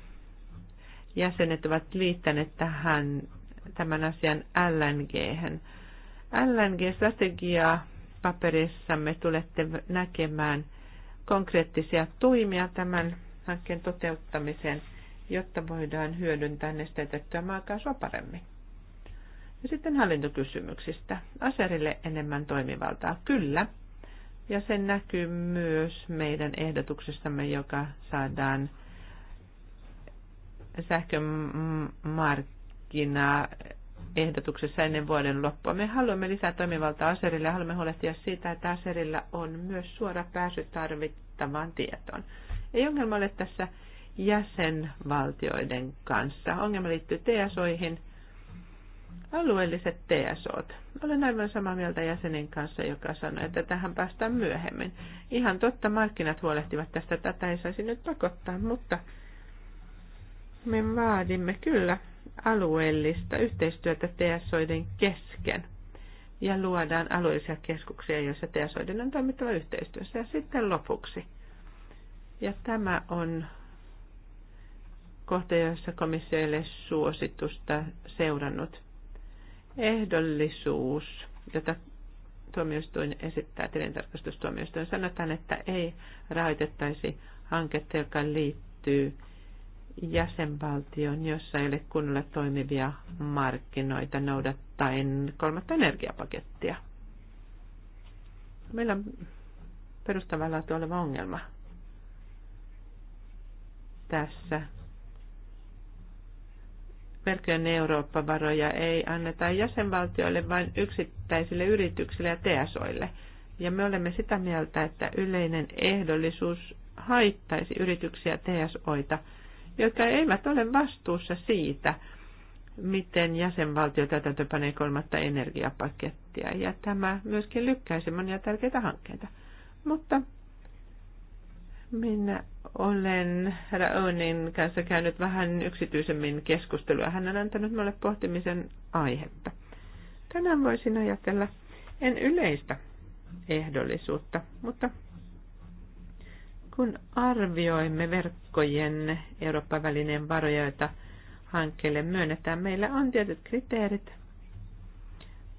jäsenet ovat liittäneet tähän tämän asian LNG. -hän. LNG-strategiaa paperissamme tulette näkemään konkreettisia toimia tämän hankkeen toteuttamiseen, jotta voidaan hyödyntää nesteytettyä maakaasua paremmin. Ja sitten hallintokysymyksistä. Aserille enemmän toimivaltaa, kyllä. Ja se näkyy myös meidän ehdotuksestamme, joka saadaan Sähkömarkkina ehdotuksessa ennen vuoden loppua. Me haluamme lisää toimivaltaa Aserille ja haluamme huolehtia siitä, että Aserilla on myös suora pääsy tarvittavaan tietoon. Ei ongelma ole tässä jäsenvaltioiden kanssa. Ongelma liittyy TSOihin, alueelliset TSOt. Olen aivan samaa mieltä jäsenen kanssa, joka sanoi, että tähän päästään myöhemmin. Ihan totta, markkinat huolehtivat tästä. Tätä ei saisi nyt pakottaa, mutta me vaadimme kyllä alueellista yhteistyötä TSOiden kesken ja luodaan alueellisia keskuksia, joissa TSOiden on toimittava yhteistyössä. Ja sitten lopuksi. Ja tämä on kohta, jossa komissioille suositusta seurannut ehdollisuus, jota tuomioistuin esittää tilintarkastustuomioistuin, sanotaan, että ei rahoitettaisi hanketta, joka liittyy jäsenvaltion, jossa ei ole kunnolla toimivia markkinoita noudattaen kolmatta energiapakettia. Meillä on perustavanlaatu oleva ongelma tässä. Verkkojen Eurooppa-varoja ei anneta jäsenvaltioille, vaan yksittäisille yrityksille ja TSOille. Ja me olemme sitä mieltä, että yleinen ehdollisuus haittaisi yrityksiä TSOita – jotka eivät ole vastuussa siitä, miten jäsenvaltio täytäntöpanee kolmatta energiapakettia. Ja tämä myöskin lykkäisi monia tärkeitä hankkeita. Mutta minä olen Raonin kanssa käynyt vähän yksityisemmin keskustelua. Hän on antanut minulle pohtimisen aihetta. Tänään voisin ajatella, en yleistä ehdollisuutta, mutta kun arvioimme verkkojen Euroopan välineen varoja, joita hankkeelle myönnetään, meillä on tietyt kriteerit,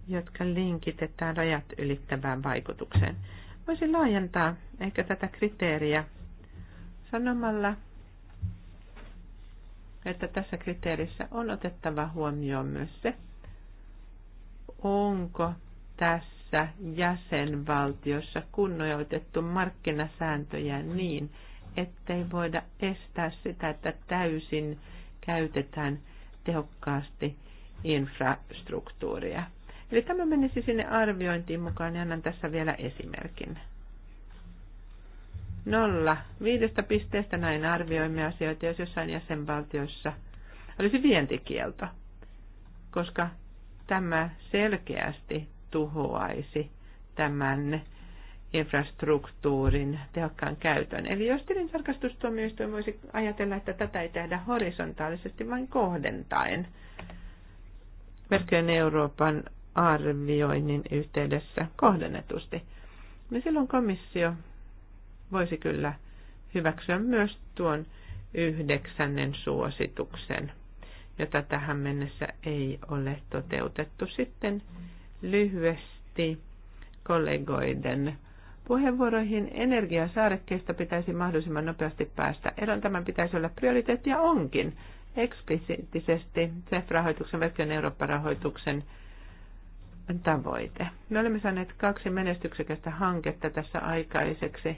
jotka linkitetään rajat ylittävään vaikutukseen. Voisin laajentaa ehkä tätä kriteeriä sanomalla, että tässä kriteerissä on otettava huomioon myös se, onko tässä monessa jäsenvaltiossa kunnioitettu markkinasääntöjä niin, ettei voida estää sitä, että täysin käytetään tehokkaasti infrastruktuuria. Eli tämä menisi sinne arviointiin mukaan ja annan tässä vielä esimerkin. Nolla. Viidestä pisteestä näin arvioimme asioita, jos jossain jäsenvaltiossa olisi vientikielto, koska tämä selkeästi tuhoaisi tämän infrastruktuurin tehokkaan käytön. Eli jos tilintarkastustuomioistuin voisi ajatella, että tätä ei tehdä horisontaalisesti, vaan kohdentaen verkkojen Euroopan arvioinnin yhteydessä kohdennetusti, niin silloin komissio voisi kyllä hyväksyä myös tuon yhdeksännen suosituksen, jota tähän mennessä ei ole toteutettu sitten. Mm lyhyesti kollegoiden puheenvuoroihin. Energiasaarekkeista pitäisi mahdollisimman nopeasti päästä eroon. Tämän pitäisi olla prioriteetti ja onkin eksplisiittisesti CEF-rahoituksen, Verkkojen Eurooppa-rahoituksen tavoite. Me olemme saaneet kaksi menestyksekästä hanketta tässä aikaiseksi.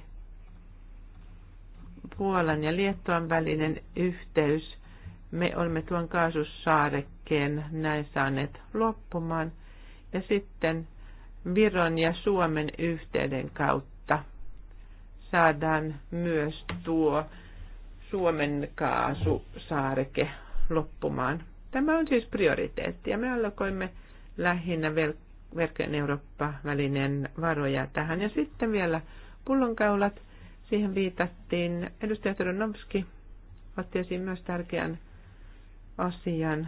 Puolan ja Liettuan välinen yhteys. Me olemme tuon kaasussaarekkeen näin saaneet loppumaan – ja sitten Viron ja Suomen yhteyden kautta saadaan myös tuo Suomen kaasusaareke loppumaan. Tämä on siis prioriteetti ja me alkoimme lähinnä verken Eurooppa-välinen varoja tähän. Ja sitten vielä pullonkaulat, siihen viitattiin. Edustaja Turunovski otti esiin myös tärkeän asian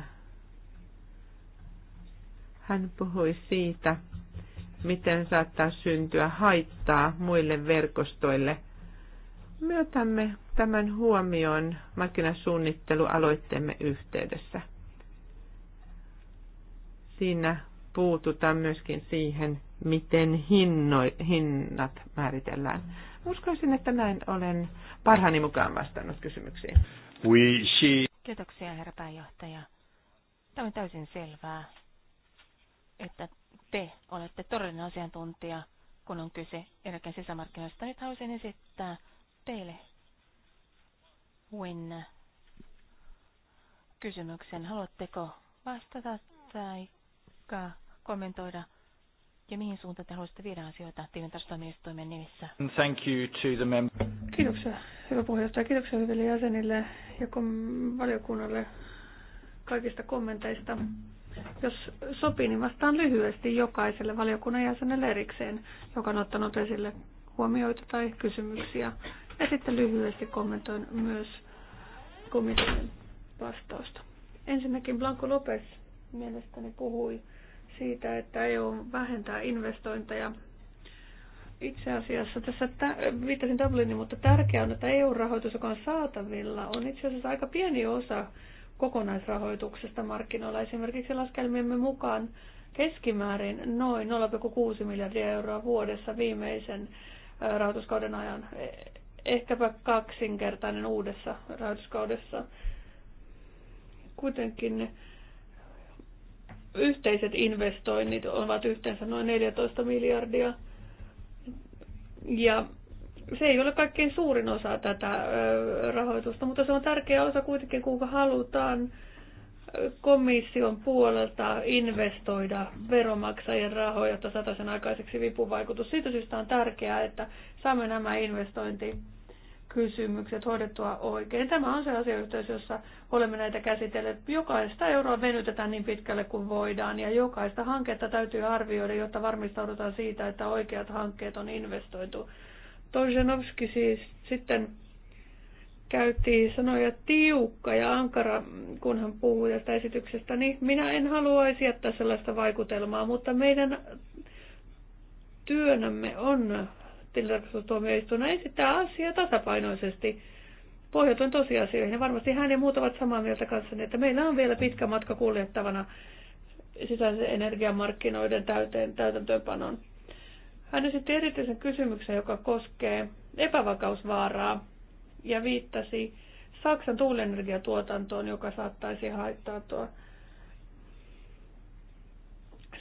hän puhui siitä, miten saattaa syntyä haittaa muille verkostoille. Me otamme tämän huomioon markkinasuunnittelualoitteemme yhteydessä. Siinä puututaan myöskin siihen, miten hinno, hinnat määritellään. Uskoisin, että näin olen parhaani mukaan vastannut kysymyksiin. We, Kiitoksia, herra pääjohtaja. Tämä on täysin selvää että te olette todellinen asiantuntija, kun on kyse energian sisämarkkinoista. Nyt haluaisin esittää teille Win kysymyksen. Haluatteko vastata tai kommentoida ja mihin suuntaan te haluaisitte viedä asioita tilintarkastustoimistoimen nimissä? Thank you to the member. Kiitoksia, hyvä puheenjohtaja. Kiitoksia hyville jäsenille ja valiokunnalle kaikista kommenteista. Jos sopii, niin vastaan lyhyesti jokaiselle valiokunnan jäsenelle erikseen, joka on ottanut esille huomioita tai kysymyksiä. Ja sitten lyhyesti kommentoin myös komission vastausta. Ensinnäkin Blanco Lopez mielestäni puhui siitä, että EU vähentää investointeja. Itse asiassa tässä t- viittasin Dublinin, mutta tärkeää on, että EU-rahoitus, joka on saatavilla, on itse asiassa aika pieni osa kokonaisrahoituksesta markkinoilla. Esimerkiksi laskelmiemme mukaan keskimäärin noin 0,6 miljardia euroa vuodessa viimeisen rahoituskauden ajan. E, ehkäpä kaksinkertainen uudessa rahoituskaudessa. Kuitenkin yhteiset investoinnit ovat yhteensä noin 14 miljardia. Ja se ei ole kaikkein suurin osa tätä rahoitusta, mutta se on tärkeä osa kuitenkin, kuinka halutaan komission puolelta investoida veromaksajien rahoja, jotta saataisiin aikaiseksi vipuvaikutus. Siitä syystä on tärkeää, että saamme nämä investointikysymykset hoidettua oikein. Tämä on se asiayhteys, jossa olemme näitä käsitelleet. Jokaista euroa venytetään niin pitkälle kuin voidaan ja jokaista hanketta täytyy arvioida, jotta varmistaudutaan siitä, että oikeat hankkeet on investoitu Tojenovski siis sitten käytti sanoja tiukka ja ankara, kun hän puhui tästä esityksestä, niin minä en haluaisi jättää sellaista vaikutelmaa, mutta meidän työnämme on tilintarkastustuomioistuina esittää asiaa tasapainoisesti pohjautuen tosiasioihin. Ja varmasti hän ja muut ovat samaa mieltä kanssani, että meillä on vielä pitkä matka kuljettavana sisäisen energiamarkkinoiden täyteen, täytäntöönpanon. Hän esitti erityisen kysymyksen, joka koskee epävakausvaaraa ja viittasi Saksan tuulienergiatuotantoon, joka saattaisi haittaa tuo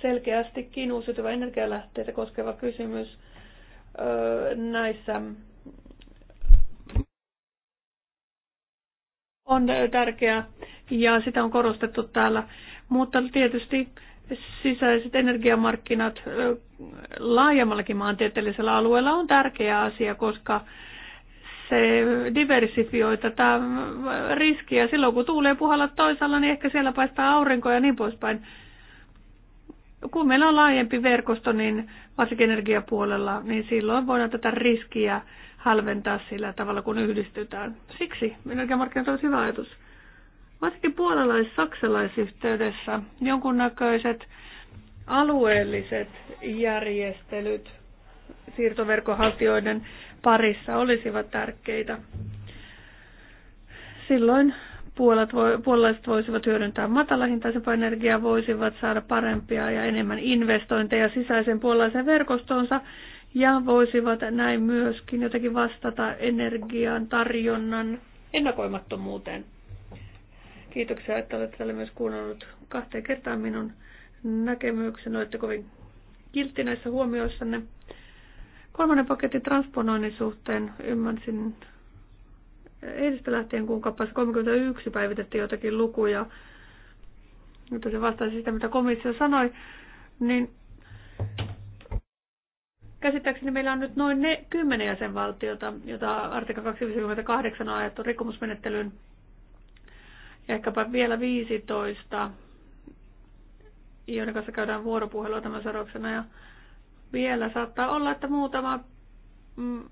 selkeästikin uusiutuva energialähteitä koskeva kysymys öö, näissä on tärkeä ja sitä on korostettu täällä. Mutta tietysti sisäiset energiamarkkinat laajemmallakin maantieteellisellä alueella on tärkeä asia, koska se diversifioi tätä riskiä. Silloin kun tuulee puhalla toisella, niin ehkä siellä paistaa aurinko ja niin poispäin. Kun meillä on laajempi verkosto, niin varsinkin energiapuolella, niin silloin voidaan tätä riskiä halventaa sillä tavalla, kun yhdistytään. Siksi energiamarkkinat on hyvä ajatus varsinkin puolalais-saksalaisyhteydessä jonkunnäköiset alueelliset järjestelyt siirtoverkohaltijoiden parissa olisivat tärkeitä. Silloin puolat voi, puolalaiset voisivat hyödyntää matalahintaisempaa energiaa, voisivat saada parempia ja enemmän investointeja sisäisen puolalaisen verkostonsa ja voisivat näin myöskin jotenkin vastata energian tarjonnan ennakoimattomuuteen. Kiitoksia, että olette täällä myös kuunnellut kahteen kertaan minun näkemyksen. Olette kovin kiltti näissä huomioissanne. Kolmannen paketin transponoinnin suhteen ymmärsin eilistä lähtien, kun kappaleessa 31 päivitettiin jotakin lukuja, mutta se vastasi sitä, mitä komissio sanoi, niin käsittääkseni meillä on nyt noin ne kymmenen jäsenvaltiota, jota artikla 258 on ajettu rikkomusmenettelyyn ja ehkäpä vielä 15, joiden kanssa käydään vuoropuhelua tämän seurauksena. Ja vielä saattaa olla, että muutama mm,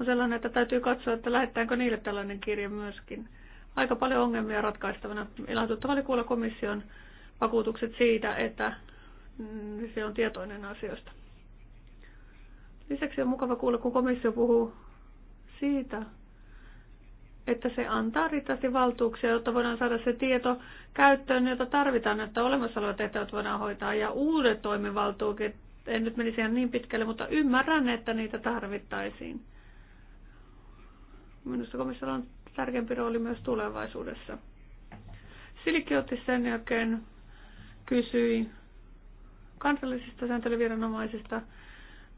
on sellainen, että täytyy katsoa, että lähettääkö niille tällainen kirje myöskin. Aika paljon ongelmia ratkaistavana. Ilahduttava oli kuulla komission vakuutukset siitä, että mm, se on tietoinen asioista. Lisäksi on mukava kuulla, kun komissio puhuu siitä, että se antaa riittävästi valtuuksia, jotta voidaan saada se tieto käyttöön, jota tarvitaan, että olemassa olevat tehtävät voidaan hoitaa. Ja uudet toimivaltuukset, en nyt menisi ihan niin pitkälle, mutta ymmärrän, että niitä tarvittaisiin. Minusta komissiolla on tärkeämpi rooli myös tulevaisuudessa. Silikki otti sen jälkeen, kysyi kansallisista sääntelyviranomaisista.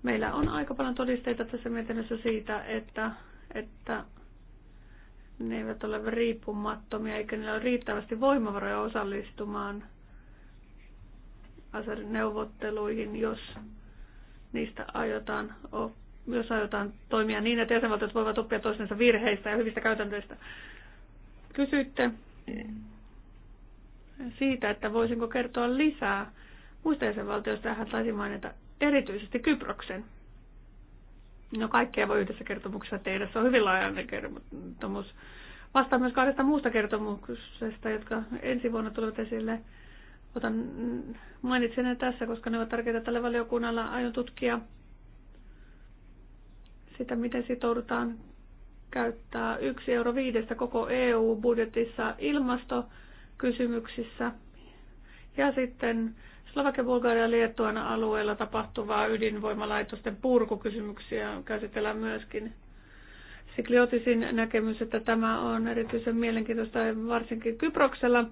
Meillä on aika paljon todisteita tässä mietinnössä siitä, että, että ne eivät ole riippumattomia eikä niillä ole riittävästi voimavaroja osallistumaan neuvotteluihin, jos niistä aiotaan oppia jos aiotaan toimia niin, että jäsenvaltiot voivat oppia toistensa virheistä ja hyvistä käytänteistä. Kysyitte siitä, että voisinko kertoa lisää muista jäsenvaltioista, hän taisi mainita erityisesti Kyproksen. No kaikkea voi yhdessä kertomuksessa tehdä, se on hyvin laajainen kertomus. Vastaan myös kahdesta muusta kertomuksesta, jotka ensi vuonna tulevat esille. Otan, mm, mainitsen ne tässä, koska ne ovat tärkeitä tälle valiokunnalle. Aion tutkia sitä, miten sitoudutaan käyttää 1 euro viidestä koko EU-budjetissa ilmastokysymyksissä. Ja sitten Slovakia, Bulgaria ja Liettuan alueella tapahtuvaa ydinvoimalaitosten purkukysymyksiä käsitellään myöskin. Sikliotisin näkemys, että tämä on erityisen mielenkiintoista varsinkin Kyproksella.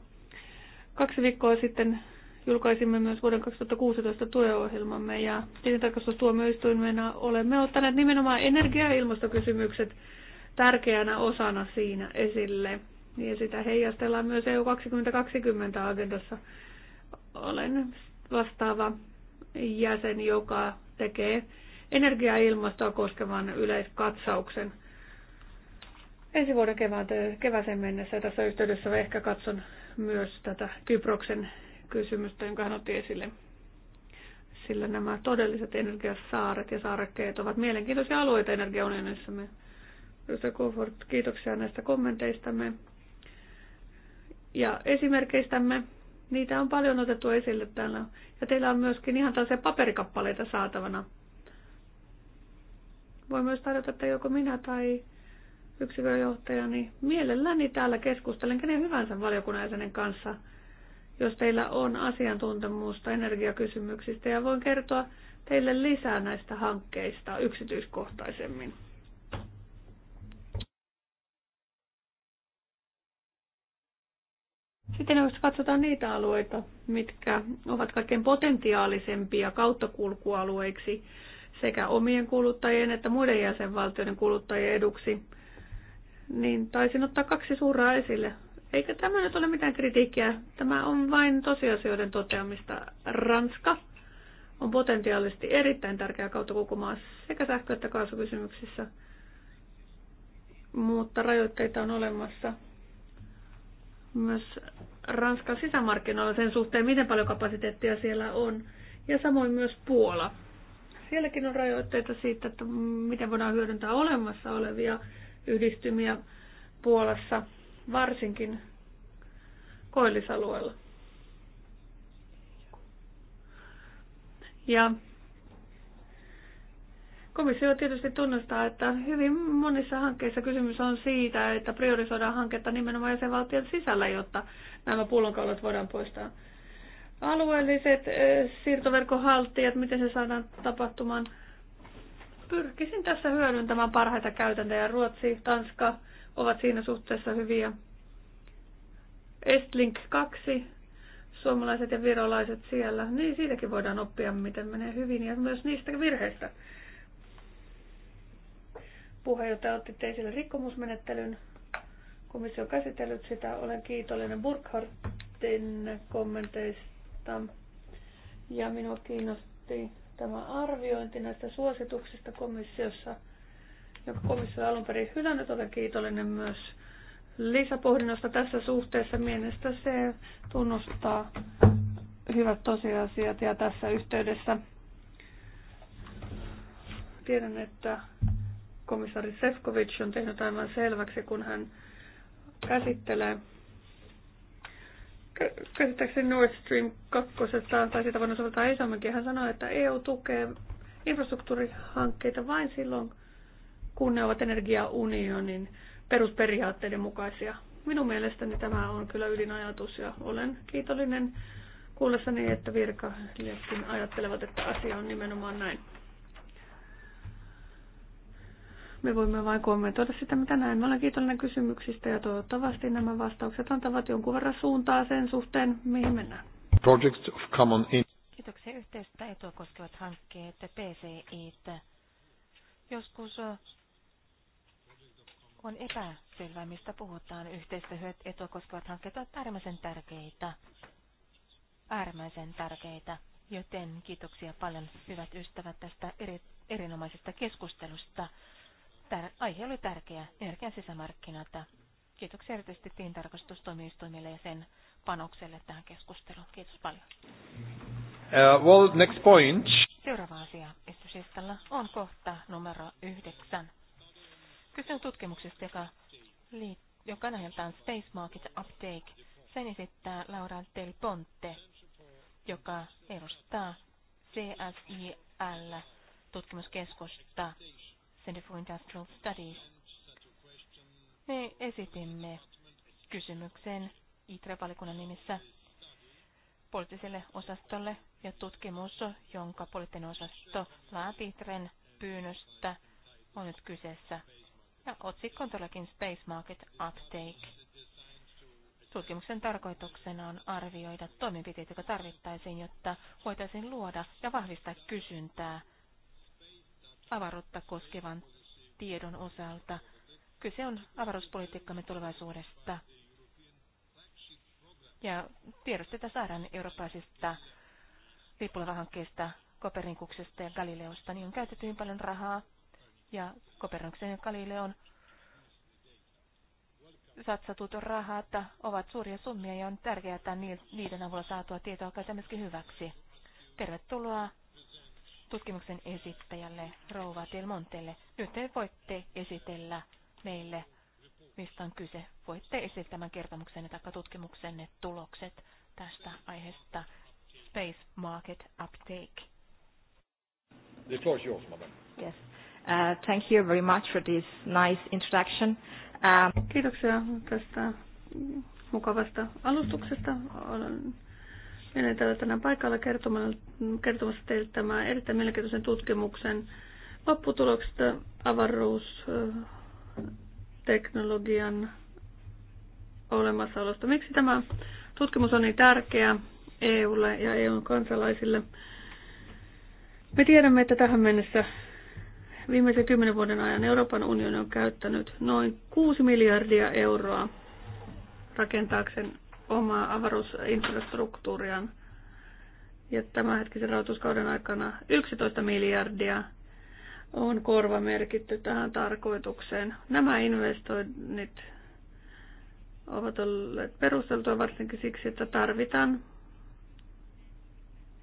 Kaksi viikkoa sitten julkaisimme myös vuoden 2016 tueohjelmamme ja tilintarkastustuomioistuimena olemme ottaneet nimenomaan energia- ja ilmastokysymykset tärkeänä osana siinä esille. Ja sitä heijastellaan myös EU 2020 agendassa. Olen vastaava jäsen, joka tekee energia ja ilmastoa koskevan yleiskatsauksen ensi vuoden kevään, kevääseen mennessä. Tässä yhteydessä ehkä katson myös tätä Kyproksen kysymystä, jonka hän otti esille. Sillä nämä todelliset energiasaaret ja saarekkeet ovat mielenkiintoisia alueita energiaunionissamme. Mr. Kofort, kiitoksia näistä kommenteistamme ja esimerkkeistämme. Niitä on paljon otettu esille täällä. Ja teillä on myöskin ihan tällaisia paperikappaleita saatavana. Voi myös tarjota, että joko minä tai yksiköjohtaja, niin mielelläni täällä keskustelen kenen hyvänsä valiokunnan jäsenen kanssa, jos teillä on asiantuntemusta energiakysymyksistä ja voin kertoa teille lisää näistä hankkeista yksityiskohtaisemmin. Sitten jos katsotaan niitä alueita, mitkä ovat kaikkein potentiaalisempia kauttakulkualueiksi sekä omien kuluttajien että muiden jäsenvaltioiden kuluttajien eduksi, niin taisin ottaa kaksi suuraa esille. Eikä tämä nyt ole mitään kritiikkiä, tämä on vain tosiasioiden toteamista. Ranska on potentiaalisesti erittäin tärkeä kauttakulkumaa sekä sähkö- että kaasukysymyksissä, mutta rajoitteita on olemassa myös Ranskan sisämarkkinoilla sen suhteen, miten paljon kapasiteettia siellä on. Ja samoin myös Puola. Sielläkin on rajoitteita siitä, että miten voidaan hyödyntää olemassa olevia yhdistymiä Puolassa, varsinkin koillisalueella. Ja Komissio tietysti tunnustaa, että hyvin monissa hankkeissa kysymys on siitä, että priorisoidaan hanketta nimenomaan jäsenvaltion sisällä, jotta nämä pullonkaulat voidaan poistaa. Alueelliset eh, siirtoverkohaltijat, miten se saadaan tapahtumaan? Pyrkisin tässä hyödyntämään parhaita käytäntöjä. Ruotsi, Tanska ovat siinä suhteessa hyviä. Estlink 2, suomalaiset ja virolaiset siellä, niin siitäkin voidaan oppia, miten menee hyvin ja myös niistä virheistä, Puheenjohtaja otti esille rikkomusmenettelyn. Komissio on käsitellyt sitä. Olen kiitollinen Burkhardtin kommenteista. Ja minua kiinnosti tämä arviointi näistä suosituksista komissiossa, jonka komissio on alun perin hylännyt. Olen kiitollinen myös lisäpohdinnosta tässä suhteessa. Mielestä se tunnustaa hyvät tosiasiat ja tässä yhteydessä tiedän, että komissaari Sefcovic on tehnyt aivan selväksi, kun hän käsittelee käsittääkseni Nord Stream 2 tai sitä voidaan soveltaa Isomäkin. Hän sanoi, että EU tukee infrastruktuurihankkeita vain silloin, kun ne ovat energiaunionin perusperiaatteiden mukaisia. Minun mielestäni tämä on kyllä ydinajatus ja olen kiitollinen kuullessani, että virkailijatkin ajattelevat, että asia on nimenomaan näin. Me voimme vain kommentoida sitä, mitä näin. Mä olen kiitollinen kysymyksistä ja toivottavasti nämä vastaukset antavat jonkun verran suuntaa sen suhteen, mihin mennään. of common in- Kiitoksia yhteistä etua koskevat hankkeet, PCI. Joskus on epäselvää, mistä puhutaan. Yhteistä etua koskevat hankkeet ovat äärimmäisen tärkeitä. Äärimmäisen tärkeitä. Joten kiitoksia paljon hyvät ystävät tästä eri, erinomaisesta keskustelusta. Tär- aihe oli tärkeä, energian sisämarkkinoita. Kiitoksia erityisesti tiintarkastustoimistoimille ja sen panokselle tähän keskusteluun. Kiitos paljon. Uh, well, next point. Seuraava asia esityslistalla on kohta numero yhdeksän. Kysyn tutkimuksesta, joka, joka nähdään Space Market Uptake. Sen esittää Laura Del Ponte, joka edustaa CSIL tutkimuskeskusta Center for Industrial Studies. Me esitimme kysymyksen ITRE-valikunnan nimissä poliittiselle osastolle ja tutkimus, jonka poliittinen osasto laati ITREn pyynnöstä, on nyt kyseessä. Ja otsikko on todellakin Space Market Uptake. Tutkimuksen tarkoituksena on arvioida toimenpiteitä, jotka tarvittaisiin, jotta voitaisiin luoda ja vahvistaa kysyntää – avaruutta koskevan tiedon osalta. Kyse on avaruuspolitiikkamme tulevaisuudesta. Ja tiedostetta saadaan eurooppalaisista lippulavahankkeista, Kopernikuksesta ja Galileosta, niin on käytetty hyvin paljon rahaa. Ja Koperniksen ja Galileon satsatut rahat ovat suuria summia ja on tärkeää, että niiden avulla saatua tietoa käytetään myöskin hyväksi. Tervetuloa tutkimuksen esittäjälle Rouva Tilmontelle. Nyt te voitte esitellä meille, mistä on kyse. Voitte esitellä tämän kertomuksen tai tutkimuksenne tulokset tästä aiheesta Space Market Uptake. The floor is yours, madam. Yes. Uh, thank you very much for this nice introduction. Um, Kiitoksia tästä mukavasta alustuksesta. Olen jäsenet täällä tänään paikalla kertomassa teille tämän erittäin mielenkiintoisen tutkimuksen lopputuloksesta avaruusteknologian olemassaolosta. Miksi tämä tutkimus on niin tärkeä EUlle ja EUn kansalaisille? Me tiedämme, että tähän mennessä viimeisen kymmenen vuoden ajan Euroopan unioni on käyttänyt noin 6 miljardia euroa rakentaakseen omaa avaruusinfrastruktuuriaan. Ja tämänhetkisen rahoituskauden aikana 11 miljardia on korva merkitty tähän tarkoitukseen. Nämä investoinnit ovat olleet perusteltua varsinkin siksi, että tarvitaan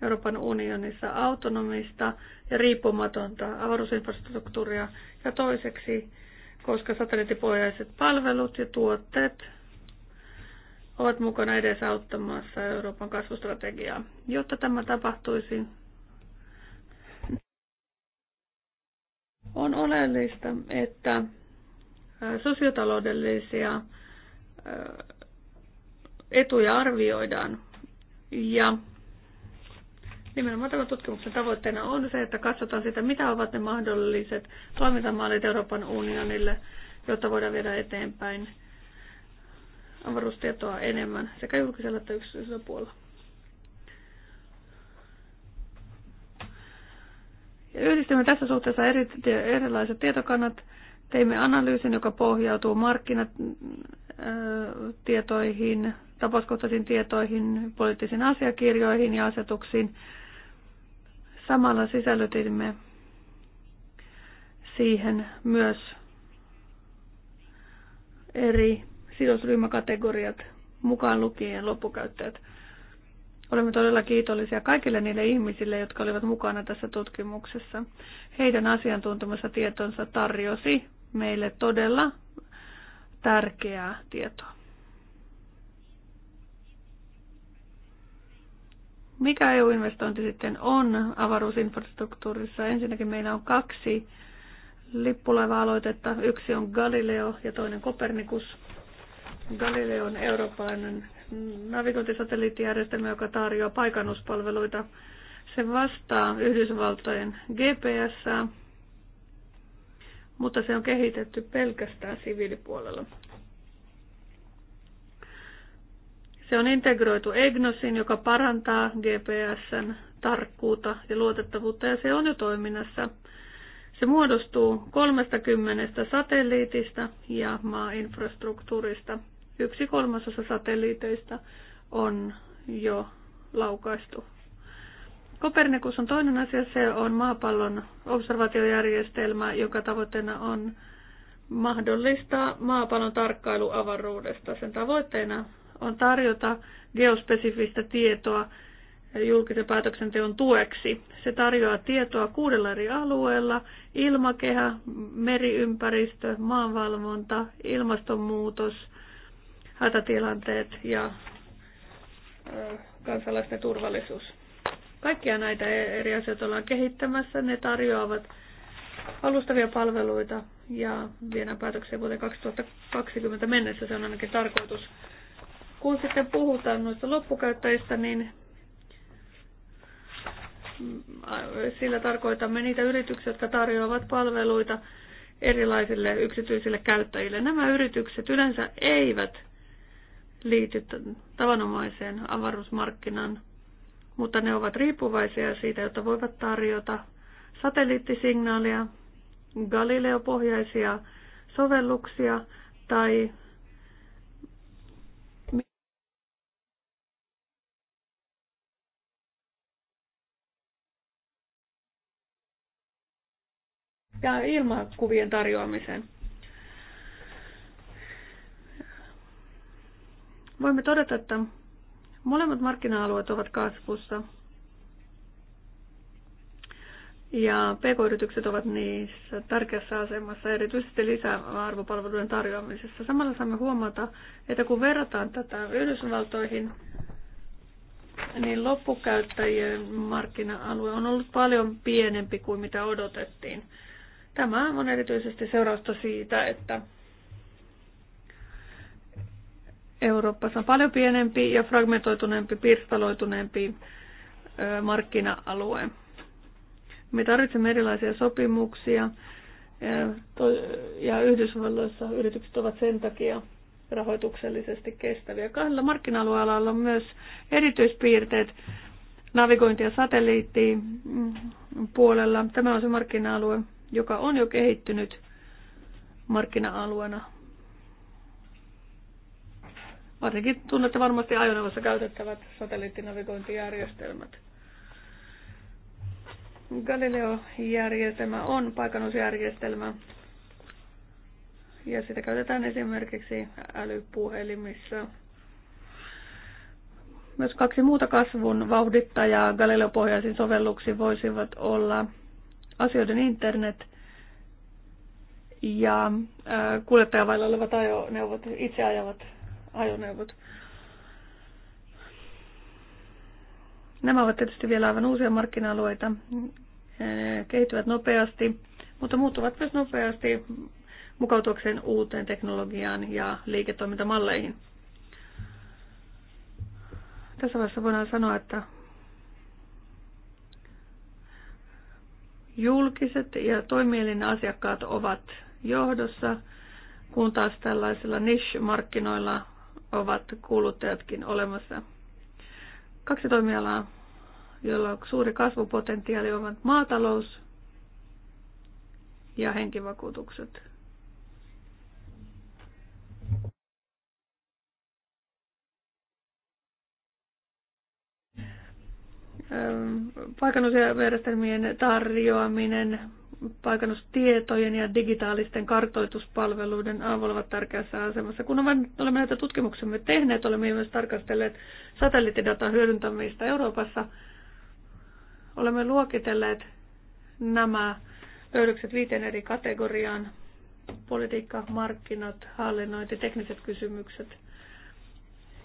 Euroopan unionissa autonomista ja riippumatonta avaruusinfrastruktuuria ja toiseksi, koska satelliittipohjaiset palvelut ja tuotteet ovat mukana edesauttamassa Euroopan kasvustrategiaa. Jotta tämä tapahtuisi, on oleellista, että sosiotaloudellisia etuja arvioidaan. Ja nimenomaan tämän tutkimuksen tavoitteena on se, että katsotaan sitä, mitä ovat ne mahdolliset toimintamallit Euroopan unionille, jotta voidaan viedä eteenpäin avaruustietoa enemmän sekä julkisella että yksityisellä puolella. Ja yhdistämme tässä suhteessa eri, erilaiset tietokannat. Teimme analyysin, joka pohjautuu markkinatietoihin, tapauskohtaisiin tietoihin, poliittisiin asiakirjoihin ja asetuksiin. Samalla sisällytimme siihen myös eri sidosryhmäkategoriat, mukaan lukien loppukäyttäjät. Olemme todella kiitollisia kaikille niille ihmisille, jotka olivat mukana tässä tutkimuksessa. Heidän asiantuntemassa tietonsa tarjosi meille todella tärkeää tietoa. Mikä EU-investointi sitten on avaruusinfrastruktuurissa? Ensinnäkin meillä on kaksi lippulaiva-aloitetta. Yksi on Galileo ja toinen Kopernikus. Galileo on eurooppalainen navigointisatelliittijärjestelmä, joka tarjoaa paikannuspalveluita. Se vastaa Yhdysvaltojen GPS, mutta se on kehitetty pelkästään siviilipuolella. Se on integroitu EGNOSin, joka parantaa GPSn tarkkuutta ja luotettavuutta, ja se on jo toiminnassa. Se muodostuu 30 satelliitista ja maainfrastruktuurista – Yksi kolmasosa satelliiteista on jo laukaistu. Kopernikus on toinen asia, se on maapallon observaatiojärjestelmä, joka tavoitteena on mahdollistaa maapallon tarkkailu avaruudesta. Sen tavoitteena on tarjota geospesifistä tietoa julkisen päätöksenteon tueksi. Se tarjoaa tietoa kuudella eri alueella, ilmakehä, meriympäristö, maanvalvonta, ilmastonmuutos – hätätilanteet ja kansalaisten turvallisuus. Kaikkia näitä eri asioita ollaan kehittämässä. Ne tarjoavat alustavia palveluita ja viedään päätökseen vuoteen 2020 mennessä. Se on ainakin tarkoitus. Kun sitten puhutaan noista loppukäyttäjistä, niin mm, sillä tarkoitamme niitä yrityksiä, jotka tarjoavat palveluita erilaisille yksityisille käyttäjille. Nämä yritykset yleensä eivät liity tavanomaiseen avaruusmarkkinaan, mutta ne ovat riippuvaisia siitä, jotta voivat tarjota satelliittisignaalia, Galileo-pohjaisia sovelluksia tai ja ilmakuvien tarjoamiseen. Voimme todeta, että molemmat markkina-alueet ovat kasvussa ja pk-yritykset ovat niissä tärkeässä asemassa, erityisesti lisäarvopalveluiden tarjoamisessa. Samalla saamme huomata, että kun verrataan tätä Yhdysvaltoihin, niin loppukäyttäjien markkina-alue on ollut paljon pienempi kuin mitä odotettiin. Tämä on erityisesti seurausta siitä, että Euroopassa on paljon pienempi ja fragmentoituneempi, pirstaloituneempi markkina-alue. Me tarvitsemme erilaisia sopimuksia ja Yhdysvalloissa yritykset ovat sen takia rahoituksellisesti kestäviä. Kahdella markkina-alueella on myös erityispiirteet navigointia ja mm, puolella. Tämä on se markkina-alue, joka on jo kehittynyt markkina-alueena Varsinkin tunnette varmasti ajoneuvossa käytettävät satelliittinavigointijärjestelmät. Galileo-järjestelmä on paikannusjärjestelmä ja sitä käytetään esimerkiksi älypuhelimissa. Myös kaksi muuta kasvun vauhdittajaa Galileo-pohjaisiin sovelluksiin voisivat olla asioiden internet ja kuljettajavailla olevat ajoneuvot itse ajavat ajoneuvot. Nämä ovat tietysti vielä aivan uusia markkina-alueita, kehittyvät nopeasti, mutta muuttuvat myös nopeasti mukautuakseen uuteen teknologiaan ja liiketoimintamalleihin. Tässä vaiheessa voidaan sanoa, että julkiset ja toimielin asiakkaat ovat johdossa, kun taas tällaisilla niche-markkinoilla ovat kuluttajatkin olemassa. Kaksi toimialaa, joilla on suuri kasvupotentiaali, ovat maatalous ja henkivakuutukset. Paikannusjärjestelmien tarjoaminen paikannustietojen ja digitaalisten kartoituspalveluiden avulla ovat tärkeässä asemassa. Kun olemme näitä tutkimuksemme tehneet, olemme myös tarkastelleet satelliittidatan hyödyntämistä Euroopassa. Olemme luokitelleet nämä löydökset viiteen eri kategoriaan. Politiikka, markkinat, hallinnointi, tekniset kysymykset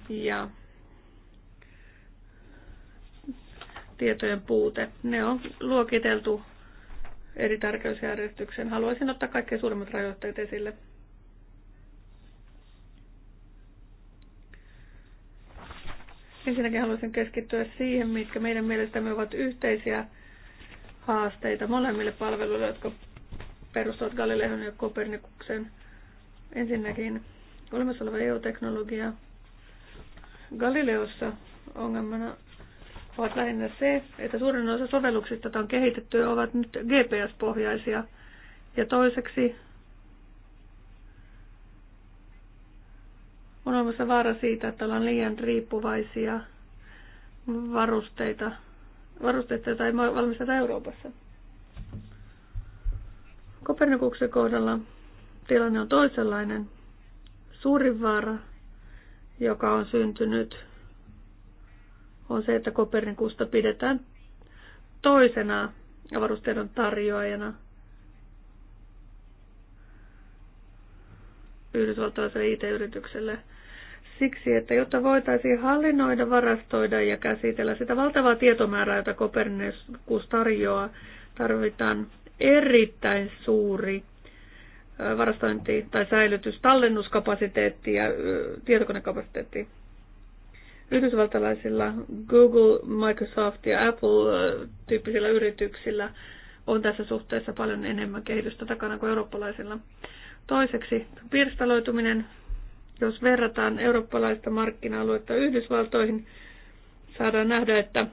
ja tietojen puute. Ne on luokiteltu eri tärkeysjärjestykseen. Haluaisin ottaa kaikkein suurimmat rajoitteet esille. Ensinnäkin haluaisin keskittyä siihen, mitkä meidän mielestämme ovat yhteisiä haasteita molemmille palveluille, jotka perustuvat Galileon ja Kopernikuksen. Ensinnäkin olemassa oleva EU-teknologia. Galileossa ongelmana ovat lähinnä se, että suurin osa sovelluksista, joita on kehitetty, ovat nyt GPS-pohjaisia. Ja toiseksi on olemassa vaara siitä, että ollaan liian riippuvaisia varusteita, varusteita, joita ei valmisteta Euroopassa. Kopernikuksen kohdalla tilanne on toisenlainen. Suurin vaara, joka on syntynyt on se, että Kopernikusta pidetään toisena avaruustiedon tarjoajana yhdysvaltalaiselle IT-yritykselle siksi, että jotta voitaisiin hallinnoida, varastoida ja käsitellä sitä valtavaa tietomäärää, jota Kopernikus tarjoaa, tarvitaan erittäin suuri varastointi- tai säilytys, tallennuskapasiteetti ja tietokonekapasiteetti. Yhdysvaltalaisilla Google, Microsoft ja Apple-tyyppisillä äh, yrityksillä on tässä suhteessa paljon enemmän kehitystä takana kuin eurooppalaisilla. Toiseksi pirstaloituminen. Jos verrataan eurooppalaista markkina-aluetta Yhdysvaltoihin, saadaan nähdä, että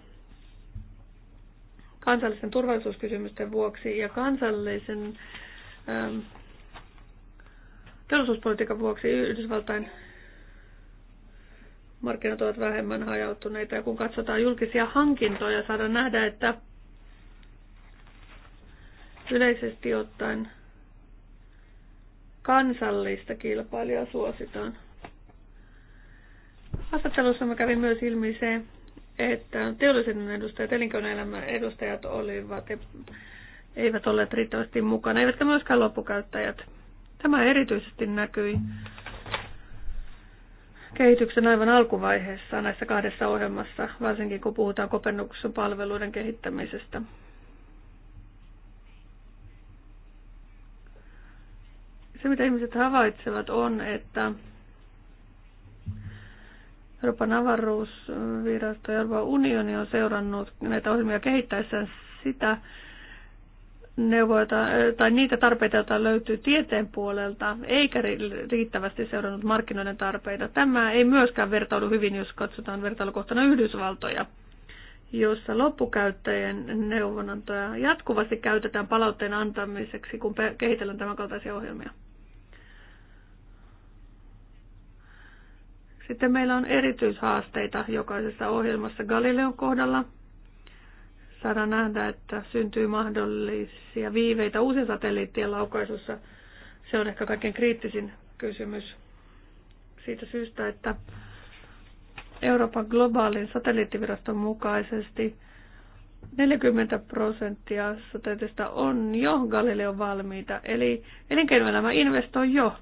kansallisen turvallisuuskysymysten vuoksi ja kansallisen ähm, teollisuuspolitiikan vuoksi Yhdysvaltain markkinat ovat vähemmän hajautuneita. Ja kun katsotaan julkisia hankintoja, saadaan nähdä, että yleisesti ottaen kansallista kilpailijaa suositaan. Haastattelussa mä kävin myös ilmi se, että teollisen edustajat, elinkeinoelämän edustajat olivat, eivät olleet riittävästi mukana, eivätkä myöskään loppukäyttäjät. Tämä erityisesti näkyi mm kehityksen aivan alkuvaiheessa näissä kahdessa ohjelmassa, varsinkin kun puhutaan kopennuksen palveluiden kehittämisestä. Se, mitä ihmiset havaitsevat, on, että Euroopan avaruusvirasto ja Euroopan unioni on seurannut näitä ohjelmia kehittäessään sitä, neuvoita, eh, tai niitä tarpeita, joita löytyy tieteen puolelta, eikä riittävästi seurannut markkinoiden tarpeita. Tämä ei myöskään vertaudu hyvin, jos katsotaan vertailukohtana Yhdysvaltoja, jossa loppukäyttäjien neuvonantoja jatkuvasti käytetään palautteen antamiseksi, kun kehitellään tämän kaltaisia ohjelmia. Sitten meillä on erityishaasteita jokaisessa ohjelmassa Galileon kohdalla – saadaan nähdä, että syntyy mahdollisia viiveitä uusien satelliittien laukaisussa. Se on ehkä kaikkein kriittisin kysymys siitä syystä, että Euroopan globaalin satelliittiviraston mukaisesti 40 prosenttia satelliitista on jo Galileon valmiita, eli elinkeinoelämä investoi jo.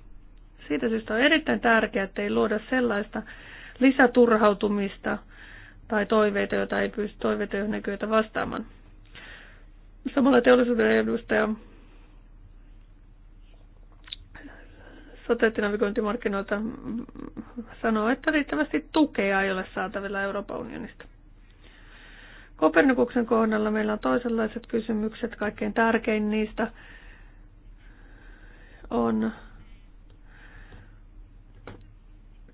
Siitä syystä on erittäin tärkeää, että ei luoda sellaista lisäturhautumista – tai toiveita, joita ei pysty, toiveita, joihin vastaamaan. Samalla teollisuuden edustaja satelliittinavigointimarkkinoilta sanoo, että riittävästi tukea ei ole saatavilla Euroopan unionista. Kopernikuksen kohdalla meillä on toisenlaiset kysymykset. Kaikkein tärkein niistä on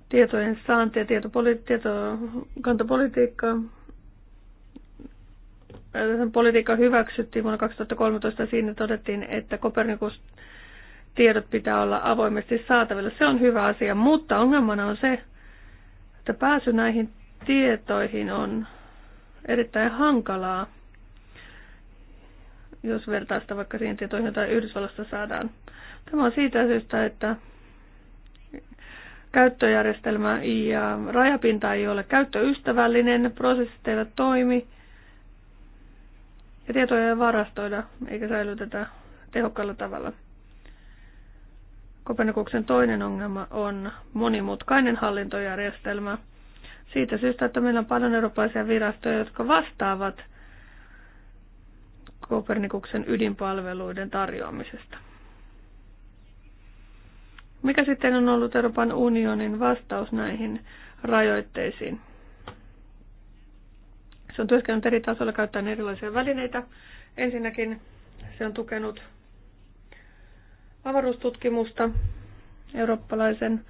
tietojen saanti ja tietopoli- tietokantapolitiikkaa. Sen politiikka hyväksyttiin vuonna 2013 ja siinä todettiin, että Kopernikus tiedot pitää olla avoimesti saatavilla. Se on hyvä asia, mutta ongelmana on se, että pääsy näihin tietoihin on erittäin hankalaa, jos vertaista vaikka siihen tietoihin, joita Yhdysvalloista saadaan. Tämä on siitä syystä, että käyttöjärjestelmä ja rajapinta ei ole käyttöystävällinen, prosessit eivät toimi ja tietoja ei varastoida eikä säilytetä tehokkaalla tavalla. Kopernikuksen toinen ongelma on monimutkainen hallintojärjestelmä. Siitä syystä, että meillä on paljon eurooppalaisia virastoja, jotka vastaavat Kopernikuksen ydinpalveluiden tarjoamisesta. Mikä sitten on ollut Euroopan unionin vastaus näihin rajoitteisiin? Se on työskennellyt eri tasolla käyttäen erilaisia välineitä. Ensinnäkin se on tukenut avaruustutkimusta eurooppalaisen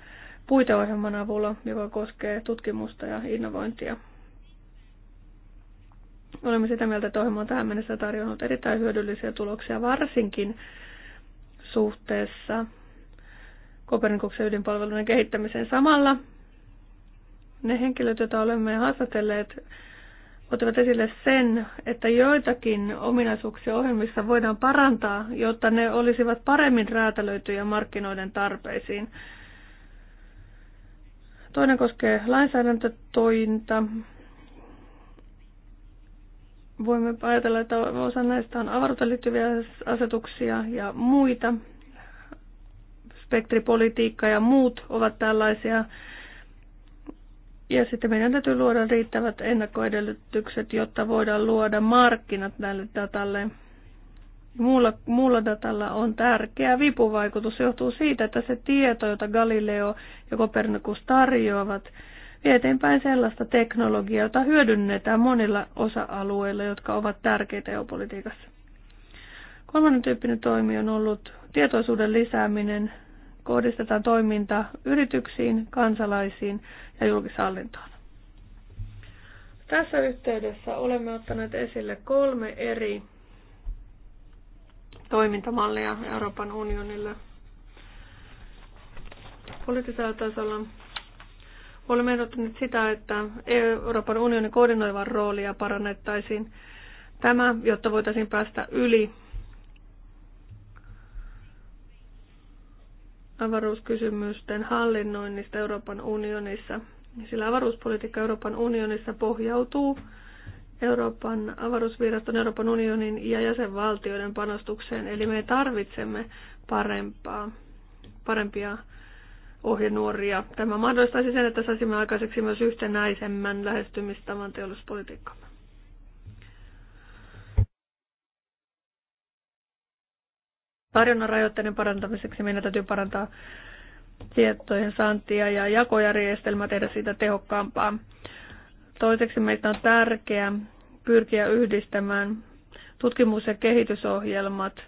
puiteohjelman avulla, joka koskee tutkimusta ja innovointia. Olemme sitä mieltä, että ohjelma on tähän mennessä tarjonnut erittäin hyödyllisiä tuloksia, varsinkin suhteessa Kopernikuksen ydinpalveluiden kehittämiseen samalla. Ne henkilöt, joita olemme haastatelleet, ottavat esille sen, että joitakin ominaisuuksia ohjelmissa voidaan parantaa, jotta ne olisivat paremmin räätälöityjä markkinoiden tarpeisiin. Toinen koskee lainsäädäntötointa. Voimme ajatella, että osa näistä on avaruuteen liittyviä asetuksia ja muita spektripolitiikka ja muut ovat tällaisia. Ja sitten meidän täytyy luoda riittävät ennakkoedellytykset, jotta voidaan luoda markkinat näille datalle. Muulla, muulla datalla on tärkeä vipuvaikutus. Se johtuu siitä, että se tieto, jota Galileo ja Copernicus tarjoavat, vie eteenpäin sellaista teknologiaa, jota hyödynnetään monilla osa-alueilla, jotka ovat tärkeitä geopolitiikassa. Kolmannen tyyppinen toimi on ollut tietoisuuden lisääminen kohdistetaan toiminta yrityksiin, kansalaisiin ja julkishallintoon. Tässä yhteydessä olemme ottaneet esille kolme eri toimintamallia Euroopan unionille. Poliittisella tasolla olemme ehdottaneet sitä, että Euroopan unionin koordinoivan roolia parannettaisiin tämä, jotta voitaisiin päästä yli avaruuskysymysten hallinnoinnista Euroopan unionissa, sillä avaruuspolitiikka Euroopan unionissa pohjautuu Euroopan avaruusviraston, Euroopan unionin ja jäsenvaltioiden panostukseen. Eli me tarvitsemme parempaa, parempia ohjenuoria. Tämä mahdollistaisi sen, että saisimme aikaiseksi myös yhtenäisemmän lähestymistavan teollisuuspolitiikkamme. tarjonnan rajoitteiden parantamiseksi meidän täytyy parantaa tietojen saantia ja jakojärjestelmä tehdä siitä tehokkaampaa. Toiseksi meitä on tärkeää pyrkiä yhdistämään tutkimus- ja kehitysohjelmat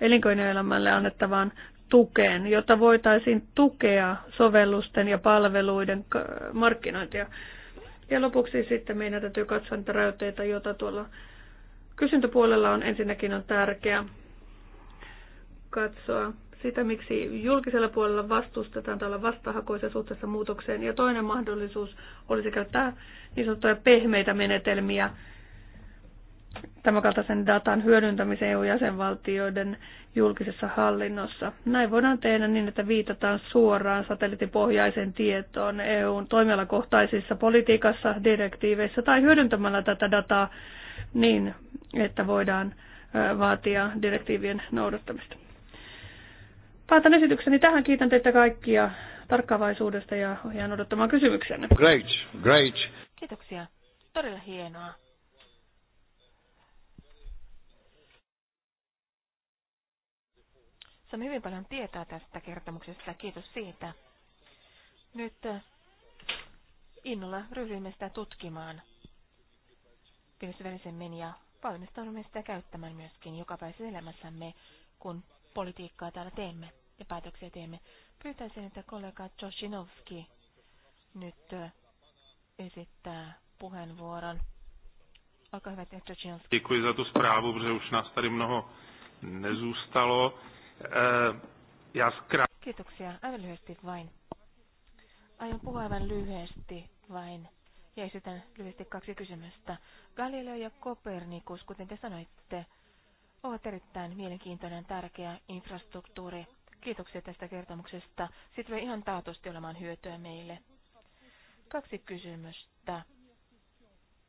elinkeinoelämälle annettavaan tukeen, jotta voitaisiin tukea sovellusten ja palveluiden markkinointia. Ja lopuksi sitten meidän täytyy katsoa niitä rajoitteita, joita tuolla kysyntäpuolella on. Ensinnäkin on tärkeää katsoa sitä, miksi julkisella puolella vastustetaan tällä vastahakoisen suhteessa muutokseen. Ja toinen mahdollisuus olisi käyttää niin sanottuja pehmeitä menetelmiä tämänkaltaisen datan hyödyntämiseen EU-jäsenvaltioiden julkisessa hallinnossa. Näin voidaan tehdä niin, että viitataan suoraan satelliittipohjaisen tietoon EUn toimialakohtaisissa politiikassa, direktiiveissä tai hyödyntämällä tätä dataa niin, että voidaan vaatia direktiivien noudattamista päätän esitykseni tähän. Kiitän teitä kaikkia tarkkaavaisuudesta ja ohjaan odottamaan kysymyksenne. Great, great. Kiitoksia. Todella hienoa. Saamme hyvin paljon tietää tästä kertomuksesta. Kiitos siitä. Nyt äh, innolla ryhdymme sitä tutkimaan syvällisemmin ja valmistaudumme sitä käyttämään myöskin jokapäiväisessä elämässämme, kun politiikkaa täällä teemme ja päätöksiä teemme. Pyytäisin, että kollega Joshinovski nyt esittää puheenvuoron. Olkaa hyvä, Joshinovski. Děkuji za tu zprávu, už nás tady mnoho nezůstalo. E, ja skra... Kiitoksia. Aivan lyhyesti vain. Aion puhua aivan lyhyesti vain ja esitän lyhyesti kaksi kysymystä. Galileo ja Kopernikus, kuten te sanoitte, ovat erittäin mielenkiintoinen tärkeä infrastruktuuri. Kiitoksia tästä kertomuksesta. Sitten tulee ihan taatusti olemaan hyötyä meille. Kaksi kysymystä.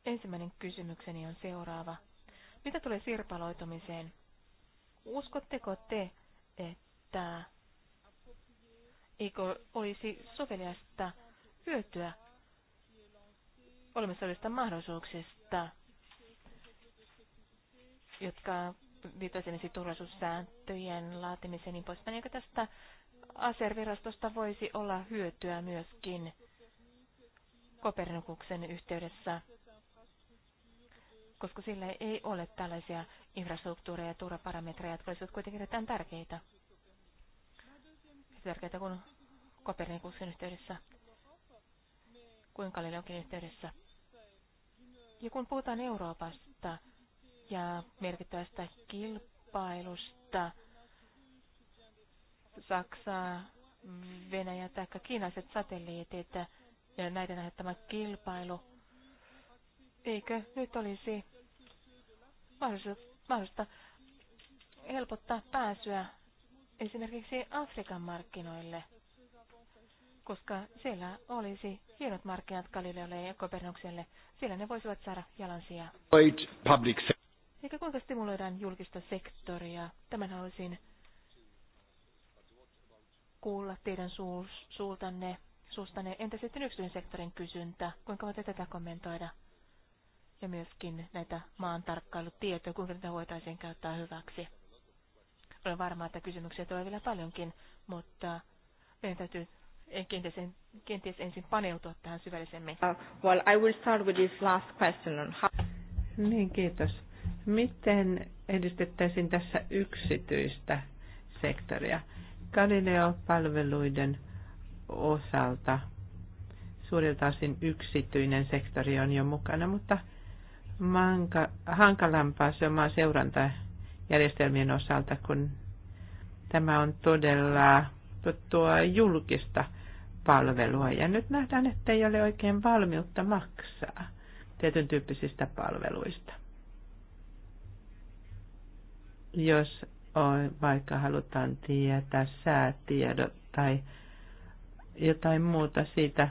Ensimmäinen kysymykseni on seuraava. Mitä tulee sirpaloitumiseen? Uskotteko te, että eikö olisi soveliasta hyötyä olemassa olevista mahdollisuuksista, jotka viitasin esimerkiksi turvallisuussääntöjen laatimiseen niin poispäin, Eikö tästä aservirastosta voisi olla hyötyä myöskin Kopernikuksen yhteydessä, koska sillä ei ole tällaisia infrastruktuureja ja turvaparametreja, jotka olisivat kuitenkin erittäin tärkeitä. Tärkeitä kuin Kopernikuksen yhteydessä, kuin Galileokin yhteydessä. Ja kun puhutaan Euroopasta, ja merkittävästä kilpailusta Saksaa, Venäjä tai kiinalaiset satelliitit ja näiden tämä kilpailu. Eikö nyt olisi mahdollista helpottaa pääsyä esimerkiksi Afrikan markkinoille, koska siellä olisi hienot markkinat Galileolle ja Kopernukselle. Siellä ne voisivat saada jalansia. Eikä kuinka stimuloidaan julkista sektoria? Tämän haluaisin kuulla teidän suultanne, suustanne. Entä sitten yksityisen sektorin kysyntä? Kuinka voitte tätä kommentoida? Ja myöskin näitä maan tarkkailutietoja, kuinka tätä voitaisiin käyttää hyväksi. Olen varma, että kysymyksiä tulee vielä paljonkin, mutta meidän täytyy kenties, kenties ensin paneutua tähän syvällisemmin. Uh, well, I will start with this last question on how... Niin, kiitos. Miten edistettäisiin tässä yksityistä sektoria? Galileo-palveluiden osalta suurilta osin yksityinen sektori on jo mukana, mutta manka, hankalampaa se omaa seurantajärjestelmien osalta, kun tämä on todella tuo julkista palvelua. Ja nyt nähdään, että ei ole oikein valmiutta maksaa tietyn tyyppisistä palveluista jos on, vaikka halutaan tietää säätiedot tai jotain muuta siitä,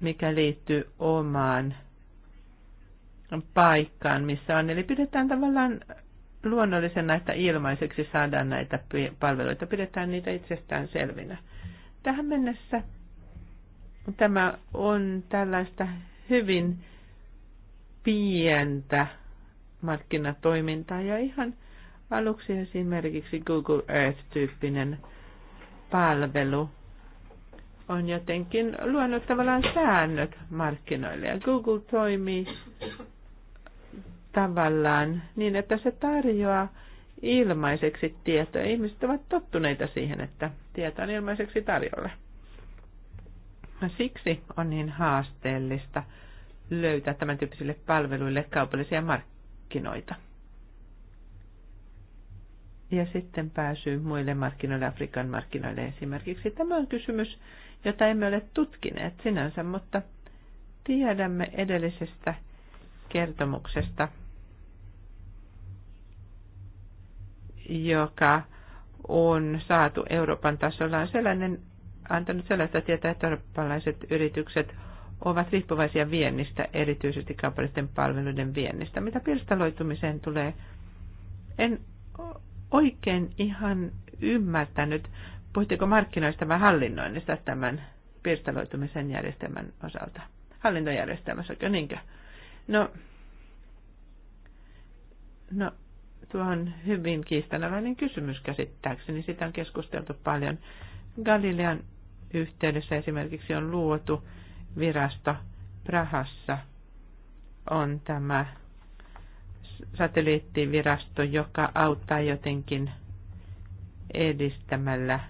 mikä liittyy omaan paikkaan, missä on. Eli pidetään tavallaan luonnollisena, että ilmaiseksi saadaan näitä palveluita, pidetään niitä itsestään selvinä. Tähän mennessä tämä on tällaista hyvin pientä markkinatoimintaa ja ihan aluksi esimerkiksi Google Earth-tyyppinen palvelu on jotenkin luonut tavallaan säännöt markkinoille ja Google toimii tavallaan niin, että se tarjoaa ilmaiseksi tietoa. Ihmiset ovat tottuneita siihen, että tietoa on ilmaiseksi tarjolla. No, siksi on niin haasteellista löytää tämän tyyppisille palveluille kaupallisia markkinoita markkinoita. Ja sitten pääsy muille markkinoille, Afrikan markkinoille esimerkiksi. Tämä on kysymys, jota emme ole tutkineet sinänsä, mutta tiedämme edellisestä kertomuksesta, joka on saatu Euroopan tasolla, on sellainen, antanut sellaista tietää, että eurooppalaiset yritykset ovat riippuvaisia viennistä, erityisesti kaupallisten palveluiden viennistä. Mitä pirstaloitumiseen tulee, en oikein ihan ymmärtänyt, puhutteko markkinoista vai hallinnoinnista tämän pirstaloitumisen järjestelmän osalta. Hallintojärjestelmässä, oikein niinkö? No, no, tuo on hyvin kiistanalainen kysymys käsittääkseni. Sitä on keskusteltu paljon. Galilean yhteydessä esimerkiksi on luotu virasto Prahassa on tämä satelliittivirasto, joka auttaa jotenkin edistämällä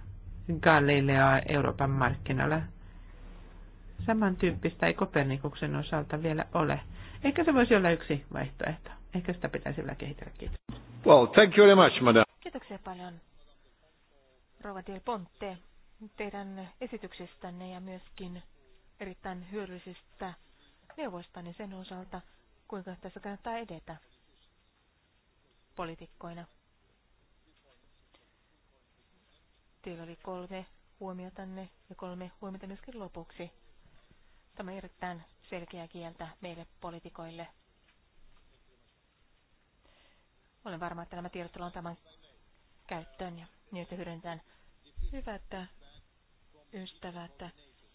Galileaa Euroopan markkinoilla. Samantyyppistä ei Kopernikuksen osalta vielä ole. Ehkä se voisi olla yksi vaihtoehto. Ehkä sitä pitäisi vielä kehitellä. Kiitos. Well, thank you very much, madam. Kiitoksia paljon, Rova Del Ponte, teidän esityksestänne ja myöskin erittäin hyödyllisistä niin sen osalta, kuinka tässä kannattaa edetä poliitikkoina. Teillä oli kolme huomiotanne ja kolme huomiota myöskin lopuksi. Tämä on erittäin selkeä kieltä meille poliitikoille. Olen varma, että nämä tiedot on tämän käyttöön ja niitä hyödynnetään. Hyvät ystävät,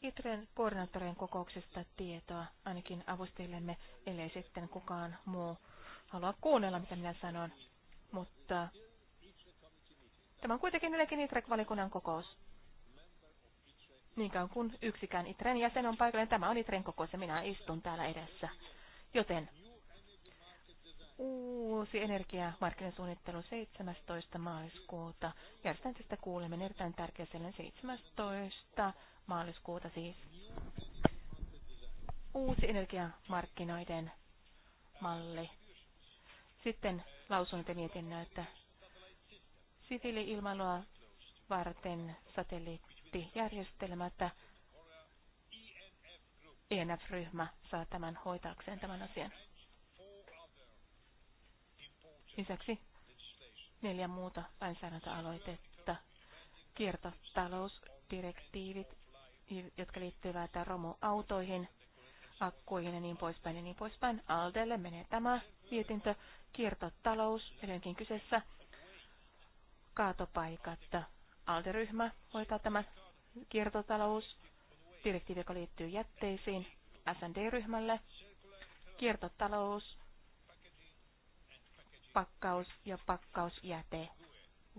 Itren koordinaattorien kokouksesta tietoa, ainakin avustajillemme, ellei sitten kukaan muu halua kuunnella, mitä minä sanon. Mutta tämä on kuitenkin ylekin Itrek-valikunnan kokous. Niin kauan kuin yksikään Itren jäsen on paikallinen, niin tämä on Itren kokous ja minä istun täällä edessä. Joten uusi energiamarkkinasuunnittelu 17. maaliskuuta. Järjestetään tästä kuulemme erittäin tärkeä 17 maaliskuuta siis. Uusi energiamarkkinoiden malli. Sitten lausunnot ja että Siviili-ilmailua varten että ENF-ryhmä saa tämän hoitaakseen tämän asian. Lisäksi neljä muuta lainsäädäntöaloitetta. Kiertotalousdirektiivit jotka liittyvät romuautoihin, akkuihin ja niin poispäin ja niin poispäin. Aldelle menee tämä mietintö, kiertotalous, edelleenkin kyseessä, kaatopaikat. Alderyhmä hoitaa tämä kiertotalous, direktiivi, joka liittyy jätteisiin, SND-ryhmälle, kiertotalous, pakkaus ja pakkausjäte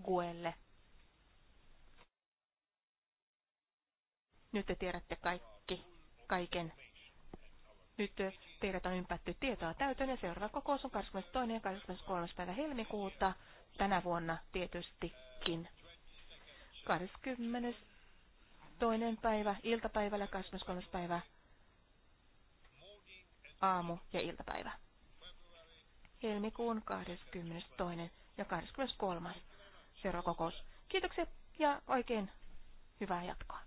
GUElle. Nyt te tiedätte kaikki, kaiken. Nyt teidät on ympätty tietoa täyteen ja seuraava kokous on 22. ja 23. päivä helmikuuta tänä vuonna tietystikin. 22. päivä iltapäivällä 23. päivä aamu ja iltapäivä. Helmikuun 22. ja 23. seuraava kokous. Kiitoksia ja oikein hyvää jatkoa.